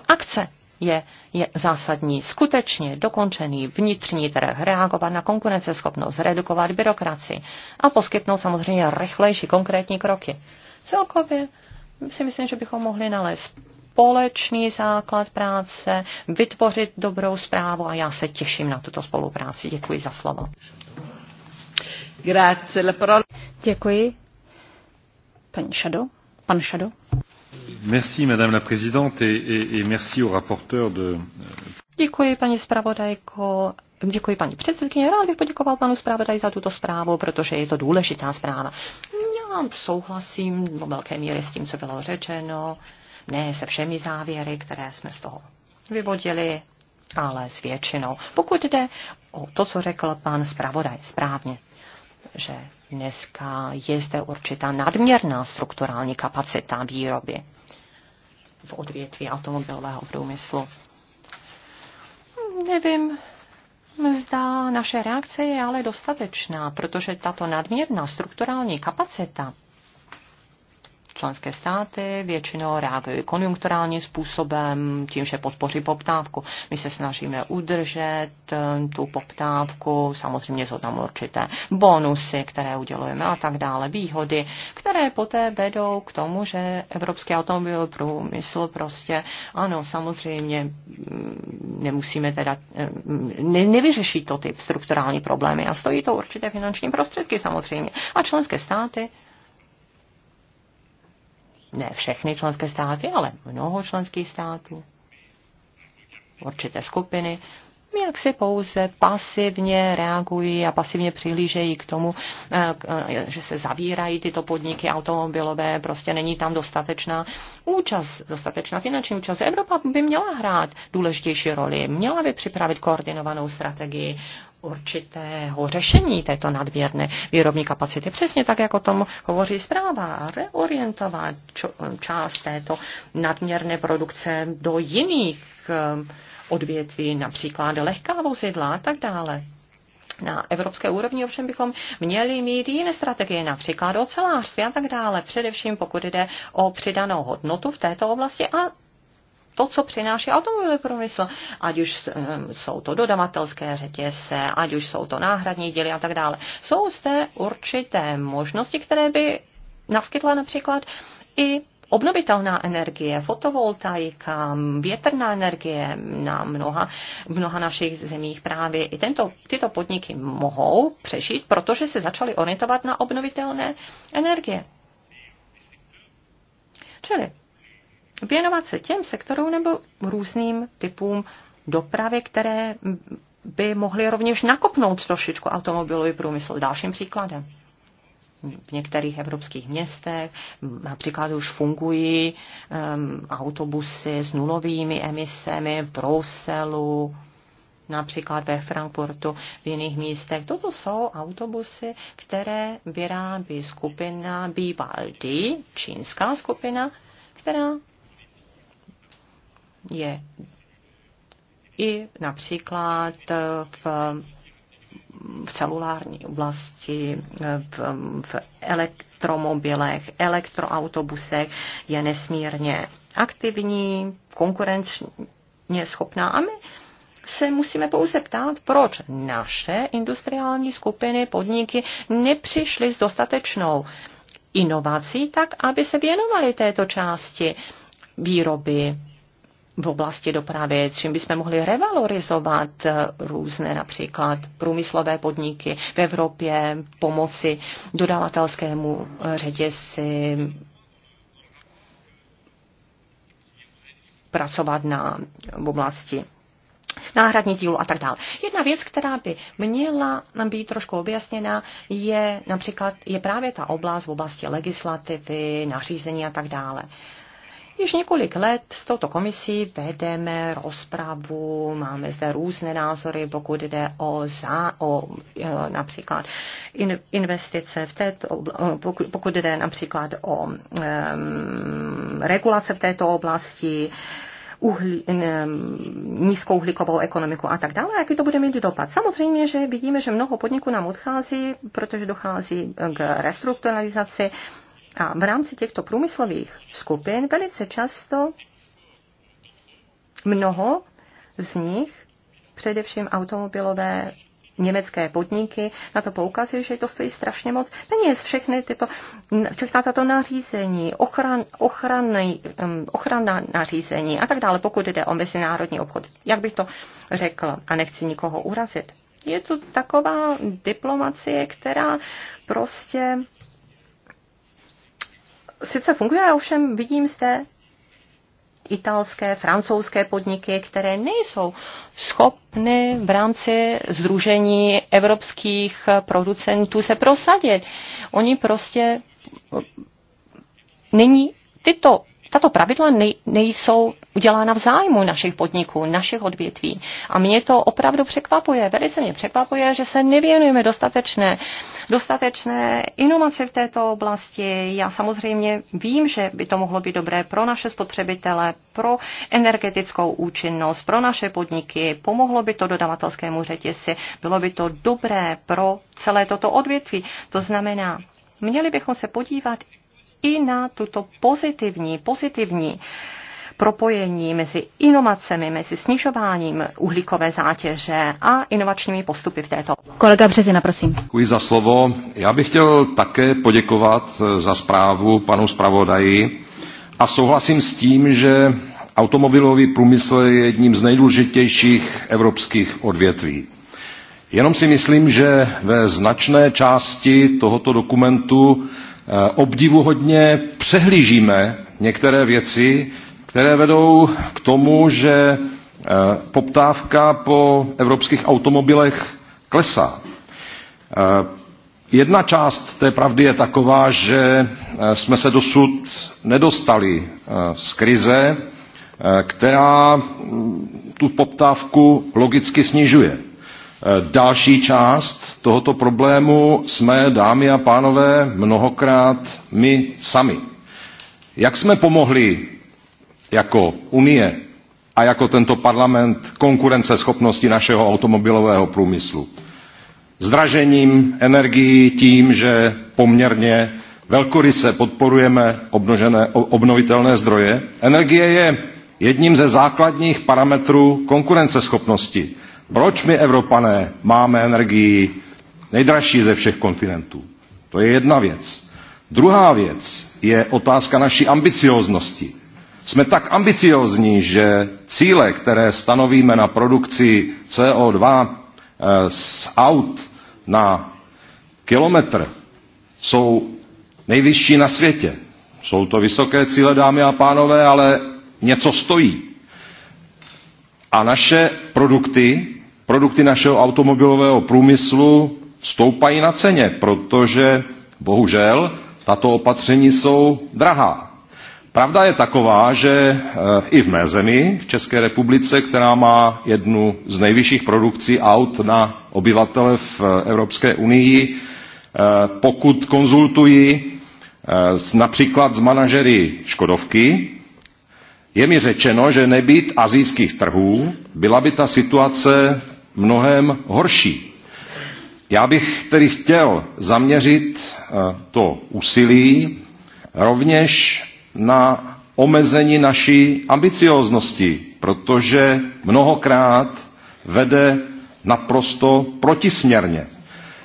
Akce je, je zásadní. Skutečně dokončený vnitřní trh, reagovat na konkurenceschopnost, redukovat byrokracii a poskytnout samozřejmě rychlejší konkrétní kroky. Celkově si myslím, že bychom mohli nalézt společný základ práce, vytvořit dobrou zprávu a já se těším na tuto spolupráci. Děkuji za slovo. Děkuji. Pan Šado. Pan Šado. Merci, madame la présidente, et, et, et merci au rapporteur de... Děkuji, paní zpravodajko. Děkuji, paní předsedkyně. Rád bych poděkoval panu zpravodaji za tuto zprávu, protože je to důležitá zpráva. Já souhlasím do velké míry s tím, co bylo řečeno ne se všemi závěry, které jsme z toho vyvodili, ale s většinou. Pokud jde o to, co řekl pan zpravodaj správně, že dneska je zde určitá nadměrná strukturální kapacita výroby v odvětví automobilového průmyslu. Nevím, zda naše reakce je ale dostatečná, protože tato nadměrná strukturální kapacita členské státy většinou reagují konjunkturálním způsobem, tím, že podpoří poptávku. My se snažíme udržet eh, tu poptávku, samozřejmě jsou tam určité bonusy, které udělujeme a tak dále, výhody, které poté vedou k tomu, že evropský automobil průmysl prostě, ano, samozřejmě mm, nemusíme teda, mm, ne, nevyřeší to ty strukturální problémy a stojí to určité finanční prostředky samozřejmě. A členské státy ne všechny členské státy, ale mnoho členských států, určité skupiny jak si pouze pasivně reagují a pasivně přihlížejí k tomu, eh, eh, že se zavírají tyto podniky automobilové, prostě není tam dostatečná účast, dostatečná finanční účast. Evropa by měla hrát důležitější roli, měla by připravit koordinovanou strategii určitého řešení této nadměrné výrobní kapacity. Přesně tak, jak o tom hovoří zpráva. Reorientovat část této nadměrné produkce do jiných eh, odvětví, například lehká vozidla a tak dále. Na evropské úrovni ovšem bychom měli mít jiné strategie, například ocelářství a tak dále, především pokud jde o přidanou hodnotu v této oblasti a to, co přináší automobilový průmysl, ať už jsou to dodavatelské řetězce, ať už jsou to náhradní díly a tak dále. Jsou zde určité možnosti, které by naskytla například i obnovitelná energie, fotovoltaika, větrná energie na mnoha, v mnoha našich zemích právě i tento, tyto podniky mohou přežít, protože se začaly orientovat na obnovitelné energie. Čili věnovat se těm sektorům nebo různým typům dopravy, které by mohly rovněž nakopnout trošičku automobilový průmysl. Dalším příkladem v některých evropských městech. Například už fungují um, autobusy s nulovými emisemi v Bruselu, například ve Frankfurtu, v jiných místech. Toto jsou autobusy, které vyrábí skupina Bivaldi, čínská skupina, která je i například v v celulární oblasti, v, v elektromobilech, elektroautobusech je nesmírně aktivní, konkurenčně schopná. A my se musíme pouze ptát, proč naše industriální skupiny, podniky nepřišly s dostatečnou inovací, tak aby se věnovaly této části výroby v oblasti dopravy, čím bychom mohli revalorizovat eh, různé například průmyslové podniky v Evropě, pomoci dodavatelskému eh, řetězci, pracovat na v oblasti náhradní dílu a tak dále. Jedna věc, která by měla nám být trošku objasněna, je například je právě ta oblast v oblasti legislativy, nařízení a tak dále. Uh, Již několik let s touto komisí vedeme rozpravu, máme zde různé názory, pokud jde o, za, o e, například in, investice v této, e, pokud, pokud jde například o um, regulace v této oblasti, uhlí, nízkouhlíkovou ekonomiku a tak dále, jaký to bude mít dopad. Samozřejmě, že vidíme, že mnoho podniků nám odchází, protože dochází k restrukturalizaci a v rámci těchto průmyslových skupin velice často mnoho z nich, především automobilové německé podniky na to poukazují, že to stojí strašně moc peněz. Všechny tyto, všechna tato nařízení, ochran, ochrany, ochrana nařízení a tak dále, pokud jde o mezinárodní obchod. Jak bych to řekl a nechci nikoho urazit. Je to taková diplomacie, která prostě sice funguje, ovšem vidím zde italské, francouzské podniky, které nejsou schopny v rámci Združení evropských producentů se prosadit. Oni prostě není tyto tato pravidla nejsou udělána v zájmu našich podniků, našich odvětví. A mě to opravdu překvapuje, velice mě překvapuje, že se nevěnujeme dostatečné uh, dostatečné inovace v této oblasti. Já samozřejmě vím, že by to mohlo být dobré pro naše spotřebitele, pro energetickou účinnost, pro naše podniky, pomohlo by to dodavatelskému řetězci, bylo by to dobré pro celé toto odvětví. To znamená, měli bychom se podívat i na tuto pozitivní, pozitivní uh, propojení mezi inovacemi, mezi snižováním uhlíkové zátěže a inovačními postupy v této. Kolega Březina, prosím. Děkuji za slovo. Já bych chtěl také poděkovat za zprávu panu zpravodaji a souhlasím s tím, že automobilový průmysl je jedním z nejdůležitějších evropských odvětví. Jenom si myslím, že ve značné části tohoto dokumentu eh, obdivuhodně přehlížíme některé věci, které vedou k tomu, že eh, poptávka po evropských automobilech klesá. Eh, jedna část té pravdy je taková, že eh, jsme se dosud nedostali z krize, která mm, tu poptávku logicky snižuje. Další část tohoto problému jsme, dámy a pánové, mnohokrát my sami. Jak jsme pomohli jako Unie a jako tento parlament konkurenceschopnosti našeho automobilového průmyslu. Zdražením energií tím, že poměrně velkoryse podporujeme obnožené, obnovitelné zdroje. Energie je jedním ze základních parametrů konkurenceschopnosti. Proč my, Evropané, máme energii nejdražší ze všech kontinentů? To je jedna věc. Druhá věc je otázka naší ambicioznosti. Jsme tak ambiciozní, že cíle, které stanovíme na produkci CO2 eh, z aut na kilometr, jsou nejvyšší na světě. Jsou to vysoké cíle, dámy a pánové, ale něco stojí. A naše produkty, produkty našeho automobilového průmyslu stoupají na ceně, protože bohužel tato opatření jsou drahá. Pravda je taková, že e, i v mé zemi, v České republice, která má jednu z nejvyšších produkcí aut na obyvatele v e, Evropské unii, e, pokud konzultuji například s manažery Škodovky, je mi řečeno, že nebýt azijských trhů, byla by ta situace mnohem horší. Já bych tedy chtěl zaměřit to úsilí rovněž na omezení naší ambicioznosti, protože mnohokrát vede naprosto protisměrně.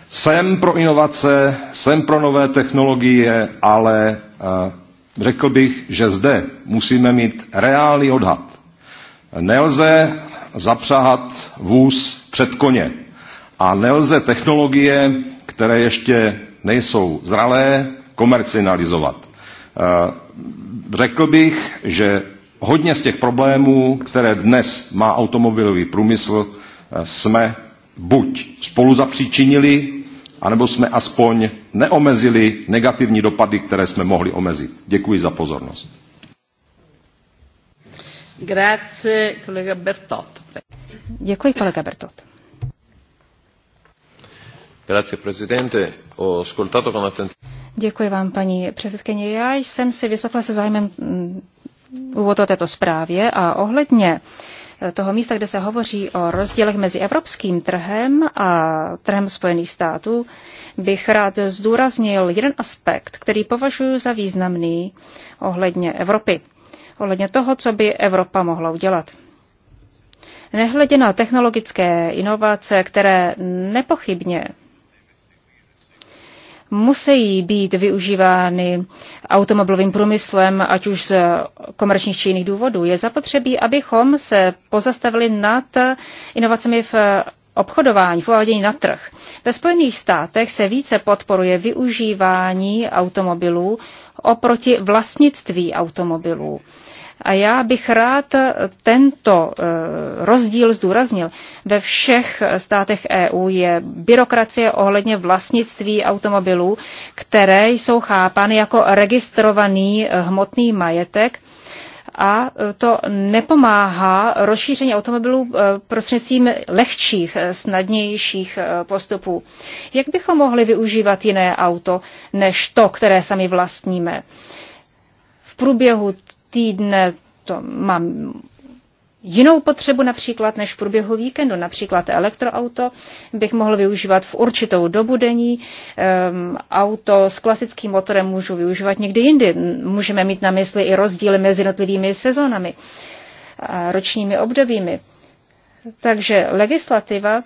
Jsem pro inovace, jsem pro nové technologie, ale eh, řekl bych, že zde musíme mít reálný odhad. Nelze zapřáhat vůz před koně a nelze technologie, které ještě nejsou zralé, komercionalizovat. Eh, řekl bych, že hodně z těch problémů, které dnes má automobilový průmysl, eh, jsme buď spolu zapříčinili, anebo jsme aspoň neomezili negativní dopady, které jsme mohli omezit. Děkuji za pozornost. Grazie, kolega Bertot. Děkuji, kolega Bertot. Grazie, presidente. Ho ascoltato con attenzione. Děkuji vám, paní předsedkyně. Já jsem si vyslechla se zájmem mm, úvod o této zprávě a ohledně eh, toho místa, kde se hovoří o rozdílech mezi evropským trhem a trhem Spojených států, bych rád zdůraznil jeden aspekt, který považuji za významný ohledně Evropy, ohledně toho, co by Evropa mohla udělat. Nehledě na technologické inovace, které nepochybně musí být využívány automobilovým průmyslem, ať už z komerčních či jiných důvodů. Je zapotřebí, abychom se pozastavili nad inovacemi v obchodování, v uvádění na trh. Ve Spojených státech se více podporuje využívání automobilů oproti vlastnictví automobilů. A já bych rád tento eh, rozdíl zdůraznil. Ve všech státech EU je byrokracie ohledně vlastnictví automobilů, které jsou chápány jako registrovaný eh, hmotný majetek a eh, to nepomáhá rozšíření automobilů prostřednictvím lehčích, snadnějších postupů. Jak bychom mohli využívat jiné auto než to, které sami vlastníme? V průběhu týdne to mám jinou potřebu například než v průběhu víkendu. Například elektroauto bych mohl využívat v určitou dobu denní. Um, auto s klasickým motorem můžu využívat někdy jindy. Můžeme mít na mysli i rozdíly mezi jednotlivými sezónami a ročními obdobími. Takže legislativa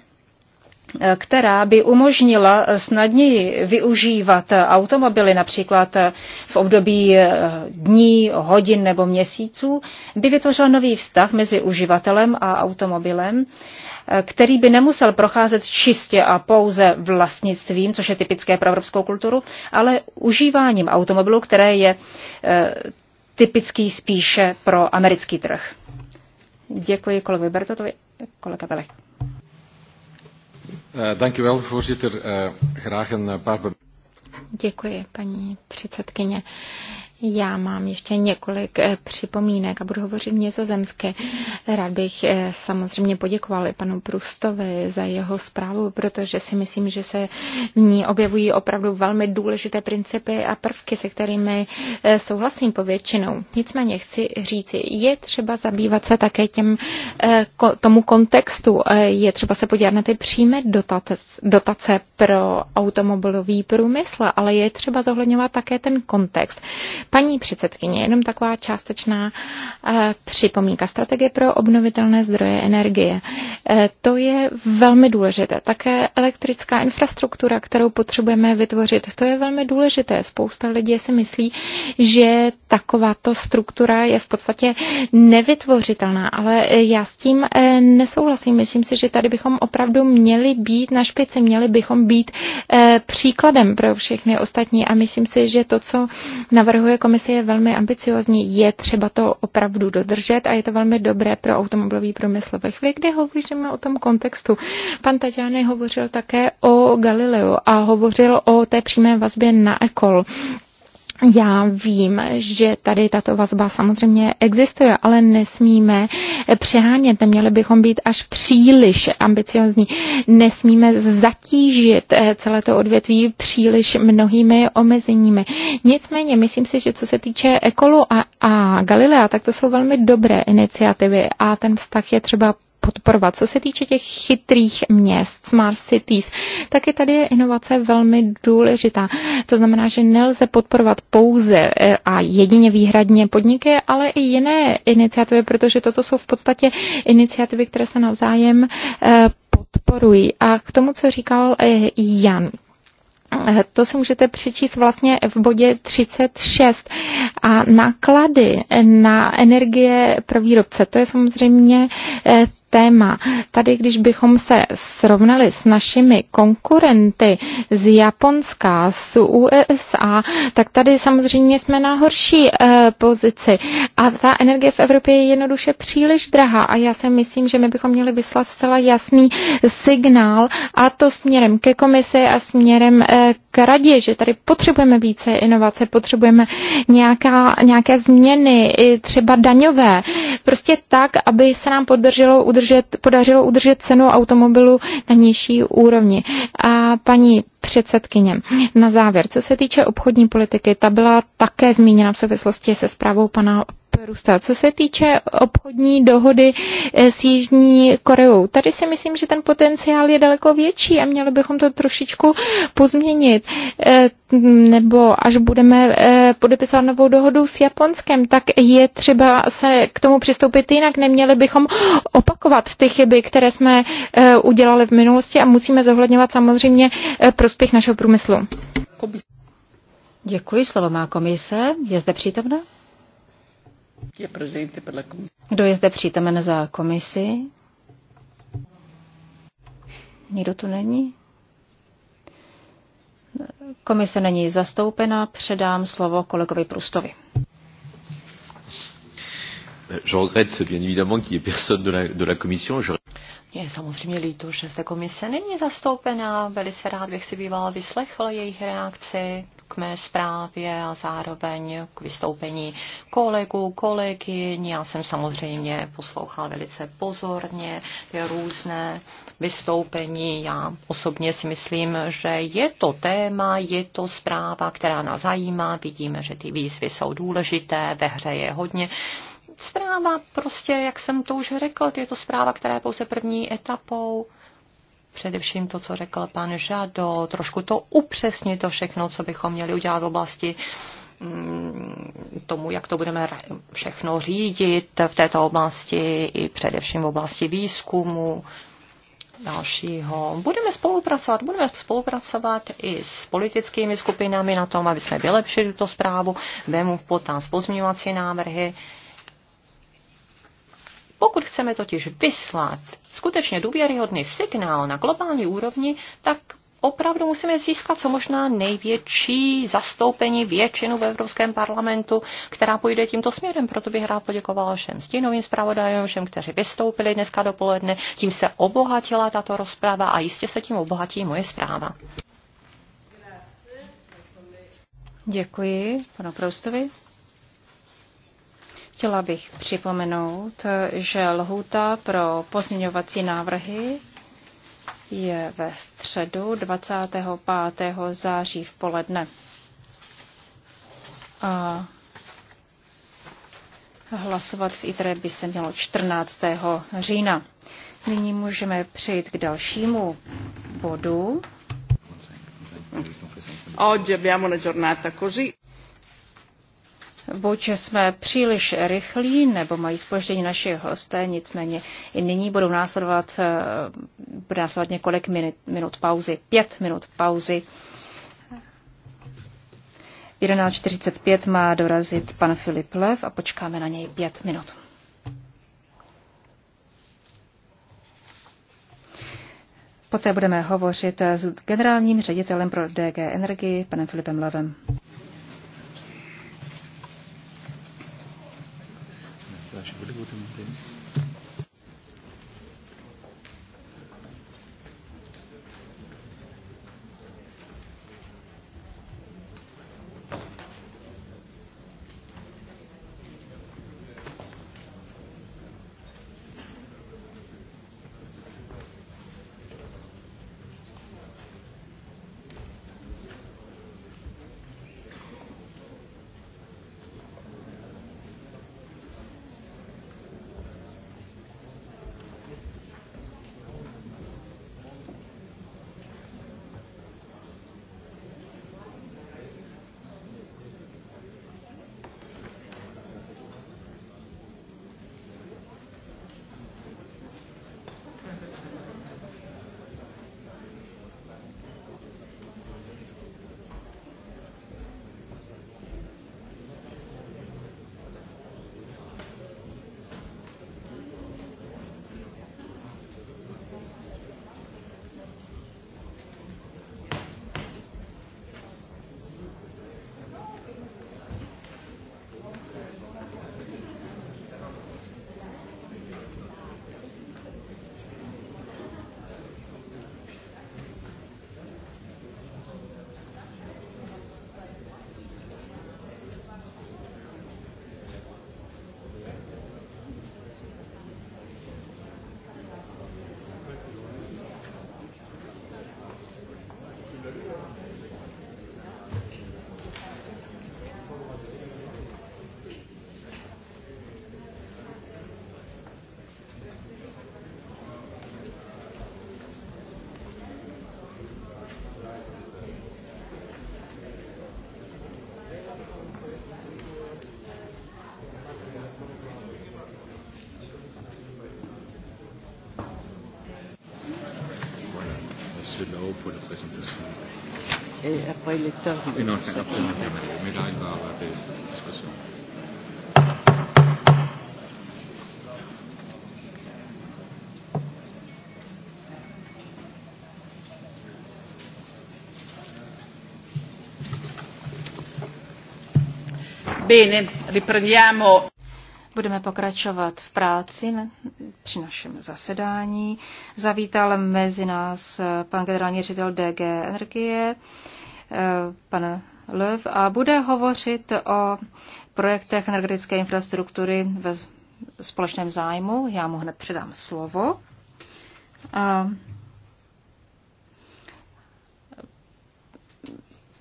která by umožnila snadněji využívat automobily například v období eh, dní, hodin nebo měsíců, by vytvořila nový vztah mezi uživatelem a automobilem, eh, který by nemusel procházet čistě a pouze vlastnictvím, což je typické pro evropskou kulturu, ale užíváním automobilu, které je eh, typický spíše pro americký trh. Děkuji kolegovi Bertotovi, kolega Belech. Eh, dank u wel, voorzitter. Eh, graag een eh, paar Děkuji, paní předsedkyně. Já mám ještě několik eh, připomínek a budu hovořit zemské. Rád bych eh, samozřejmě poděkoval i panu Prustovi za jeho zprávu, protože si myslím, že se v ní objevují opravdu velmi důležité principy a prvky, se kterými eh, souhlasím povětšinou. Nicméně chci říci, je třeba zabývat se také těm, tomu kontextu. Je třeba se podívat na ty přímé dotace, dotace pro automobilový průmysl, ale je třeba zohledňovat také ten kontext Paní předsedkyně, jenom taková částečná eh, připomínka. Strategie pro obnovitelné zdroje energie. Eh, to je velmi důležité. Také elektrická infrastruktura, kterou potřebujeme vytvořit, to je velmi důležité. Spousta lidí si myslí, že takováto struktura je v podstatě nevytvořitelná, ale já s tím eh, nesouhlasím. Myslím si, že tady bychom opravdu měli být na špici, měli bychom být příkladem pro všechny ostatní a myslím si, že to, co navrhuje komise je velmi ambiciozní, je třeba to opravdu dodržet a je to velmi dobré pro automobilový průmysl. Ve chvíli, kdy hovoříme o tom kontextu, pan Tatiany hovořil také o Galileu a hovořil o té přímé vazbě na ECOL já vím, že tady tato vazba samozřejmě existuje, ale nesmíme přehánět, neměli bychom být až příliš ambiciozní. Nesmíme zatížit eh, celé to odvětví příliš mnohými omezeními. Nicméně, myslím si, že co se týče Ekolu a, a Galilea, tak to jsou velmi dobré iniciativy a ten vztah je třeba podporovat. Co se týče těch chytrých měst, smart cities, tak je tady inovace velmi důležitá. To znamená, že nelze podporovat pouze e, a jedině výhradně podniky, ale i jiné iniciativy, protože toto jsou v podstatě iniciativy, které se navzájem e, podporují. A k tomu, co říkal e, Jan. To si můžete přečíst vlastně v bodě 36. A náklady na energie pro výrobce, to je samozřejmě téma. Tady, když bychom se srovnali s našimi konkurenty z Japonska, z USA, tak tady samozřejmě jsme na horší eh, pozici. A ta energie v Evropě je jednoduše příliš drahá a já si myslím, že my bychom měli vyslat zcela jasný signál a to směrem ke komisi a směrem eh, k radě, že tady potřebujeme více inovace, potřebujeme nějaká, nějaké změny, třeba daňové, prostě tak, aby se nám podrželo udržet udržet, podařilo udržet cenu automobilu na nižší úrovni. A paní předsedkyně, na závěr, co se týče obchodní politiky, ta byla také zmíněna v souvislosti se zprávou pana vyrůstat. Co se týče obchodní dohody eh, s Jižní Koreou, tady si myslím, že ten potenciál je daleko větší a měli bychom to trošičku pozměnit. Eh, nebo až budeme eh, podepisovat novou dohodu s Japonskem, tak je třeba se k tomu přistoupit jinak. Neměli bychom opakovat ty chyby, které jsme udělali v minulosti a musíme zohledňovat samozřejmě prospěch našeho průmyslu. Děkuji, slovo má komise. Je zde přítomna? Kdo je zde přítomen za komisi? Nikdo tu není? Komise není zastoupena, předám slovo kolegovi Prustovi. Je regrette bien évidemment qu'il n'y ait personne de la, de la commission. Je... Je samozřejmě líto, že zde komise není zastoupená. Velice rád bych si býval vyslechl jejich reakci k mé zprávě a zároveň k vystoupení kolegů, kolegy. Já jsem samozřejmě poslouchal velice pozorně ty různé vystoupení. Já osobně si myslím, že je to téma, je to zpráva, která nás zajímá. Vidíme, že ty výzvy jsou důležité, ve hře je hodně zpráva prostě, jak jsem to už řekl, je to zpráva, která je pouze první etapou především to, co řekl pan Žado, trošku to upřesnit to všechno, co bychom měli udělat v oblasti mm, tomu, jak to budeme všechno řídit v této oblasti i především v oblasti výzkumu dalšího. Budeme spolupracovat, budeme spolupracovat i s politickými skupinami na tom, aby jsme vylepšili tuto zprávu, vemu v potaz pozměňovací návrhy pokud chceme totiž vyslat skutečně důvěryhodný signál na globální úrovni, tak opravdu musíme získat co možná největší zastoupení většinu v Evropském parlamentu, která půjde tímto směrem. Proto bych rád poděkoval všem stínovým zpravodajům, všem, kteří vystoupili dneska dopoledne. Tím se obohatila tato rozprava a jistě se tím obohatí moje zpráva. Děkuji panu Proustovi. Chtěla bych připomenout, že lhůta pro pozměňovací návrhy je ve středu 25. září v poledne. A hlasovat v ITRE by se mělo 14. října. Nyní můžeme přejít k dalšímu bodu. Oggi abbiamo una giornata così buď jsme příliš rychlí, nebo mají spoždění naši hosté, nicméně i nyní budou následovat, bude eh, následovat několik minut, minut pauzy, pět minut pauzy. 11.45 má dorazit pan Filip Lev a počkáme na něj pět minut. Poté budeme hovořit s generálním ředitelem pro DG Energii, panem Filipem Levem. poi il lettore. mi discussione. Bene, riprendiamo. Budeme pokračovat v práci při našem zasedání. Zavítal mezi nás eh, pan generální ředitel DG Energie pan Löw a bude hovořit o projektech energetické infrastruktury ve společném zájmu. Já mu hned předám slovo. A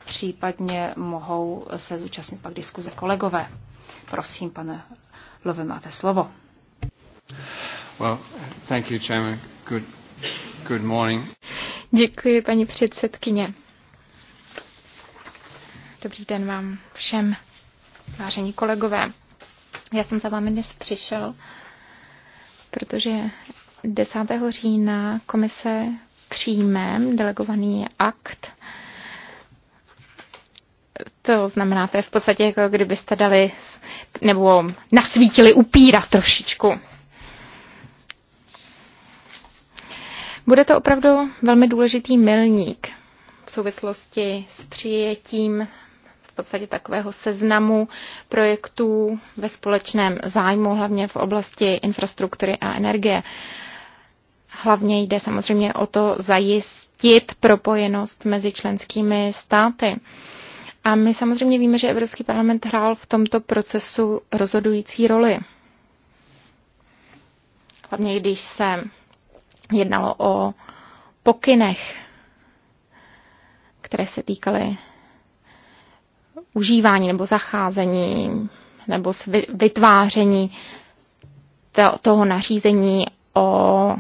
případně mohou se zúčastnit pak diskuze kolegové. Prosím, pane Love, máte slovo. Well, thank you, Chairman. Good, good morning. Děkuji, paní předsedkyně. Dobrý den vám všem, vážení kolegové. Já jsem za vámi dnes přišel, protože 10. října komise přijme delegovaný akt. To znamená, to je v podstatě jako kdybyste dali nebo nasvítili upíra trošičku. Bude to opravdu velmi důležitý milník v souvislosti s přijetím podstatě takového seznamu projektů ve společném zájmu, hlavně v oblasti infrastruktury a energie. Hlavně jde samozřejmě o to zajistit propojenost mezi členskými státy. A my samozřejmě víme, že Evropský parlament hrál v tomto procesu rozhodující roli. Hlavně když se jednalo o pokynech, které se týkaly užívání nebo zacházení nebo vytváření toho nařízení o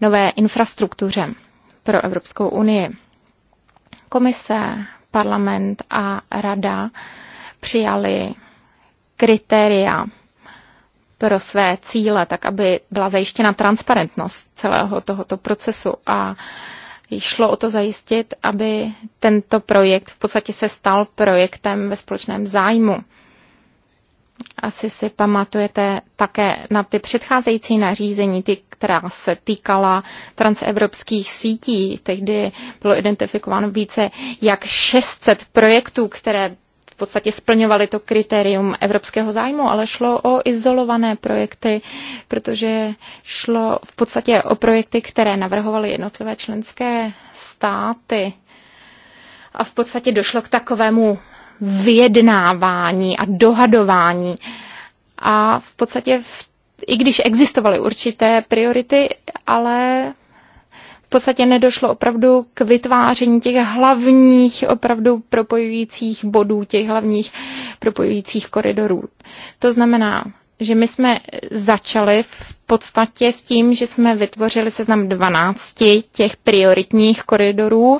nové infrastruktuře pro Evropskou unii. Komise, parlament a rada přijali kritéria pro své cíle, tak aby byla zajištěna transparentnost celého tohoto procesu a šlo o to zajistit, aby tento projekt v podstatě se stal projektem ve společném zájmu. Asi si pamatujete také na ty předcházející nařízení, ty, která se týkala transevropských sítí. Tehdy bylo identifikováno více jak 600 projektů, které podstatě splňovaly to kritérium evropského zájmu, ale šlo o izolované projekty, protože šlo v podstatě o projekty, které navrhovaly jednotlivé členské státy. A v podstatě došlo k takovému vyjednávání a dohadování. A v podstatě, v, i když existovaly určité priority, ale v podstatě nedošlo opravdu k vytváření těch hlavních opravdu propojujících bodů, těch hlavních propojujících koridorů. To znamená, že my jsme začali v podstatě s tím, že jsme vytvořili seznam 12 těch prioritních koridorů,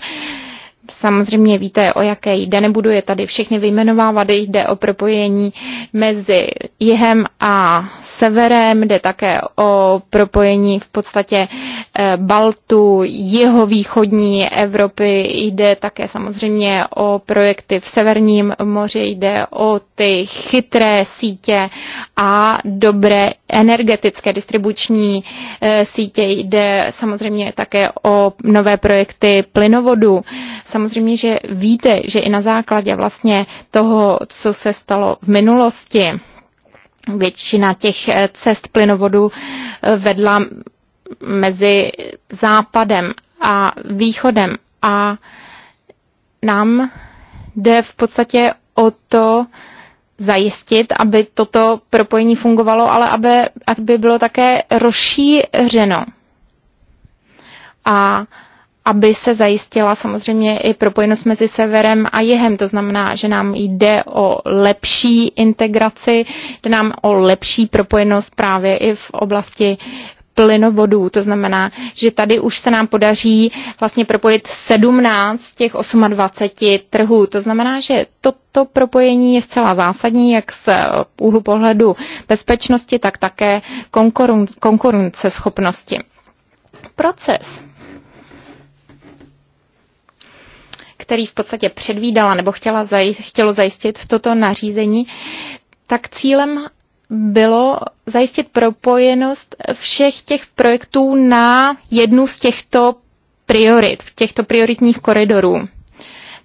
samozřejmě víte, o jaké jde, nebudu je tady všechny vyjmenovávat, jde o propojení mezi jihem a severem, jde také o propojení v podstatě eh, Baltu, jihovýchodní Evropy, jde také samozřejmě o projekty v Severním moři, jde o ty chytré sítě a dobré energetické distribuční eh, sítě, jde samozřejmě také o nové projekty plynovodu. Samozřejmě samozřejmě, že víte, že i na základě vlastně toho, co se stalo v minulosti, většina těch eh, cest plynovodu eh, vedla mezi západem a východem a nám jde v podstatě o to zajistit, aby toto propojení fungovalo, ale aby, aby bylo také rozšířeno. A aby se zajistila samozřejmě i propojenost mezi severem a jihem. To znamená, že nám jde o lepší integraci, jde nám o lepší propojenost právě i v oblasti plynovodů. To znamená, že tady už se nám podaří vlastně propojit 17 těch 28 trhů. To znamená, že toto propojení je zcela zásadní, jak z úhlu pohledu bezpečnosti, tak také konkurence, konkurenceschopnosti. Proces který v podstatě předvídala nebo chtěla zaj- chtělo zajistit toto nařízení, tak cílem bylo zajistit propojenost všech těch projektů na jednu z těchto priorit, těchto prioritních koridorů.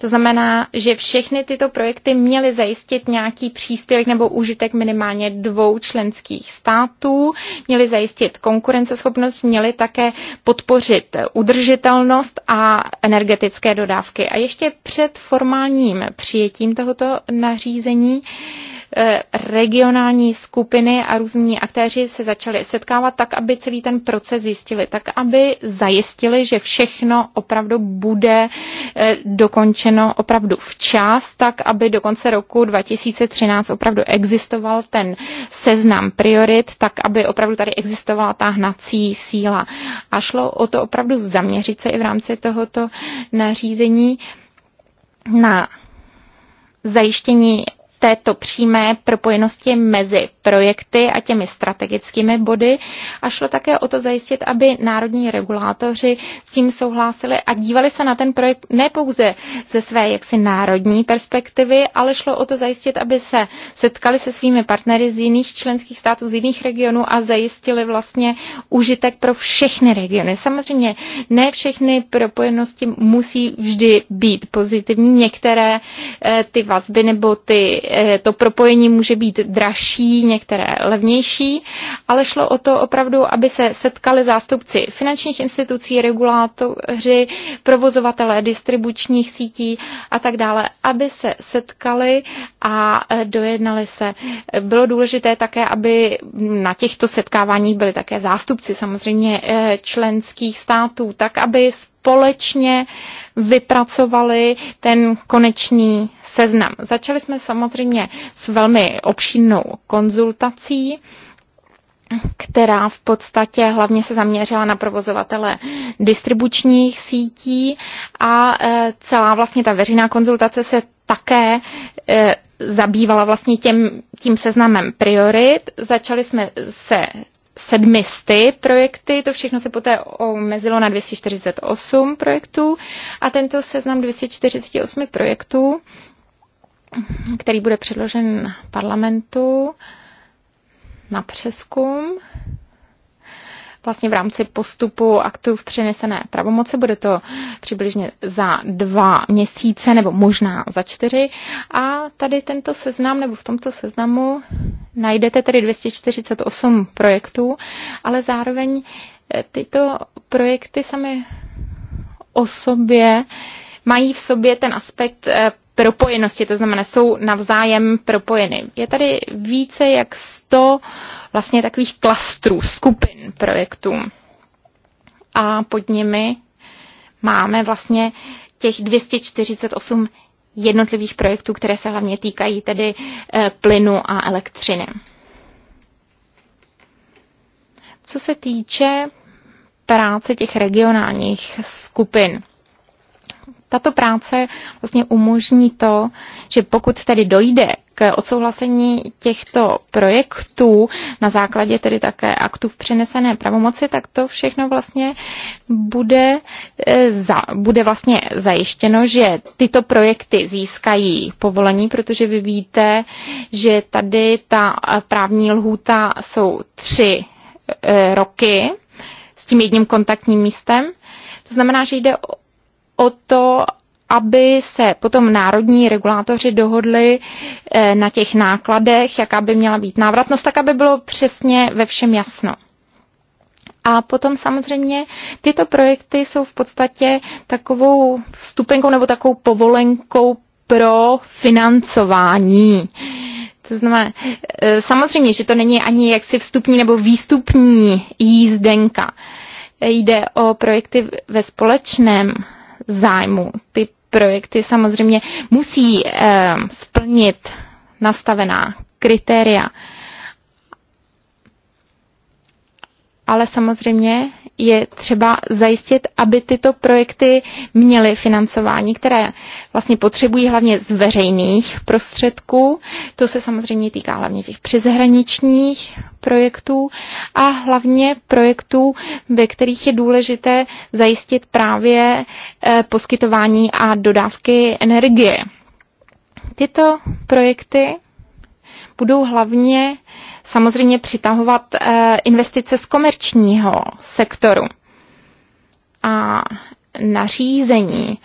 To znamená, že všechny tyto projekty měly zajistit nějaký příspěvek nebo užitek minimálně dvou členských států, měly zajistit konkurenceschopnost, měly také podpořit udržitelnost a energetické dodávky. A ještě před formálním přijetím tohoto nařízení Eh, regionální skupiny a různí aktéři se začali setkávat tak, aby celý ten proces zjistili, tak, aby zajistili, že všechno opravdu bude eh, dokončeno opravdu včas, tak, aby do konce roku 2013 opravdu existoval ten seznam priorit, tak, aby opravdu tady existovala ta hnací síla. A šlo o to opravdu zaměřit se i v rámci tohoto nařízení na zajištění této přímé propojenosti mezi projekty a těmi strategickými body a šlo také o to zajistit, aby národní regulátoři s tím souhlásili a dívali se na ten projekt ne pouze ze své jaksi národní perspektivy, ale šlo o to zajistit, aby se setkali se svými partnery z jiných členských států, z jiných regionů a zajistili vlastně užitek pro všechny regiony. Samozřejmě ne všechny propojenosti musí vždy být pozitivní. Některé eh, ty vazby nebo ty Eh, to propojení může být dražší, některé levnější, ale šlo o to opravdu, aby se setkali zástupci finančních institucí, regulátoři, provozovatelé distribučních sítí a tak dále, aby se setkali a eh, dojednali se. Bylo důležité také, aby na těchto setkáváních byli také zástupci samozřejmě eh, členských států, tak aby společně vypracovali ten konečný seznam. Začali jsme samozřejmě s velmi obšinnou konzultací, která v podstatě hlavně se zaměřila na provozovatele distribučních sítí a e, celá vlastně ta veřejná konzultace se také e, zabývala vlastně tím, tím seznamem priorit. Začali jsme se sedmisty projekty, to všechno se poté omezilo na 248 projektů a tento seznam 248 projektů, který bude předložen parlamentu na přeskum, vlastně v rámci postupu aktu v přenesené pravomoci. Bude to přibližně za dva měsíce nebo možná za čtyři. A tady tento seznam nebo v tomto seznamu najdete tedy 248 projektů, ale zároveň eh, tyto projekty sami o sobě mají v sobě ten aspekt eh, propojenosti, to znamená, jsou navzájem propojeny. Je tady více jak 100 vlastně takových klastrů, skupin projektů. A pod nimi máme vlastně těch 248 jednotlivých projektů, které se hlavně týkají tedy eh, plynu a elektřiny. Co se týče práce těch regionálních skupin, tato práce vlastně umožní to, že pokud tedy dojde k odsouhlasení těchto projektů na základě tedy také aktů v přenesené pravomoci, tak to všechno vlastně bude, eh, za, bude vlastně zajištěno, že tyto projekty získají povolení, protože vy víte, že tady ta eh, právní lhůta jsou tři eh, roky s tím jedním kontaktním místem. To znamená, že jde o to, aby se potom národní regulátoři dohodli eh, na těch nákladech, jaká by měla být návratnost, tak aby bylo přesně ve všem jasno. A potom samozřejmě tyto projekty jsou v podstatě takovou stupenkou nebo takovou povolenkou pro financování. To znamená, eh, samozřejmě, že to není ani jaksi vstupní nebo výstupní jízdenka. Jde o projekty ve společném zájmu. Ty projekty samozřejmě musí eh, splnit nastavená kritéria. Ale samozřejmě je třeba zajistit, aby tyto projekty měly financování, které vlastně potřebují hlavně z veřejných prostředků. To se samozřejmě týká hlavně těch přeshraničních projektů a hlavně projektů, ve kterých je důležité zajistit právě eh, poskytování a dodávky energie. Tyto projekty budou hlavně samozřejmě přitahovat eh, investice z komerčního sektoru. A nařízení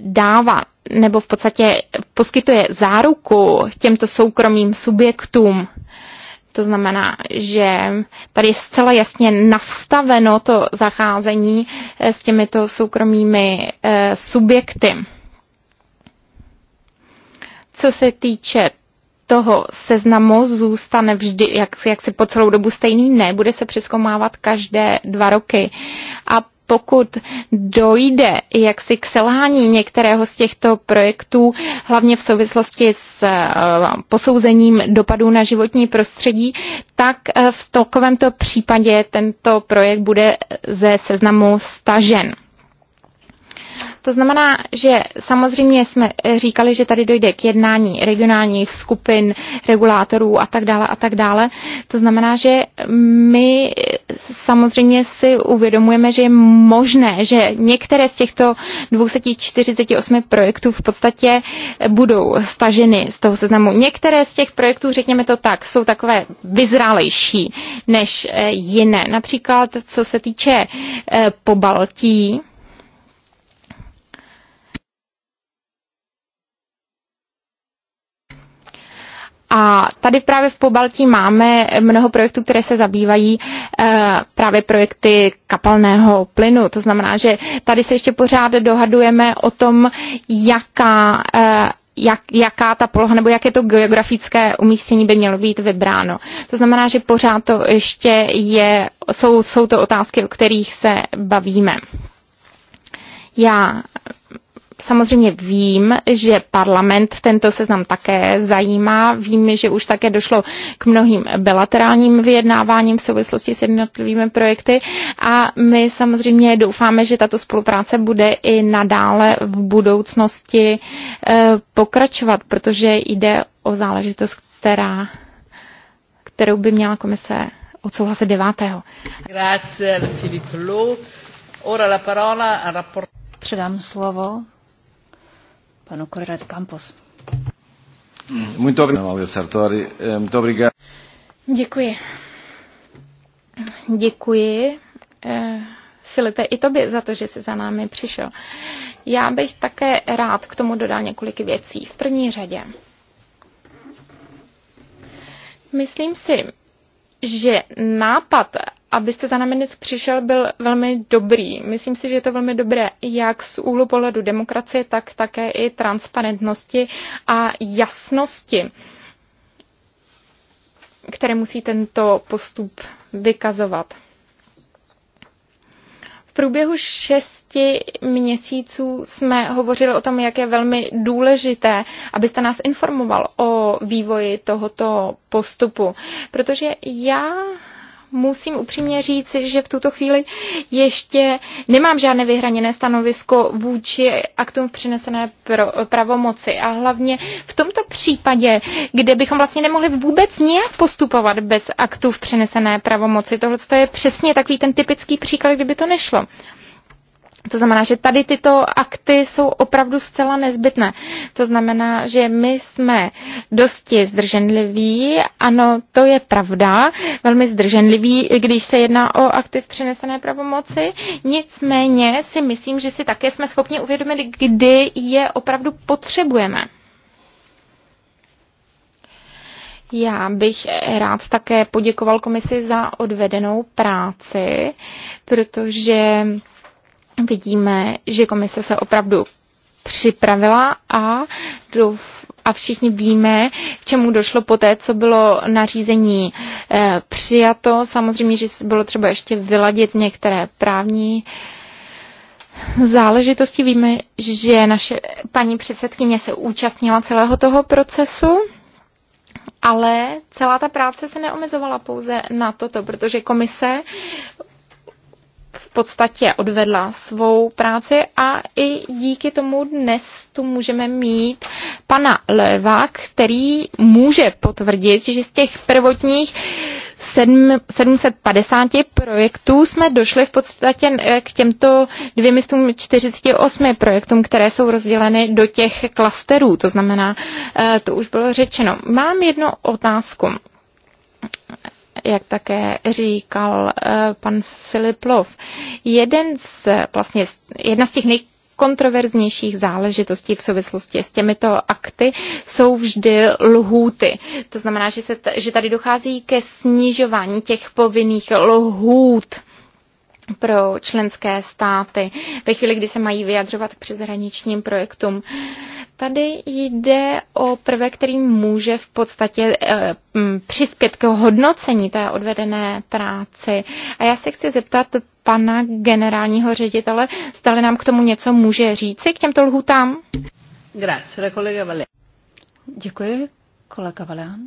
dává nebo v podstatě poskytuje záruku těmto soukromým subjektům. To znamená, že tady je zcela jasně nastaveno to zacházení eh, s těmito soukromými eh, subjekty. Co se týče toho seznamu zůstane vždy, jak, jak si po celou dobu stejný, ne, bude se přeskomávat každé dva roky. A pokud dojde jaksi k selhání některého z těchto projektů, hlavně v souvislosti s eh, posouzením dopadů na životní prostředí, tak eh, v takovémto případě tento projekt bude ze seznamu stažen. To znamená, že samozřejmě jsme eh, říkali, že tady dojde k jednání regionálních skupin, regulátorů a tak dále a tak dále. To znamená, že my eh, samozřejmě si uvědomujeme, že je možné, že některé z těchto 248 projektů v podstatě budou staženy z toho seznamu. Některé z těch projektů, řekněme to tak, jsou takové vyzrálejší než eh, jiné. Například, co se týče pobaltí, A tady právě v Pobaltí máme mnoho projektů, které se zabývají eh, právě projekty kapalného plynu. To znamená, že tady se ještě pořád dohadujeme o tom, jaká eh, jak, jaká ta poloha nebo jaké to geografické umístění by mělo být vybráno. To znamená, že pořád to ještě je, jsou, jsou to otázky, o kterých se bavíme. Já Samozřejmě vím, že parlament tento seznam také zajímá. Vím, že už také došlo k mnohým bilaterálním vyjednáváním v souvislosti s jednotlivými projekty a my samozřejmě doufáme, že tato spolupráce bude i nadále v budoucnosti eh, pokračovat, protože jde o záležitost, která, kterou by měla komise odsouhlasit 9. Grazie, Ora la parola rapport... Předám slovo Corrad Campos. Muito obrigado, Sartori. Muito obrigado. Děkuji. Děkuji, eh, Filipe, i tobě za to, že jsi za námi přišel. Já bych také rád k tomu dodal několik věcí. V první řadě. Myslím si, že nápad, abyste za námi přišel, byl velmi dobrý. Myslím si, že je to velmi dobré jak z úhlu pohledu demokracie, tak také i transparentnosti a jasnosti, které musí tento postup vykazovat průběhu šesti měsíců jsme hovořili o tom, jak je velmi důležité, abyste nás informoval o vývoji tohoto postupu, protože já musím upřímně říct, že v tuto chvíli ještě nemám žádné vyhraněné stanovisko vůči aktům přenesené pravomoci. A hlavně v tomto případě, kde bychom vlastně nemohli vůbec nijak postupovat bez aktů přinesené přenesené pravomoci. Tohle je přesně takový ten typický příklad, kdyby to nešlo. To znamená, že tady tyto akty jsou opravdu zcela nezbytné. To znamená, že my jsme dosti zdrženliví, ano, to je pravda, velmi zdrženliví, když se jedná o akty v přenesené pravomoci. Nicméně si myslím, že si také jsme schopni uvědomit, kdy je opravdu potřebujeme. Já bych rád také poděkoval komisi za odvedenou práci, protože vidíme, že komise se opravdu připravila a a všichni víme, k čemu došlo poté, co bylo nařízení e, přijato. Samozřejmě, že bylo třeba ještě vyladit některé právní záležitosti. Víme, že naše paní předsedkyně se účastnila celého toho procesu. Ale celá ta práce se neomezovala pouze na toto, protože komise podstatě odvedla svou práci a i díky tomu dnes tu můžeme mít pana Leva, který může potvrdit, že z těch prvotních 750 projektů jsme došli v podstatě k těmto 248 projektům, které jsou rozděleny do těch klasterů. To znamená, eh, to už bylo řečeno. Mám jednu otázku jak také říkal eh, pan Filip Lov. Jeden z, vlastně, jedna z těch nejkontroverznějších kontroverznějších záležitostí v souvislosti s těmito akty jsou vždy lhůty. To znamená, že, se že tady dochází ke snižování těch povinných lhůt pro členské státy ve chvíli, kdy se mají vyjadřovat k přeshraničním projektům. Tady jde o prvek, který může v podstatě eh, přispět k hodnocení té odvedené práci. A já se chci zeptat pana generálního ředitele, zdali nám k tomu něco může říci, k těmto lhutám. Grazie, kolega Valé. Děkuji, kolega Valian.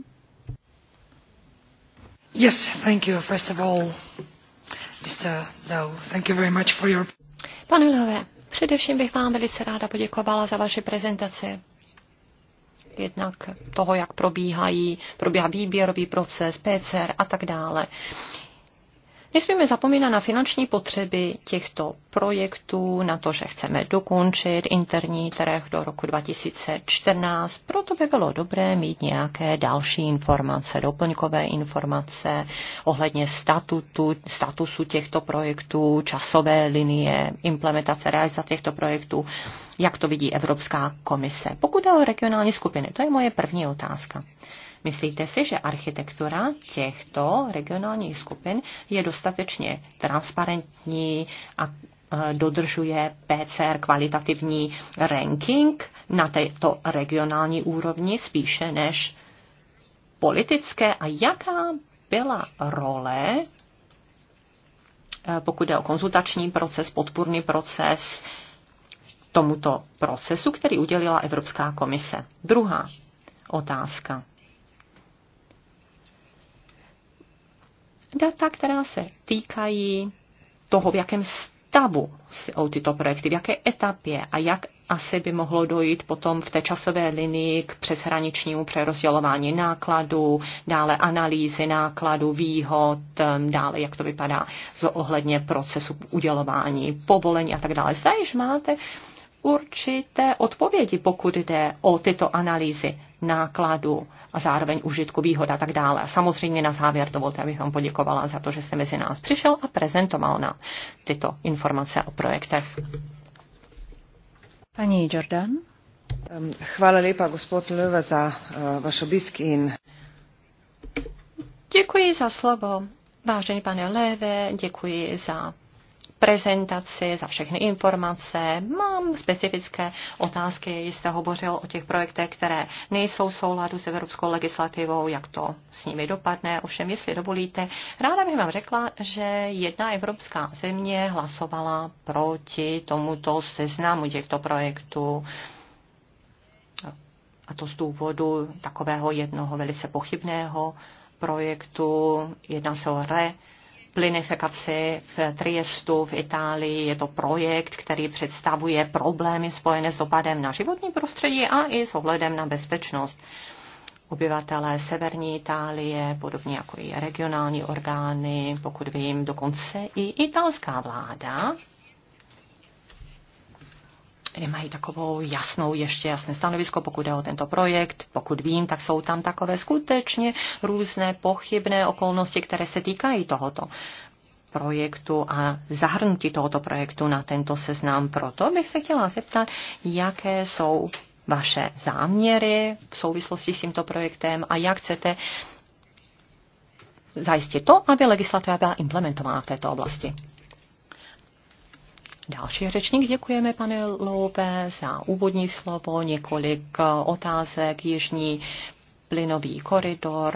Yes, thank you, first of all. Pane Lhové, především bych vám velice ráda poděkovala za vaši prezentaci jednak toho, jak probíhají, probíhá výběrový proces, PCR a tak dále. Nesmíme zapomínat na finanční potřeby těchto projektů, na to, že chceme dokončit interní trh do roku 2014. Proto by bylo dobré mít nějaké další informace, doplňkové informace ohledně statutu, statusu těchto projektů, časové linie, implementace, realizace těchto projektů, jak to vidí Evropská komise. Pokud jde o regionální skupiny, to je moje první otázka. Myslíte si, že architektura těchto regionálních skupin je dostatečně transparentní a e, dodržuje PCR kvalitativní ranking na této regionální úrovni spíše než politické a jaká byla role, e, pokud jde o konzultační proces, podpůrný proces, tomuto procesu, který udělila Evropská komise. Druhá otázka. Data, která se týkají toho, v jakém stavu jsou tyto projekty, v jaké etapě a jak asi by mohlo dojít potom v té časové linii k přeshraničnímu přerozdělování nákladů, dále analýzy nákladů, výhod, dále jak to vypadá z ohledně procesu udělování povolení a tak dále. Zda již máte určité odpovědi, pokud jde o tyto analýzy nákladu a zároveň užitku, výhod a tak dále. A samozřejmě na závěr dovolte, abych vám poděkovala za to, že jste mezi nás přišel a prezentoval nám tyto informace o projektech. Paní Jordan. Chvále lepa, gospod Löwe, za uh, eh, váš obisk in... Děkuji za slovo. Vážený pane Léve, děkuji za prezentaci, za všechny informace. Mám specifické otázky, jste hovořil o těch projektech, které nejsou v souladu s evropskou legislativou, jak to s nimi dopadne. Ovšem, jestli dovolíte, ráda bych vám řekla, že jedna evropská země hlasovala proti tomuto seznamu těchto projektů a to z důvodu takového jednoho velice pochybného projektu. Jedná se o re plinifikaci v Triestu v Itálii. Je to projekt, který představuje problémy spojené s dopadem na životní prostředí a i s ohledem na bezpečnost. Obyvatelé severní Itálie, podobně jako i regionální orgány, pokud vím, dokonce i italská vláda které mají takovou jasnou, ještě jasné stanovisko, pokud jde o tento projekt. Pokud vím, tak jsou tam takové skutečně různé pochybné okolnosti, které se týkají tohoto projektu a zahrnutí tohoto projektu na tento seznam. Proto bych se chtěla zeptat, jaké jsou vaše záměry v souvislosti s tímto projektem a jak chcete zajistit to, aby legislativa byla implementována v této oblasti. Další řečník děkujeme, pane Loupe, za úvodní slovo, několik eh, otázek, jižní plynový koridor,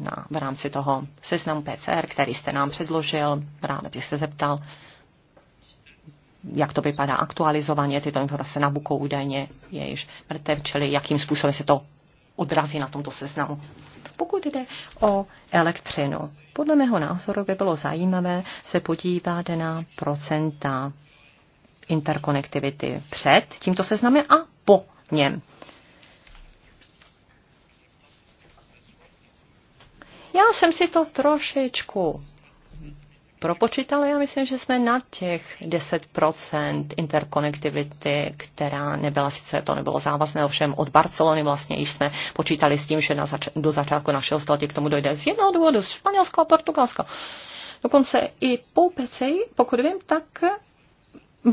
na, v rámci toho seznamu PCR, který jste nám předložil. Ráda bych se zeptal, jak to vypadá aktualizovaně, tyto informace na Bukou údajně je již mrtev, čili jakým způsobem se to odrazí na tomto seznamu. Pokud jde o elektřinu, podle mého názoru by bylo zajímavé se podívat na procenta interkonektivity před tímto seznamem a po něm. Já jsem si to trošičku propočítali, já myslím, že jsme na těch 10% interkonektivity, která nebyla sice, to nebylo závazné, ovšem od Barcelony vlastně již jsme počítali s tím, že na zač- do začátku našeho století k tomu dojde z jednoho důvodu, z Španělska a Portugalska. Dokonce i Poupeci, pokud vím, tak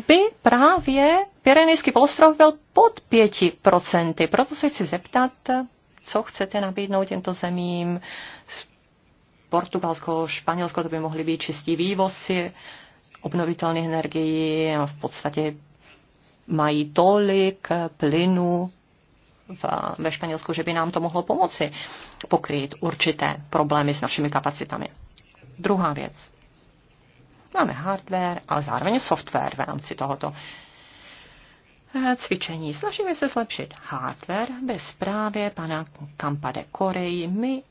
by právě Pirenejský polostrov byl pod 5%. Proto se chci zeptat, co chcete nabídnout těmto zemím Portugalsko, Španělsko, to by mohli být čistí vývozci obnovitelných energií. V podstatě mají tolik plynu ve Španělsku, že by nám to mohlo pomoci pokryt určité problémy s našimi kapacitami. Druhá věc. Máme hardware, ale zároveň software v rámci tohoto eh, cvičení. Snažíme se zlepšit hardware ve zprávě pana Kampade de Koreji. My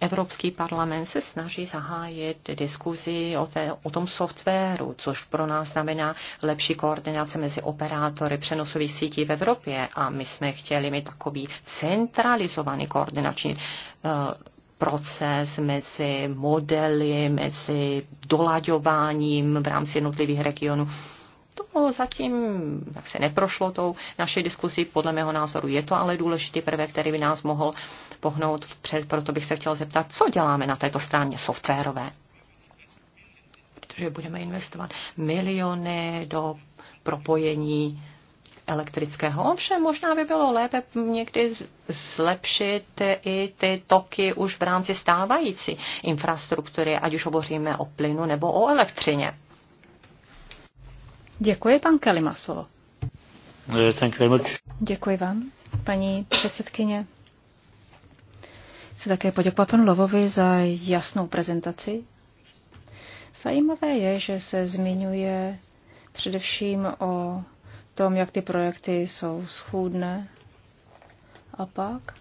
Evropský parlament se snaží zahájit diskuzi o, té, o tom softwaru, což pro nás znamená lepší koordinace mezi operátory přenosových sítí v Evropě a my jsme chtěli mít takový centralizovaný koordinační uh, proces mezi modely, mezi dolaďováním v rámci jednotlivých regionů. To zatím tak se neprošlo tou naší diskusí. Podle mého názoru je to ale důležitý prvek, který by nás mohl pohnout vpřed. Proto bych se chtěl zeptat, co děláme na této straně softwarové. Protože budeme investovat miliony do propojení elektrického. Ovšem, možná by bylo lépe někdy zlepšit i ty toky už v rámci stávající infrastruktury, ať už hovoříme o plynu nebo o elektřině. Děkuji, pan Kelly má slovo. Uh, Děkuji vám, paní předsedkyně. Chci také poděkovat panu Lovovi za jasnou prezentaci. Zajímavé je, že se zmiňuje především o tom, jak ty projekty jsou schůdné. A pak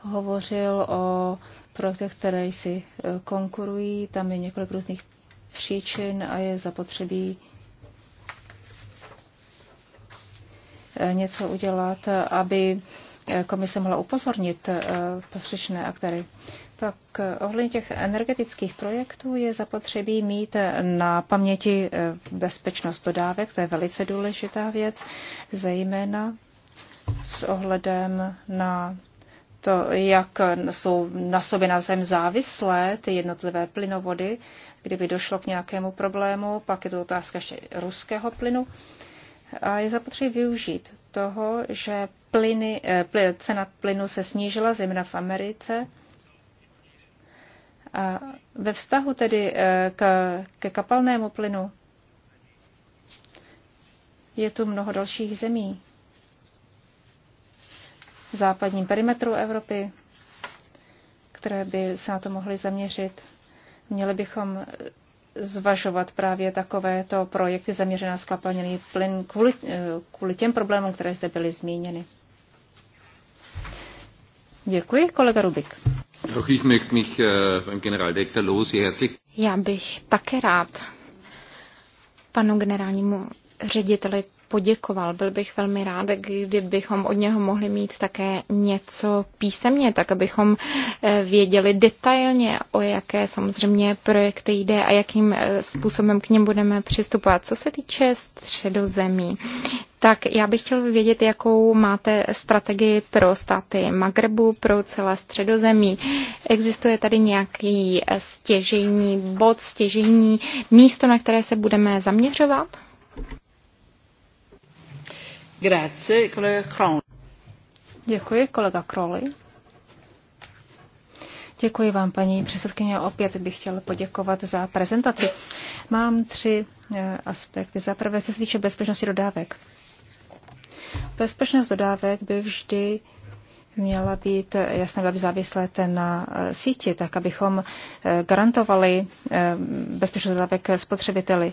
hovořil o projektech, které si konkurují. Tam je několik různých příčin a je zapotřebí Eh, něco udělat, aby eh, komise mohla upozornit eh, poslušné aktéry. Tak ohledně těch energetických projektů je zapotřebí mít na paměti bezpečnost dodávek, to je velice důležitá věc, zejména s ohledem na to, jak jsou na sobě na zem závislé ty jednotlivé plynovody, kdyby došlo k nějakému problému, pak je to otázka ještě ruského plynu. A je zapotřebí využít toho, že plyny, eh, cena plynu se snížila, zejména v Americe. A ve vztahu tedy eh, k, ke kapalnému plynu je tu mnoho dalších zemí. V západním perimetru Evropy, které by se na to mohly zaměřit. Měli bychom zvažovat právě takovéto projekty zaměřené na skapalněný plyn kvůli, eh, kvůli těm problémům, které zde byly zmíněny. Děkuji, kolega Rubik. Äh, Já bych také rád panu generálnímu řediteli poděkoval. Byl bych velmi rád, kdybychom od něho mohli mít také něco písemně, tak abychom eh, věděli detailně, o jaké samozřejmě projekty jde a jakým eh, způsobem k něm budeme přistupovat. Co se týče středozemí, tak já bych chtěl vědět, jakou máte strategii pro státy Magrebu, pro celé středozemí. Existuje tady nějaký eh, stěžejní bod, stěžejní místo, na které se budeme zaměřovat? Grazie, kolega Kroll. Děkuji, kolega Crowley. Děkuji vám, paní předsedkyně. Opět bych chtěl poděkovat za prezentaci. Mám tři eh, aspekty. Za prvé se týče bezpečnosti dodávek. Bezpečnost dodávek by vždy měla být eh, jasné web závislé na eh, síti, tak abychom garantovali bezpečnost dodávek spotřebiteli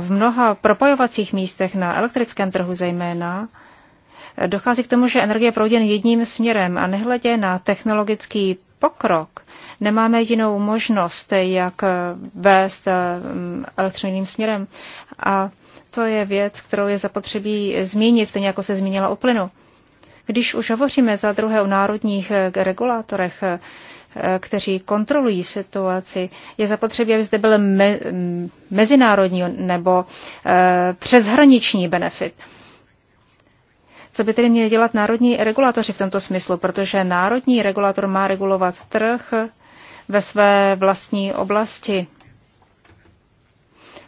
v mnoha propojovacích místech na elektrickém trhu zejména dochází k tomu, že energie proudí jen jedním směrem a nehledě na technologický pokrok nemáme jinou možnost, jak vést mm, elektřiným směrem. A to je věc, kterou je zapotřebí zmínit, stejně jako se zmínila o plynu. Když už hovoříme za druhé o národních eh, regulátorech, Eh, kteří kontrolují situaci. Je zapotřebí, aby zde byl me, mezinárodní nebo eh, přeshraniční benefit. Co by tedy měli dělat národní regulatoři v tomto smyslu? Protože národní regulator má regulovat trh ve své vlastní oblasti.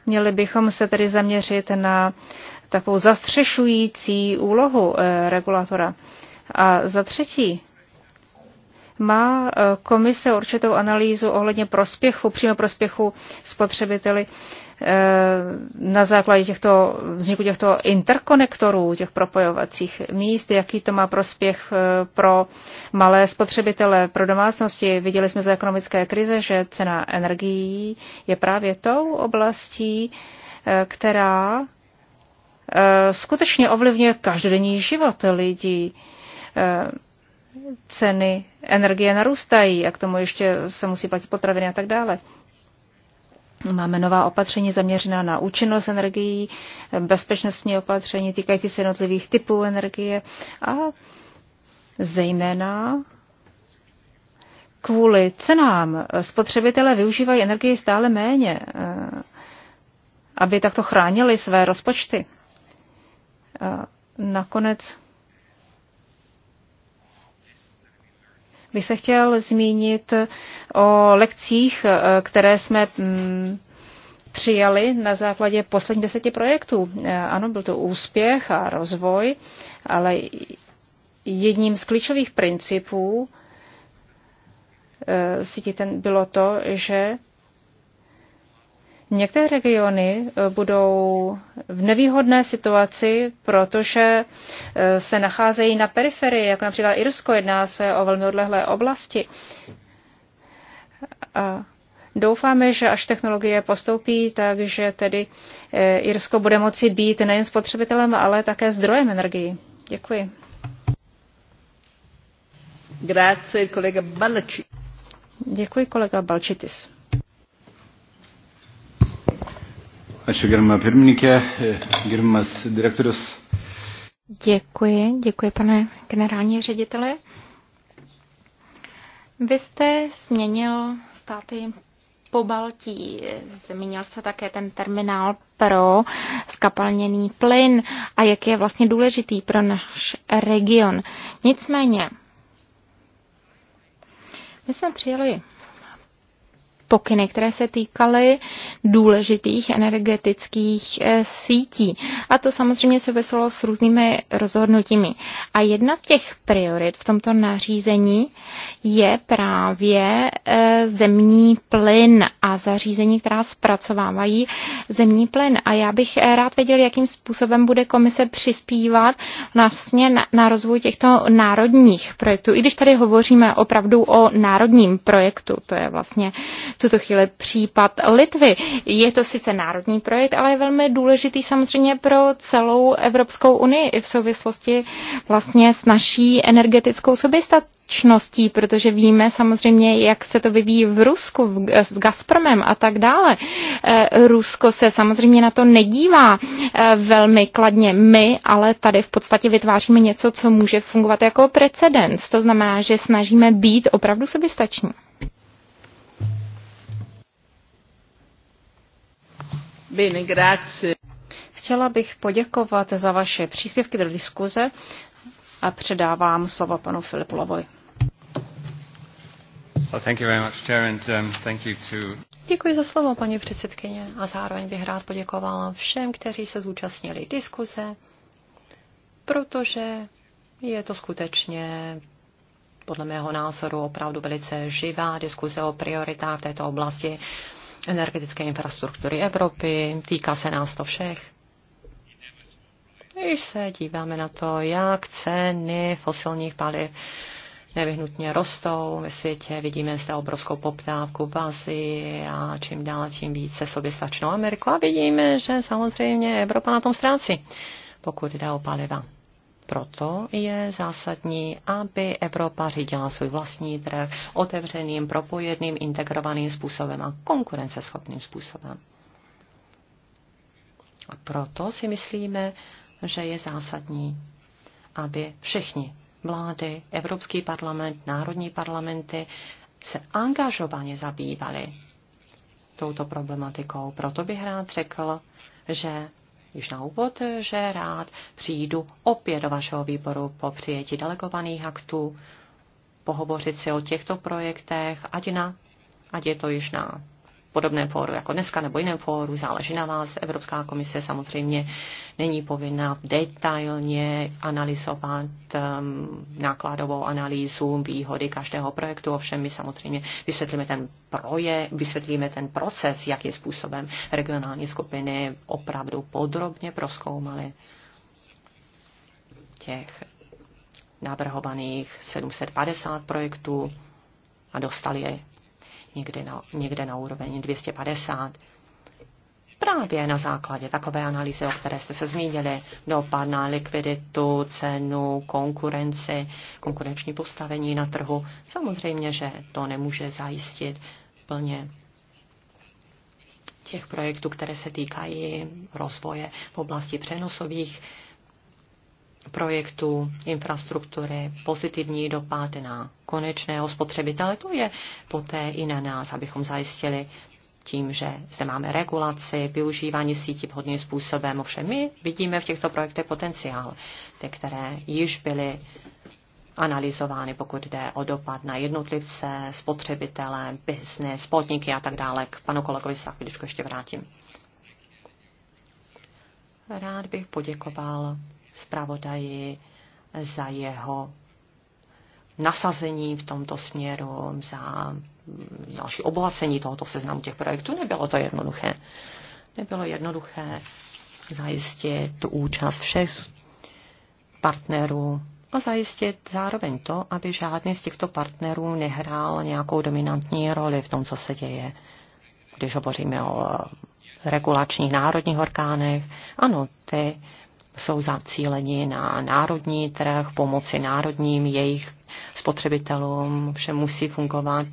Měli bychom se tedy zaměřit na takovou zastřešující úlohu eh, regulatora. A za třetí, má e, komise určitou analýzu ohledně prospěchu, přímo prospěchu spotřebiteli e, na základě těchto, vzniku těchto interkonektorů, těch propojovacích míst, jaký to má prospěch e, pro malé spotřebitele, pro domácnosti. Viděli jsme za ekonomické krize, že cena energií je právě tou oblastí, která skutečně ovlivňuje každodenní život lidí ceny energie narůstají a k tomu ještě se musí platit potraviny a tak dále. Máme nová opatření zaměřená na účinnost energií, bezpečnostní opatření týkající se jednotlivých typů energie a zejména kvůli cenám spotřebitelé využívají energii stále méně, eh, aby takto chránili své rozpočty. Nakonec bych se chtěl zmínit o lekcích, eh, které jsme mm, přijali na základě posledních deseti projektů. Eh, ano, byl to úspěch a rozvoj, ale jedním z klíčových principů eh, sítí ten bylo to, že Některé regiony eh, budou v nevýhodné situaci, protože eh, se nacházejí na periferii, jako například Irsko, jedná se o velmi odlehlé oblasti. A doufáme, že až technologie postoupí, takže tedy eh, Irsko bude moci být nejen spotřebitelem, ale také zdrojem energii. Děkuji. Grazie, kolega Balci. Děkuji, kolega Balčitis. germa pirmininkė, direktorius. Děkuji, děkuji pane generální řediteli. Vy jste změnil státy po Baltí. Zmínil se také ten terminál pro skapalněný plyn a jak je vlastně důležitý pro náš region. Nicméně, my jsme přijeli pokyny, které se týkaly důležitých energetických eh, sítí. A to samozřejmě souviselo s různými rozhodnutími. A jedna z těch priorit v tomto nařízení je právě eh, zemní plyn a zařízení, která zpracovávají zemní plyn. A já bych eh, rád věděl, jakým způsobem bude komise přispívat vlastně na, na rozvoj těchto národních projektů. I když tady hovoříme opravdu o národním projektu, to je vlastně tuto chvíli případ Litvy. Je to sice národní projekt, ale je velmi důležitý samozřejmě pro celou Evropskou unii i v souvislosti vlastně s naší energetickou soběstačností, protože víme samozřejmě, jak se to vyvíjí v Rusku s Gazpromem a tak dále. Eh, Rusko se samozřejmě na to nedívá eh, velmi kladně. My ale tady v podstatě vytváříme něco, co může fungovat jako precedens. To znamená, že snažíme být opravdu soběstační. Chtěla bych poděkovat za vaše příspěvky do diskuze a předávám slovo panu Filipu um, Děkuji za slovo, paní předsedkyně, a zároveň bych rád poděkovala všem, kteří se zúčastnili diskuze, protože je to skutečně podle mého názoru opravdu velice živá diskuze o prioritách této oblasti energetické infrastruktury Evropy, týká se nás to všech. Když se díváme na to, jak ceny fosilních paliv nevyhnutně rostou ve světě, vidíme zde obrovskou poptávku v Azii a čím dál tím více soběstačnou Ameriku a vidíme, že samozřejmě Evropa na tom ztrácí, pokud jde o paliva. Proto je zásadní, aby Evropa řídila svůj vlastní trh otevřeným, propojeným, integrovaným způsobem a konkurenceschopným způsobem. A proto si myslíme, že je zásadní, aby všichni vlády, Evropský parlament, národní parlamenty se angažovaně zabývali touto problematikou. Proto bych rád řekl, že již na úvod, že rád přijdu opět do vašeho výboru po přijetí delegovaných aktů, pohovořit si o těchto projektech, ať, na, ať je to již na podobném fóru jako dneska nebo jiném fóru, záleží na vás. Evropská komise samozřejmě není povinna detailně analyzovat um, nákladovou analýzu výhody každého projektu, ovšem my samozřejmě vysvětlíme ten proje, vysvětlíme ten proces, jakým způsobem regionální skupiny opravdu podrobně proskoumaly těch navrhovaných 750 projektů a dostali je někde na, někde na úroveň 250. Právě na základě takové analýzy, o které jste se zmínili, dopad na likviditu, cenu, konkurenci, konkurenční postavení na trhu, samozřejmě, že to nemůže zajistit plně těch projektů, které se týkají rozvoje v oblasti přenosových projektů, infrastruktury, pozitivní dopad na konečného spotřebitele. To je poté i na nás, abychom zajistili tím, že zde máme regulaci, využívání sítí vhodným způsobem. Ovšem my vidíme v těchto projektech potenciál, ty, které již byly analyzovány, pokud jde o dopad na jednotlivce, spotřebitele, biznes, spotníky a tak dále. K panu kolegovi se chvíličku ještě vrátím. Rád bych poděkoval zpravodaji za jeho nasazení v tomto směru, za mm, další obohacení tohoto seznamu těch projektů. Nebylo to jednoduché. Nebylo jednoduché zajistit tu účast všech partnerů a zajistit zároveň to, aby žádný z těchto partnerů nehrál nějakou dominantní roli v tom, co se děje. Když hovoříme o regulačních národních orgánech, ano, ty jsou zacíleni na národní trh, pomoci národním jejich spotřebitelům, vše musí fungovat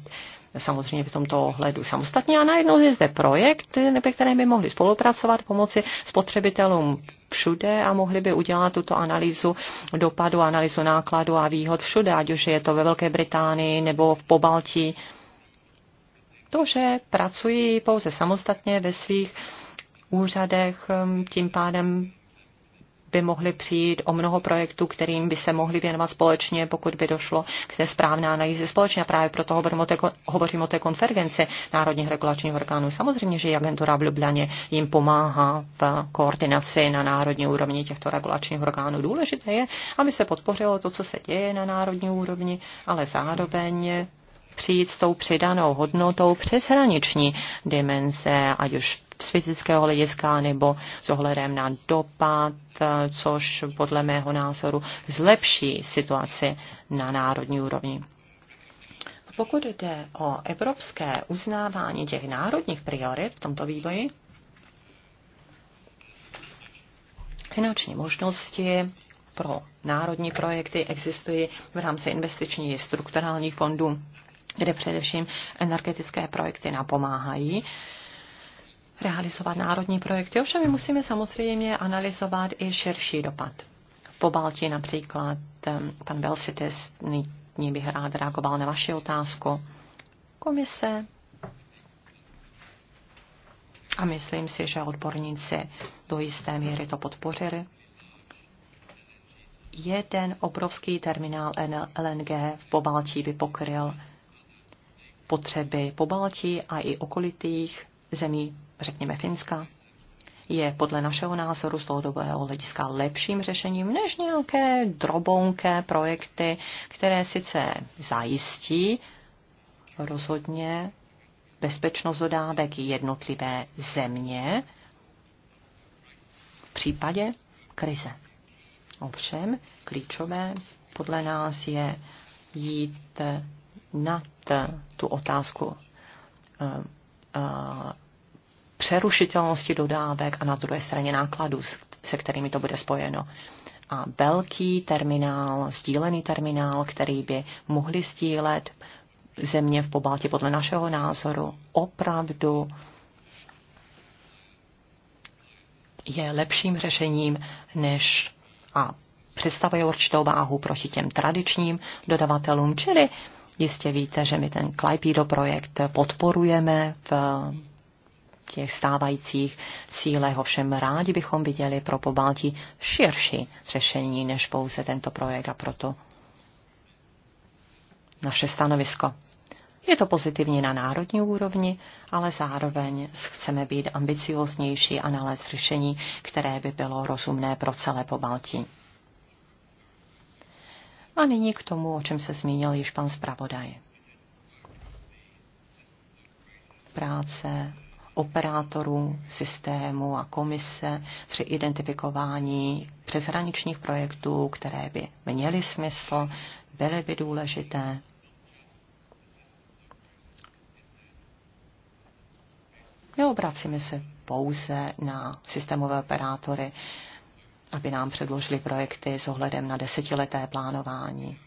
samozřejmě v tomto ohledu samostatně. A najednou je zde projekt, ve kterém by mohli spolupracovat, pomoci spotřebitelům všude a mohli by udělat tuto analýzu dopadu, analýzu nákladu a výhod všude, ať už je to ve Velké Británii nebo v Pobaltí. To, že pracují pouze samostatně ve svých úřadech, hm, tím pádem by mohli přijít o mnoho projektů, kterým by se mohli věnovat společně, pokud by došlo k té správné analýze společně. A právě proto hovorím o té, hovořím o té konvergenci národních regulačních orgánů. Samozřejmě, že i agentura v Ljubljaně jim pomáhá v koordinaci na národní úrovni těchto regulačních orgánů. Důležité je, aby se podpořilo to, co se děje na národní úrovni, ale zároveň přijít s tou přidanou hodnotou přeshraniční dimenze, ať už z fyzického hlediska nebo s ohledem na dopad, eh, což podle mého názoru zlepší situaci na národní úrovni. pokud jde o evropské uznávání těch národních priorit v tomto vývoji, finanční možnosti pro národní projekty existují v rámci investičních strukturálních fondů, kde především energetické projekty napomáhají realizovat národní projekty. Ovšem my musíme samozřejmě analyzovat i širší dopad. Po Baltii například pan Belsitis, nyní bych rád reagoval na vaši otázku. Komise a myslím si, že odborníci do jisté míry to podpořili. Jeden obrovský terminál LNG v Pobaltí by pokryl potřeby Pobaltí a i okolitých zemí řekněme Finska, je podle našeho názoru z dlouhodobého hlediska lepším řešením než nějaké drobonké projekty, které sice zajistí rozhodně bezpečnost dodávek jednotlivé země v případě krize. Ovšem, klíčové podle nás je jít nad tu otázku eh, eh, přerušitelnosti dodávek a na druhé straně nákladů, se kterými to bude spojeno. A velký terminál, sdílený terminál, který by mohli sdílet země v Pobaltě podle našeho názoru, opravdu je lepším řešením než a představuje určitou váhu proti těm tradičním dodavatelům, čili jistě víte, že my ten klajpído projekt podporujeme v těch stávajících cílech. Ovšem rádi bychom viděli pro Pobaltí širší řešení než pouze tento projekt a proto naše stanovisko. Je to pozitivní na národní úrovni, ale zároveň chceme být ambicioznější a nalézt řešení, které by bylo rozumné pro celé Pobaltí. A nyní k tomu, o čem se zmínil již pan zpravodaj. Práce operátorů systému a komise při identifikování přeshraničních projektů, které by měly smysl, byly by důležité. Neobracíme se pouze na systémové operátory, aby nám předložili projekty s ohledem na desetileté plánování.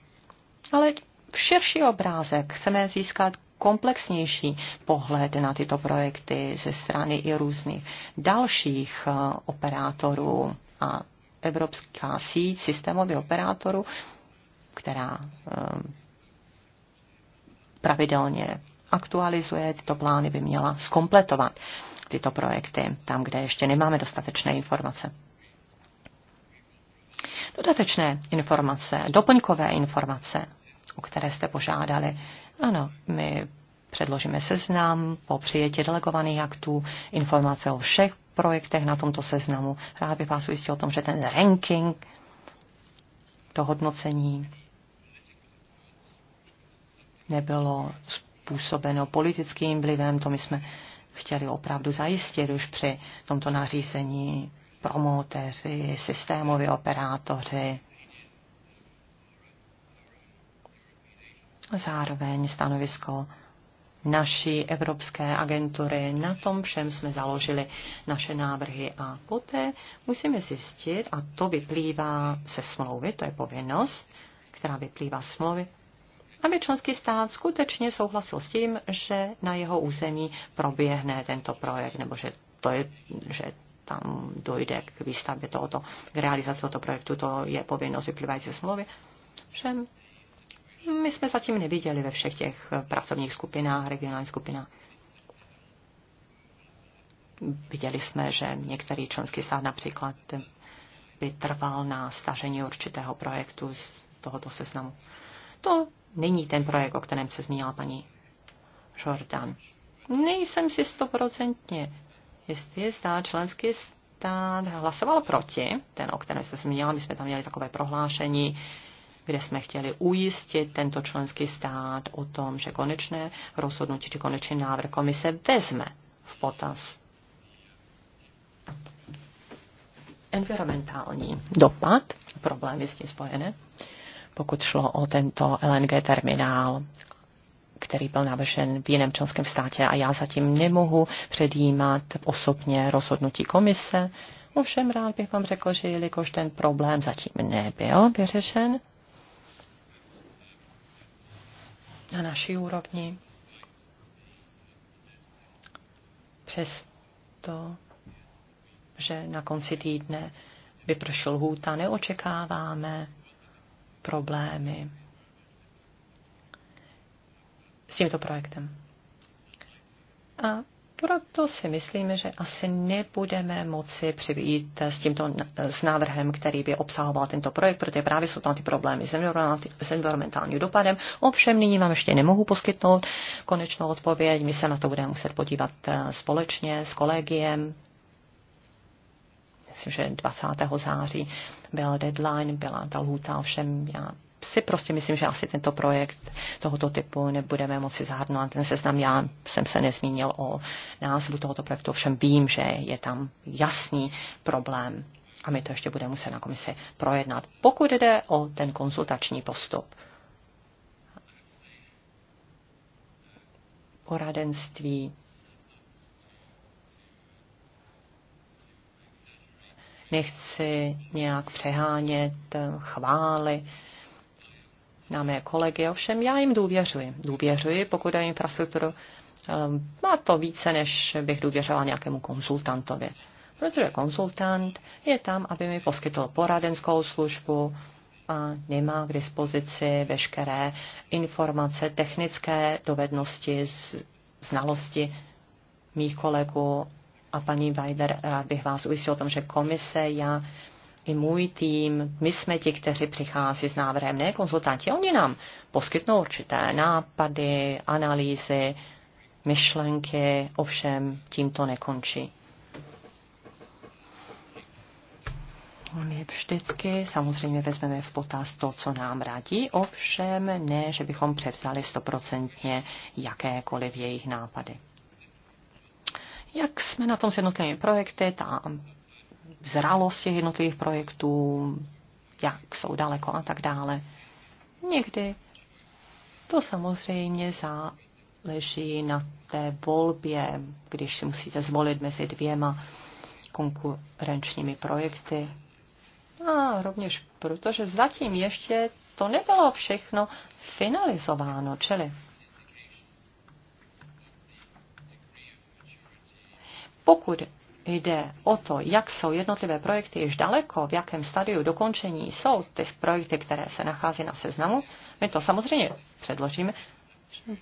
Ale v širší obrázek chceme získat komplexnější pohled na tyto projekty ze strany i různých dalších eh, operátorů a evropská síť systémových operátorů, která eh, pravidelně aktualizuje tyto plány, by měla skompletovat tyto projekty tam, kde ještě nemáme dostatečné informace. Dodatečné informace, doplňkové informace, o které jste požádali, ano, my předložíme seznam po přijetí delegovaných aktů, informace o všech projektech na tomto seznamu. Rád bych vás ujistil o tom, že ten ranking, to hodnocení nebylo způsobeno politickým vlivem, to my jsme chtěli opravdu zajistit už při tomto nařízení promotéři, systémoví operátoři, zároveň stanovisko naší evropské agentury. Na tom všem jsme založili naše návrhy a poté musíme zjistit, a to vyplývá se smlouvy, to je povinnost, která vyplývá z smlouvy, aby členský stát skutečně souhlasil s tím, že na jeho území proběhne tento projekt, nebo že, to je, že tam dojde k výstavbě tohoto, k realizaci tohoto projektu, to je povinnost vyplývající smlouvy. Všem my jsme zatím neviděli ve všech těch eh, pracovních skupinách, regionálních skupinách. Viděli jsme, že některý členský stát například by trval na stažení určitého projektu z tohoto seznamu. To není ten projekt, o kterém se zmínila paní Jordan. Nejsem si stoprocentně jistý, zda členský stát hlasoval proti, ten, o kterém se zmínila, my jsme tam měli takové prohlášení, kde jsme chtěli ujistit tento členský stát o tom, že konečné rozhodnutí či konečný návrh komise vezme v potaz environmentální dopad, problémy s tím spojené, pokud šlo o tento LNG terminál, který byl navržen v jiném členském státě a já zatím nemohu předjímat osobně rozhodnutí komise. Ovšem rád bych vám řekl, že jelikož ten problém zatím nebyl vyřešen, na naší úrovni. Přesto, že na konci týdne vypršel hůta, neočekáváme problémy s tímto projektem. A proto si myslíme, že asi nebudeme moci přijít s tímto s návrhem, který by obsahoval tento projekt, protože právě jsou tam ty problémy s environmentálním dopadem. Ovšem nyní vám ještě nemohu poskytnout konečnou odpověď. My se na to budeme muset podívat eh, společně s kolegiem. Myslím, že 20. září byl deadline, byla ta lhůta, ovšem já si prostě myslím, že asi tento projekt tohoto typu nebudeme moci zahrnout na ten seznam. Já jsem se nezmínil o názvu tohoto projektu, ovšem vím, že je tam jasný problém a my to ještě budeme muset na komisi projednat. Pokud jde o ten konzultační postup, poradenství, nechci nějak přehánět chvály, na mé kolegy, ovšem já jim důvěřuji. Důvěřuji, pokud dají infrastrukturu. Ehm, má to více, než bych důvěřovala nějakému konzultantovi. Protože konzultant je tam, aby mi poskytl poradenskou službu a nemá k dispozici veškeré informace, technické dovednosti, znalosti mých kolegů a paní Weider, rád bych vás ujistil o tom, že komise, já i můj tým, my jsme ti, kteří přichází s návrhem, ne konzultanti, oni nám poskytnou určité nápady, analýzy, myšlenky, ovšem tím to nekončí. je vždycky samozřejmě vezmeme v potaz to, co nám radí, ovšem ne, že bychom převzali stoprocentně jakékoliv jejich nápady. Jak jsme na tom s jednotlivými projekty, ta zralost těch jednotlivých projektů, jak jsou daleko a tak dále. Někdy to samozřejmě záleží na té volbě, když si musíte zvolit mezi dvěma konkurenčními projekty. A rovněž protože zatím ještě to nebylo všechno finalizováno, čili pokud jde o to, jak jsou jednotlivé projekty již daleko, v jakém stadiu dokončení jsou ty projekty, které se nachází na seznamu, my to samozřejmě předložíme.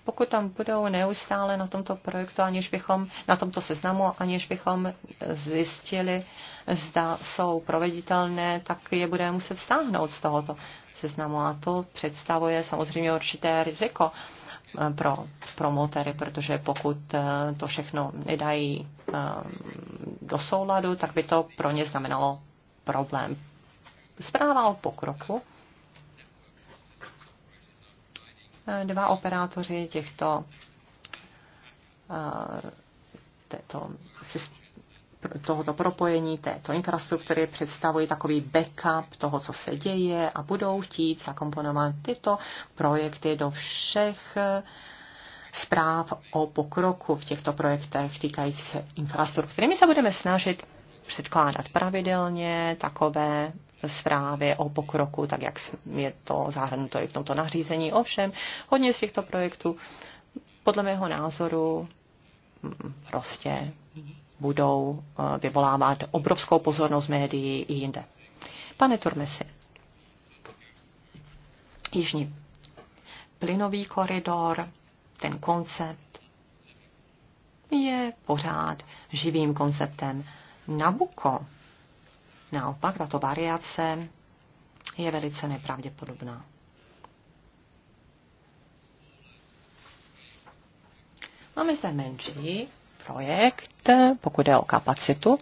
Pokud tam budou neustále na tomto projektu, aniž bychom, na tomto seznamu, aniž bychom zjistili, zda jsou proveditelné, tak je budeme muset stáhnout z tohoto seznamu. A to představuje samozřejmě určité riziko pro promotery, protože pokud eh, to všechno nedají eh, do souladu, tak by to pro ně znamenalo problém. Zpráva o pokroku. Eh, dva operátoři těchto této tohoto propojení, této infrastruktury představují takový backup toho, co se děje a budou chtít zakomponovat tyto projekty do všech eh, zpráv o pokroku v těchto projektech týkající se infrastruktury. My se budeme snažit předkládat pravidelně takové zprávy o pokroku, tak jak je to zahrnuto i v tomto nařízení. Ovšem, hodně z těchto projektů podle mého názoru hm, prostě budou eh, vyvolávat obrovskou pozornost médií i jinde. Pane Turmesi, jižní plynový koridor, ten koncept je pořád živým konceptem. Nabuko, naopak, tato variace je velice nepravděpodobná. Máme zde menší projekt, pokud je o kapacitu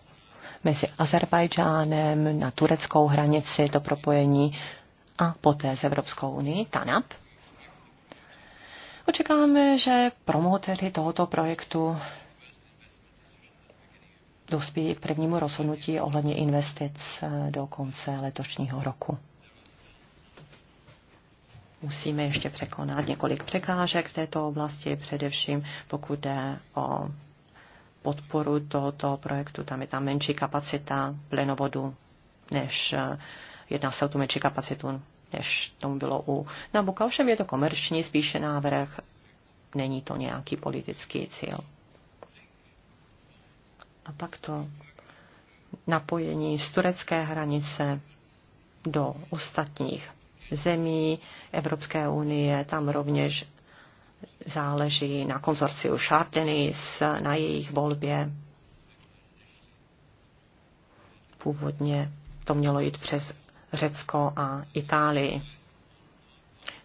mezi Azerbajdžánem na tureckou hranici, to propojení a poté s Evropskou unii, TANAP. Očekáváme, že promoteři tohoto projektu dospějí k prvnímu rozhodnutí ohledně investic eh, do konce letošního roku. Musíme ještě překonat několik překážek v této oblasti, především pokud jde o podporu tohoto projektu. Tam je tam menší kapacita plynovodu, než eh, jedná se o tu menší kapacitu, než tomu bylo u Nabuka. Ovšem je to komerční spíše návrh, není to nějaký politický cíl. A pak to napojení z turecké hranice do ostatních zemí Evropské unie. Tam rovněž záleží na konzorciu Chardenis, na jejich volbě. Původně to mělo jít přes Řecko a Itálii.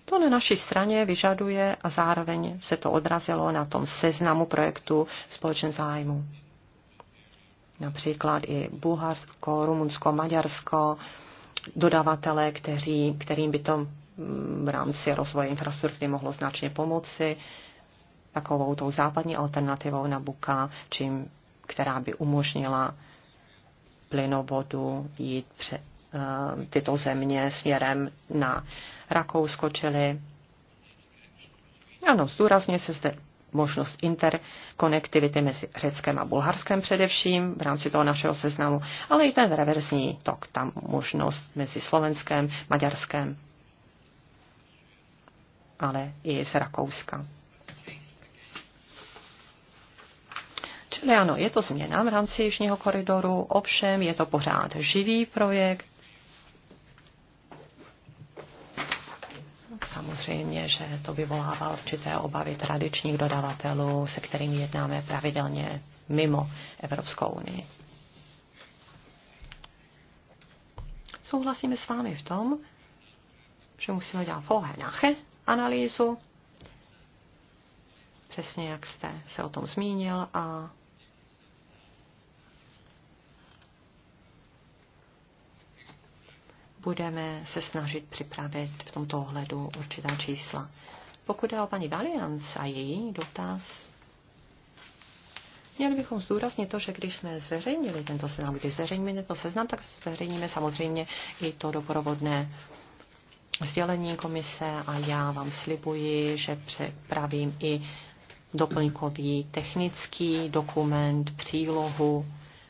To na naší straně vyžaduje a zároveň se to odrazilo na tom seznamu projektu společné zájmu. Například i Bulharsko, Rumunsko, Maďarsko, dodavatele, kteří, kterým by to v rámci rozvoje infrastruktury mohlo značně pomoci takovou tou západní alternativou Buka, čím, která by umožnila plynovodu jít pře, uh, tyto země směrem na Rakousko, čili ano, zdůrazně se zde možnost interkonektivity mezi Řeckem a Bulharskem především v rámci toho našeho seznamu, ale i ten reverzní tok, tam možnost mezi Slovenskem, Maďarskem ale i z Rakouska. Čili ano, je to změna v rámci Jižního koridoru, ovšem je to pořád živý projekt. Samozřejmě, že to vyvolává určité obavy tradičních dodavatelů, se kterými jednáme pravidelně mimo Evropskou unii. Souhlasíme s vámi v tom, že musíme dělat pouhé nache, analýzu, přesně jak jste se o tom zmínil a budeme se snažit připravit v tomto ohledu určitá čísla. Pokud je o paní Valianc a její dotaz, Měli bychom zdůraznit to, že když jsme zveřejnili tento seznam, když zveřejníme tento seznam, tak zveřejníme samozřejmě i to doprovodné sdělení komise a já vám slibuji, že připravím i doplňkový technický dokument, přílohu,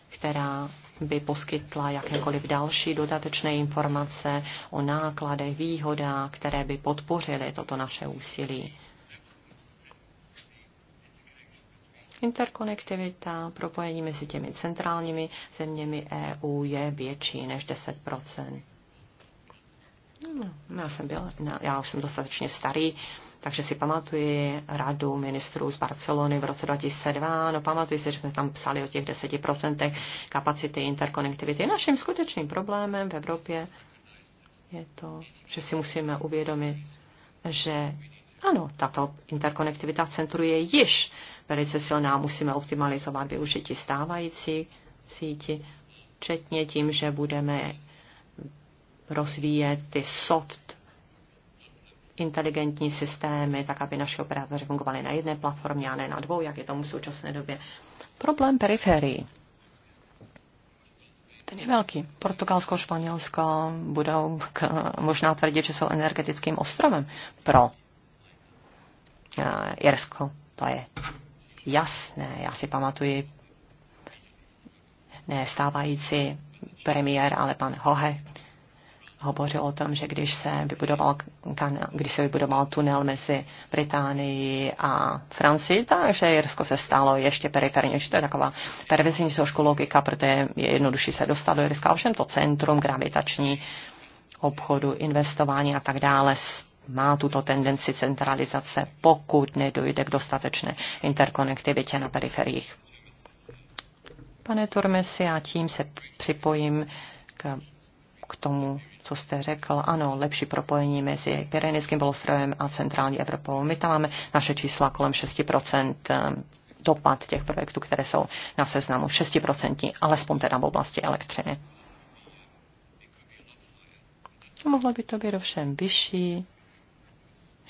která by poskytla jakékoliv další dodatečné informace o nákladech, výhodách, které by podpořily toto naše úsilí. Interkonektivita, propojení mezi těmi centrálními zeměmi EU je větší než 10 No, já, jsem byl, já už jsem dostatečně starý, takže si pamatuji radu ministrů z Barcelony v roce 2002. No pamatuji si, že jsme tam psali o těch 10% kapacity interkonektivity. Naším skutečným problémem v Evropě je to, že si musíme uvědomit, že ano, tato interkonektivita v centru je již velice silná. Musíme optimalizovat využití stávající síti, včetně tím, že budeme rozvíjet ty soft inteligentní systémy, tak aby naši operátoři fungovali na jedné platformě a ne na dvou, jak je tomu v současné době. Problém periferii. Ten je velký. Portugalsko, Španělsko budou k, možná tvrdit, že jsou energetickým ostrovem pro Jirsko. Eh, to je jasné. Já si pamatuji ne stávající premiér, ale pan Hohe, hovořil o tom, že když se vybudoval, kanál, když se vybudoval tunel mezi Británií a Francii, takže Jirsko se stalo ještě periferně, že to je taková pervizní trošku logika, protože je jednodušší se dostat do Jirska, ovšem to centrum gravitační obchodu, investování a tak dále má tuto tendenci centralizace, pokud nedojde k dostatečné interkonektivitě na periferiích. Pane Turmesi, já tím se připojím k, k tomu, co jste řekl. Ano, lepší propojení mezi Pyrenejským polostrovem a centrální Evropou. My tam máme naše čísla kolem 6% eh, dopad těch projektů, které jsou na seznamu 6%, alespoň teda v oblasti elektřiny. Mohlo by to být ovšem vyšší,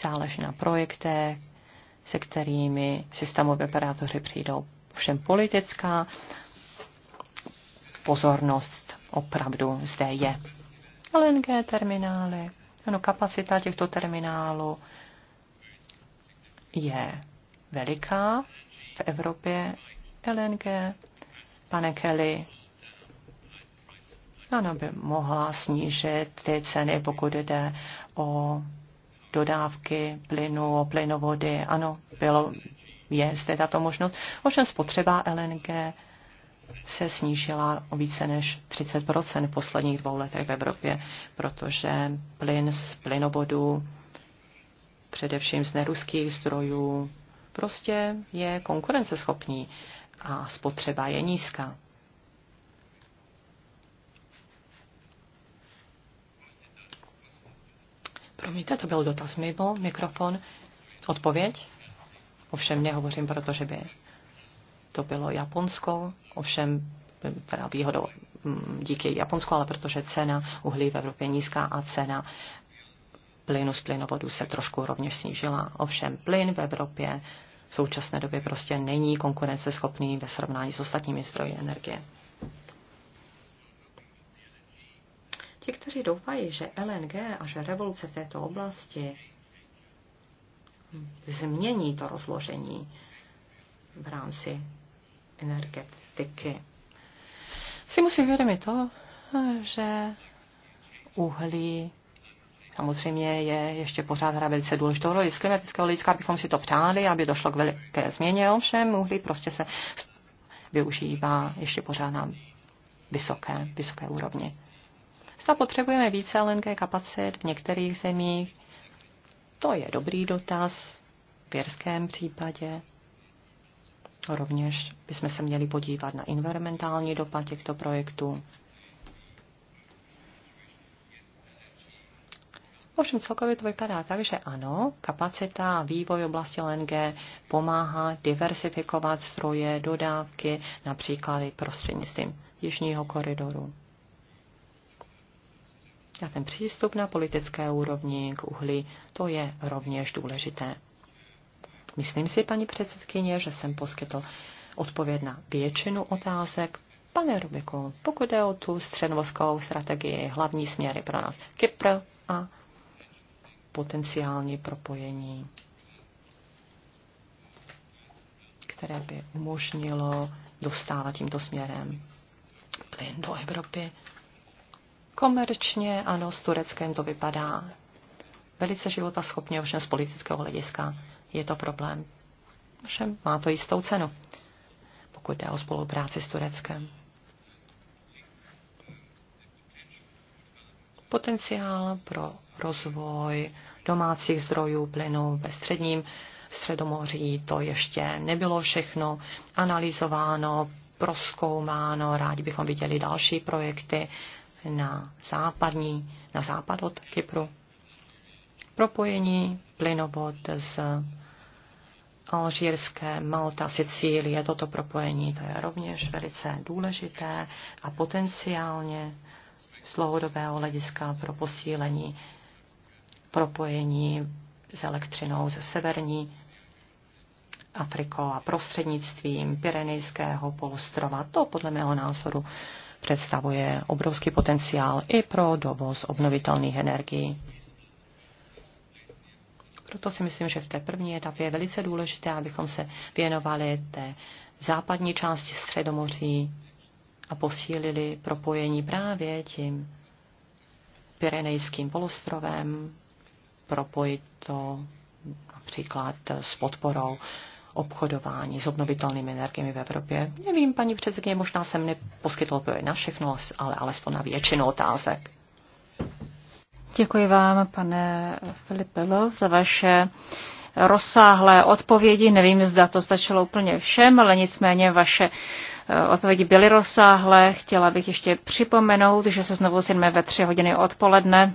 záleží na projektech, se kterými systémové operátoři přijdou. Všem politická pozornost opravdu zde je. LNG terminály. Ano, kapacita těchto terminálů je veliká v Evropě. LNG, pane Kelly, ano, by mohla snížit ty ceny, pokud jde o dodávky plynu, o plynovody. Ano, bylo, je zde tato možnost. Ovšem spotřeba LNG se snížila o více než 30 v posledních dvou letech v Evropě, protože plyn z plynobodu, především z neruských zdrojů, prostě je konkurenceschopný a spotřeba je nízká. Promiňte, to byl dotaz mimo mikrofon. Odpověď? Ovšem nehovořím, protože by to bylo Japonsko, ovšem teda výhodou díky Japonsku, ale protože cena uhlí v Evropě je nízká a cena plynu z plynovodu se trošku rovněž snížila. Ovšem plyn v Evropě v současné době prostě není konkurenceschopný ve srovnání s ostatními zdroji energie. Ti, kteří doufají, že LNG a že revoluce v této oblasti změní to rozložení v rámci energetiky. Si musím vědomit to, že uhlí samozřejmě je ještě pořád hra velice důležitou roli. Z klimatického hlediska bychom si to přáli, aby došlo k velké změně, ovšem uhlí prostě se využívá ještě pořád na vysoké, vysoké úrovni. Zda potřebujeme více LNG kapacit v některých zemích, to je dobrý dotaz v jirském případě. Rovněž bychom se měli podívat na environmentální dopad těchto projektů. Ovšem celkově to vypadá tak, že ano, kapacita a vývoj oblasti LNG pomáhá diversifikovat stroje, dodávky, například i prostřednictvím jižního koridoru. A ten přístup na politické úrovni k uhlí, to je rovněž důležité. Myslím si, paní předsedkyně, že jsem poskytl odpověď na většinu otázek. Pane Rubiku, pokud jde o tu střednovskou strategii, hlavní směry pro nás Kypr a potenciální propojení, které by umožnilo dostávat tímto směrem plyn do Evropy. Komerčně, ano, s Tureckem to vypadá velice životaschopně, ovšem z politického hlediska je to problém. Všem má to jistou cenu, pokud jde o spolupráci s Tureckem. Potenciál pro rozvoj domácích zdrojů plynu ve středním Středomoří to ještě nebylo všechno analyzováno, proskoumáno. Rádi bychom viděli další projekty na, západní, na západ od Kypru propojení plynovod z Alžírské, Malta, Sicílie, toto propojení, to je rovněž velice důležité a potenciálně z dlouhodobého hlediska pro posílení propojení s elektřinou ze severní Afrikou a prostřednictvím Pirenejského polostrova. To podle mého názoru představuje obrovský potenciál i pro dovoz obnovitelných energií. Proto si myslím, že v té první etapě je velice důležité, abychom se věnovali té západní části Středomoří a posílili propojení právě tím Pirenejským polostrovem, propojit to například s podporou obchodování s obnovitelnými energiemi v Evropě. Nevím, paní předsedkyně, možná jsem neposkytl odpověď na všechno, ale alespoň na většinu otázek. Děkuji vám, pane Filipelo, za vaše rozsáhlé odpovědi. Nevím, zda to stačilo úplně všem, ale nicméně vaše eh, odpovědi byly rozsáhlé. Chtěla bych ještě připomenout, že se znovu sjedneme ve tři hodiny odpoledne.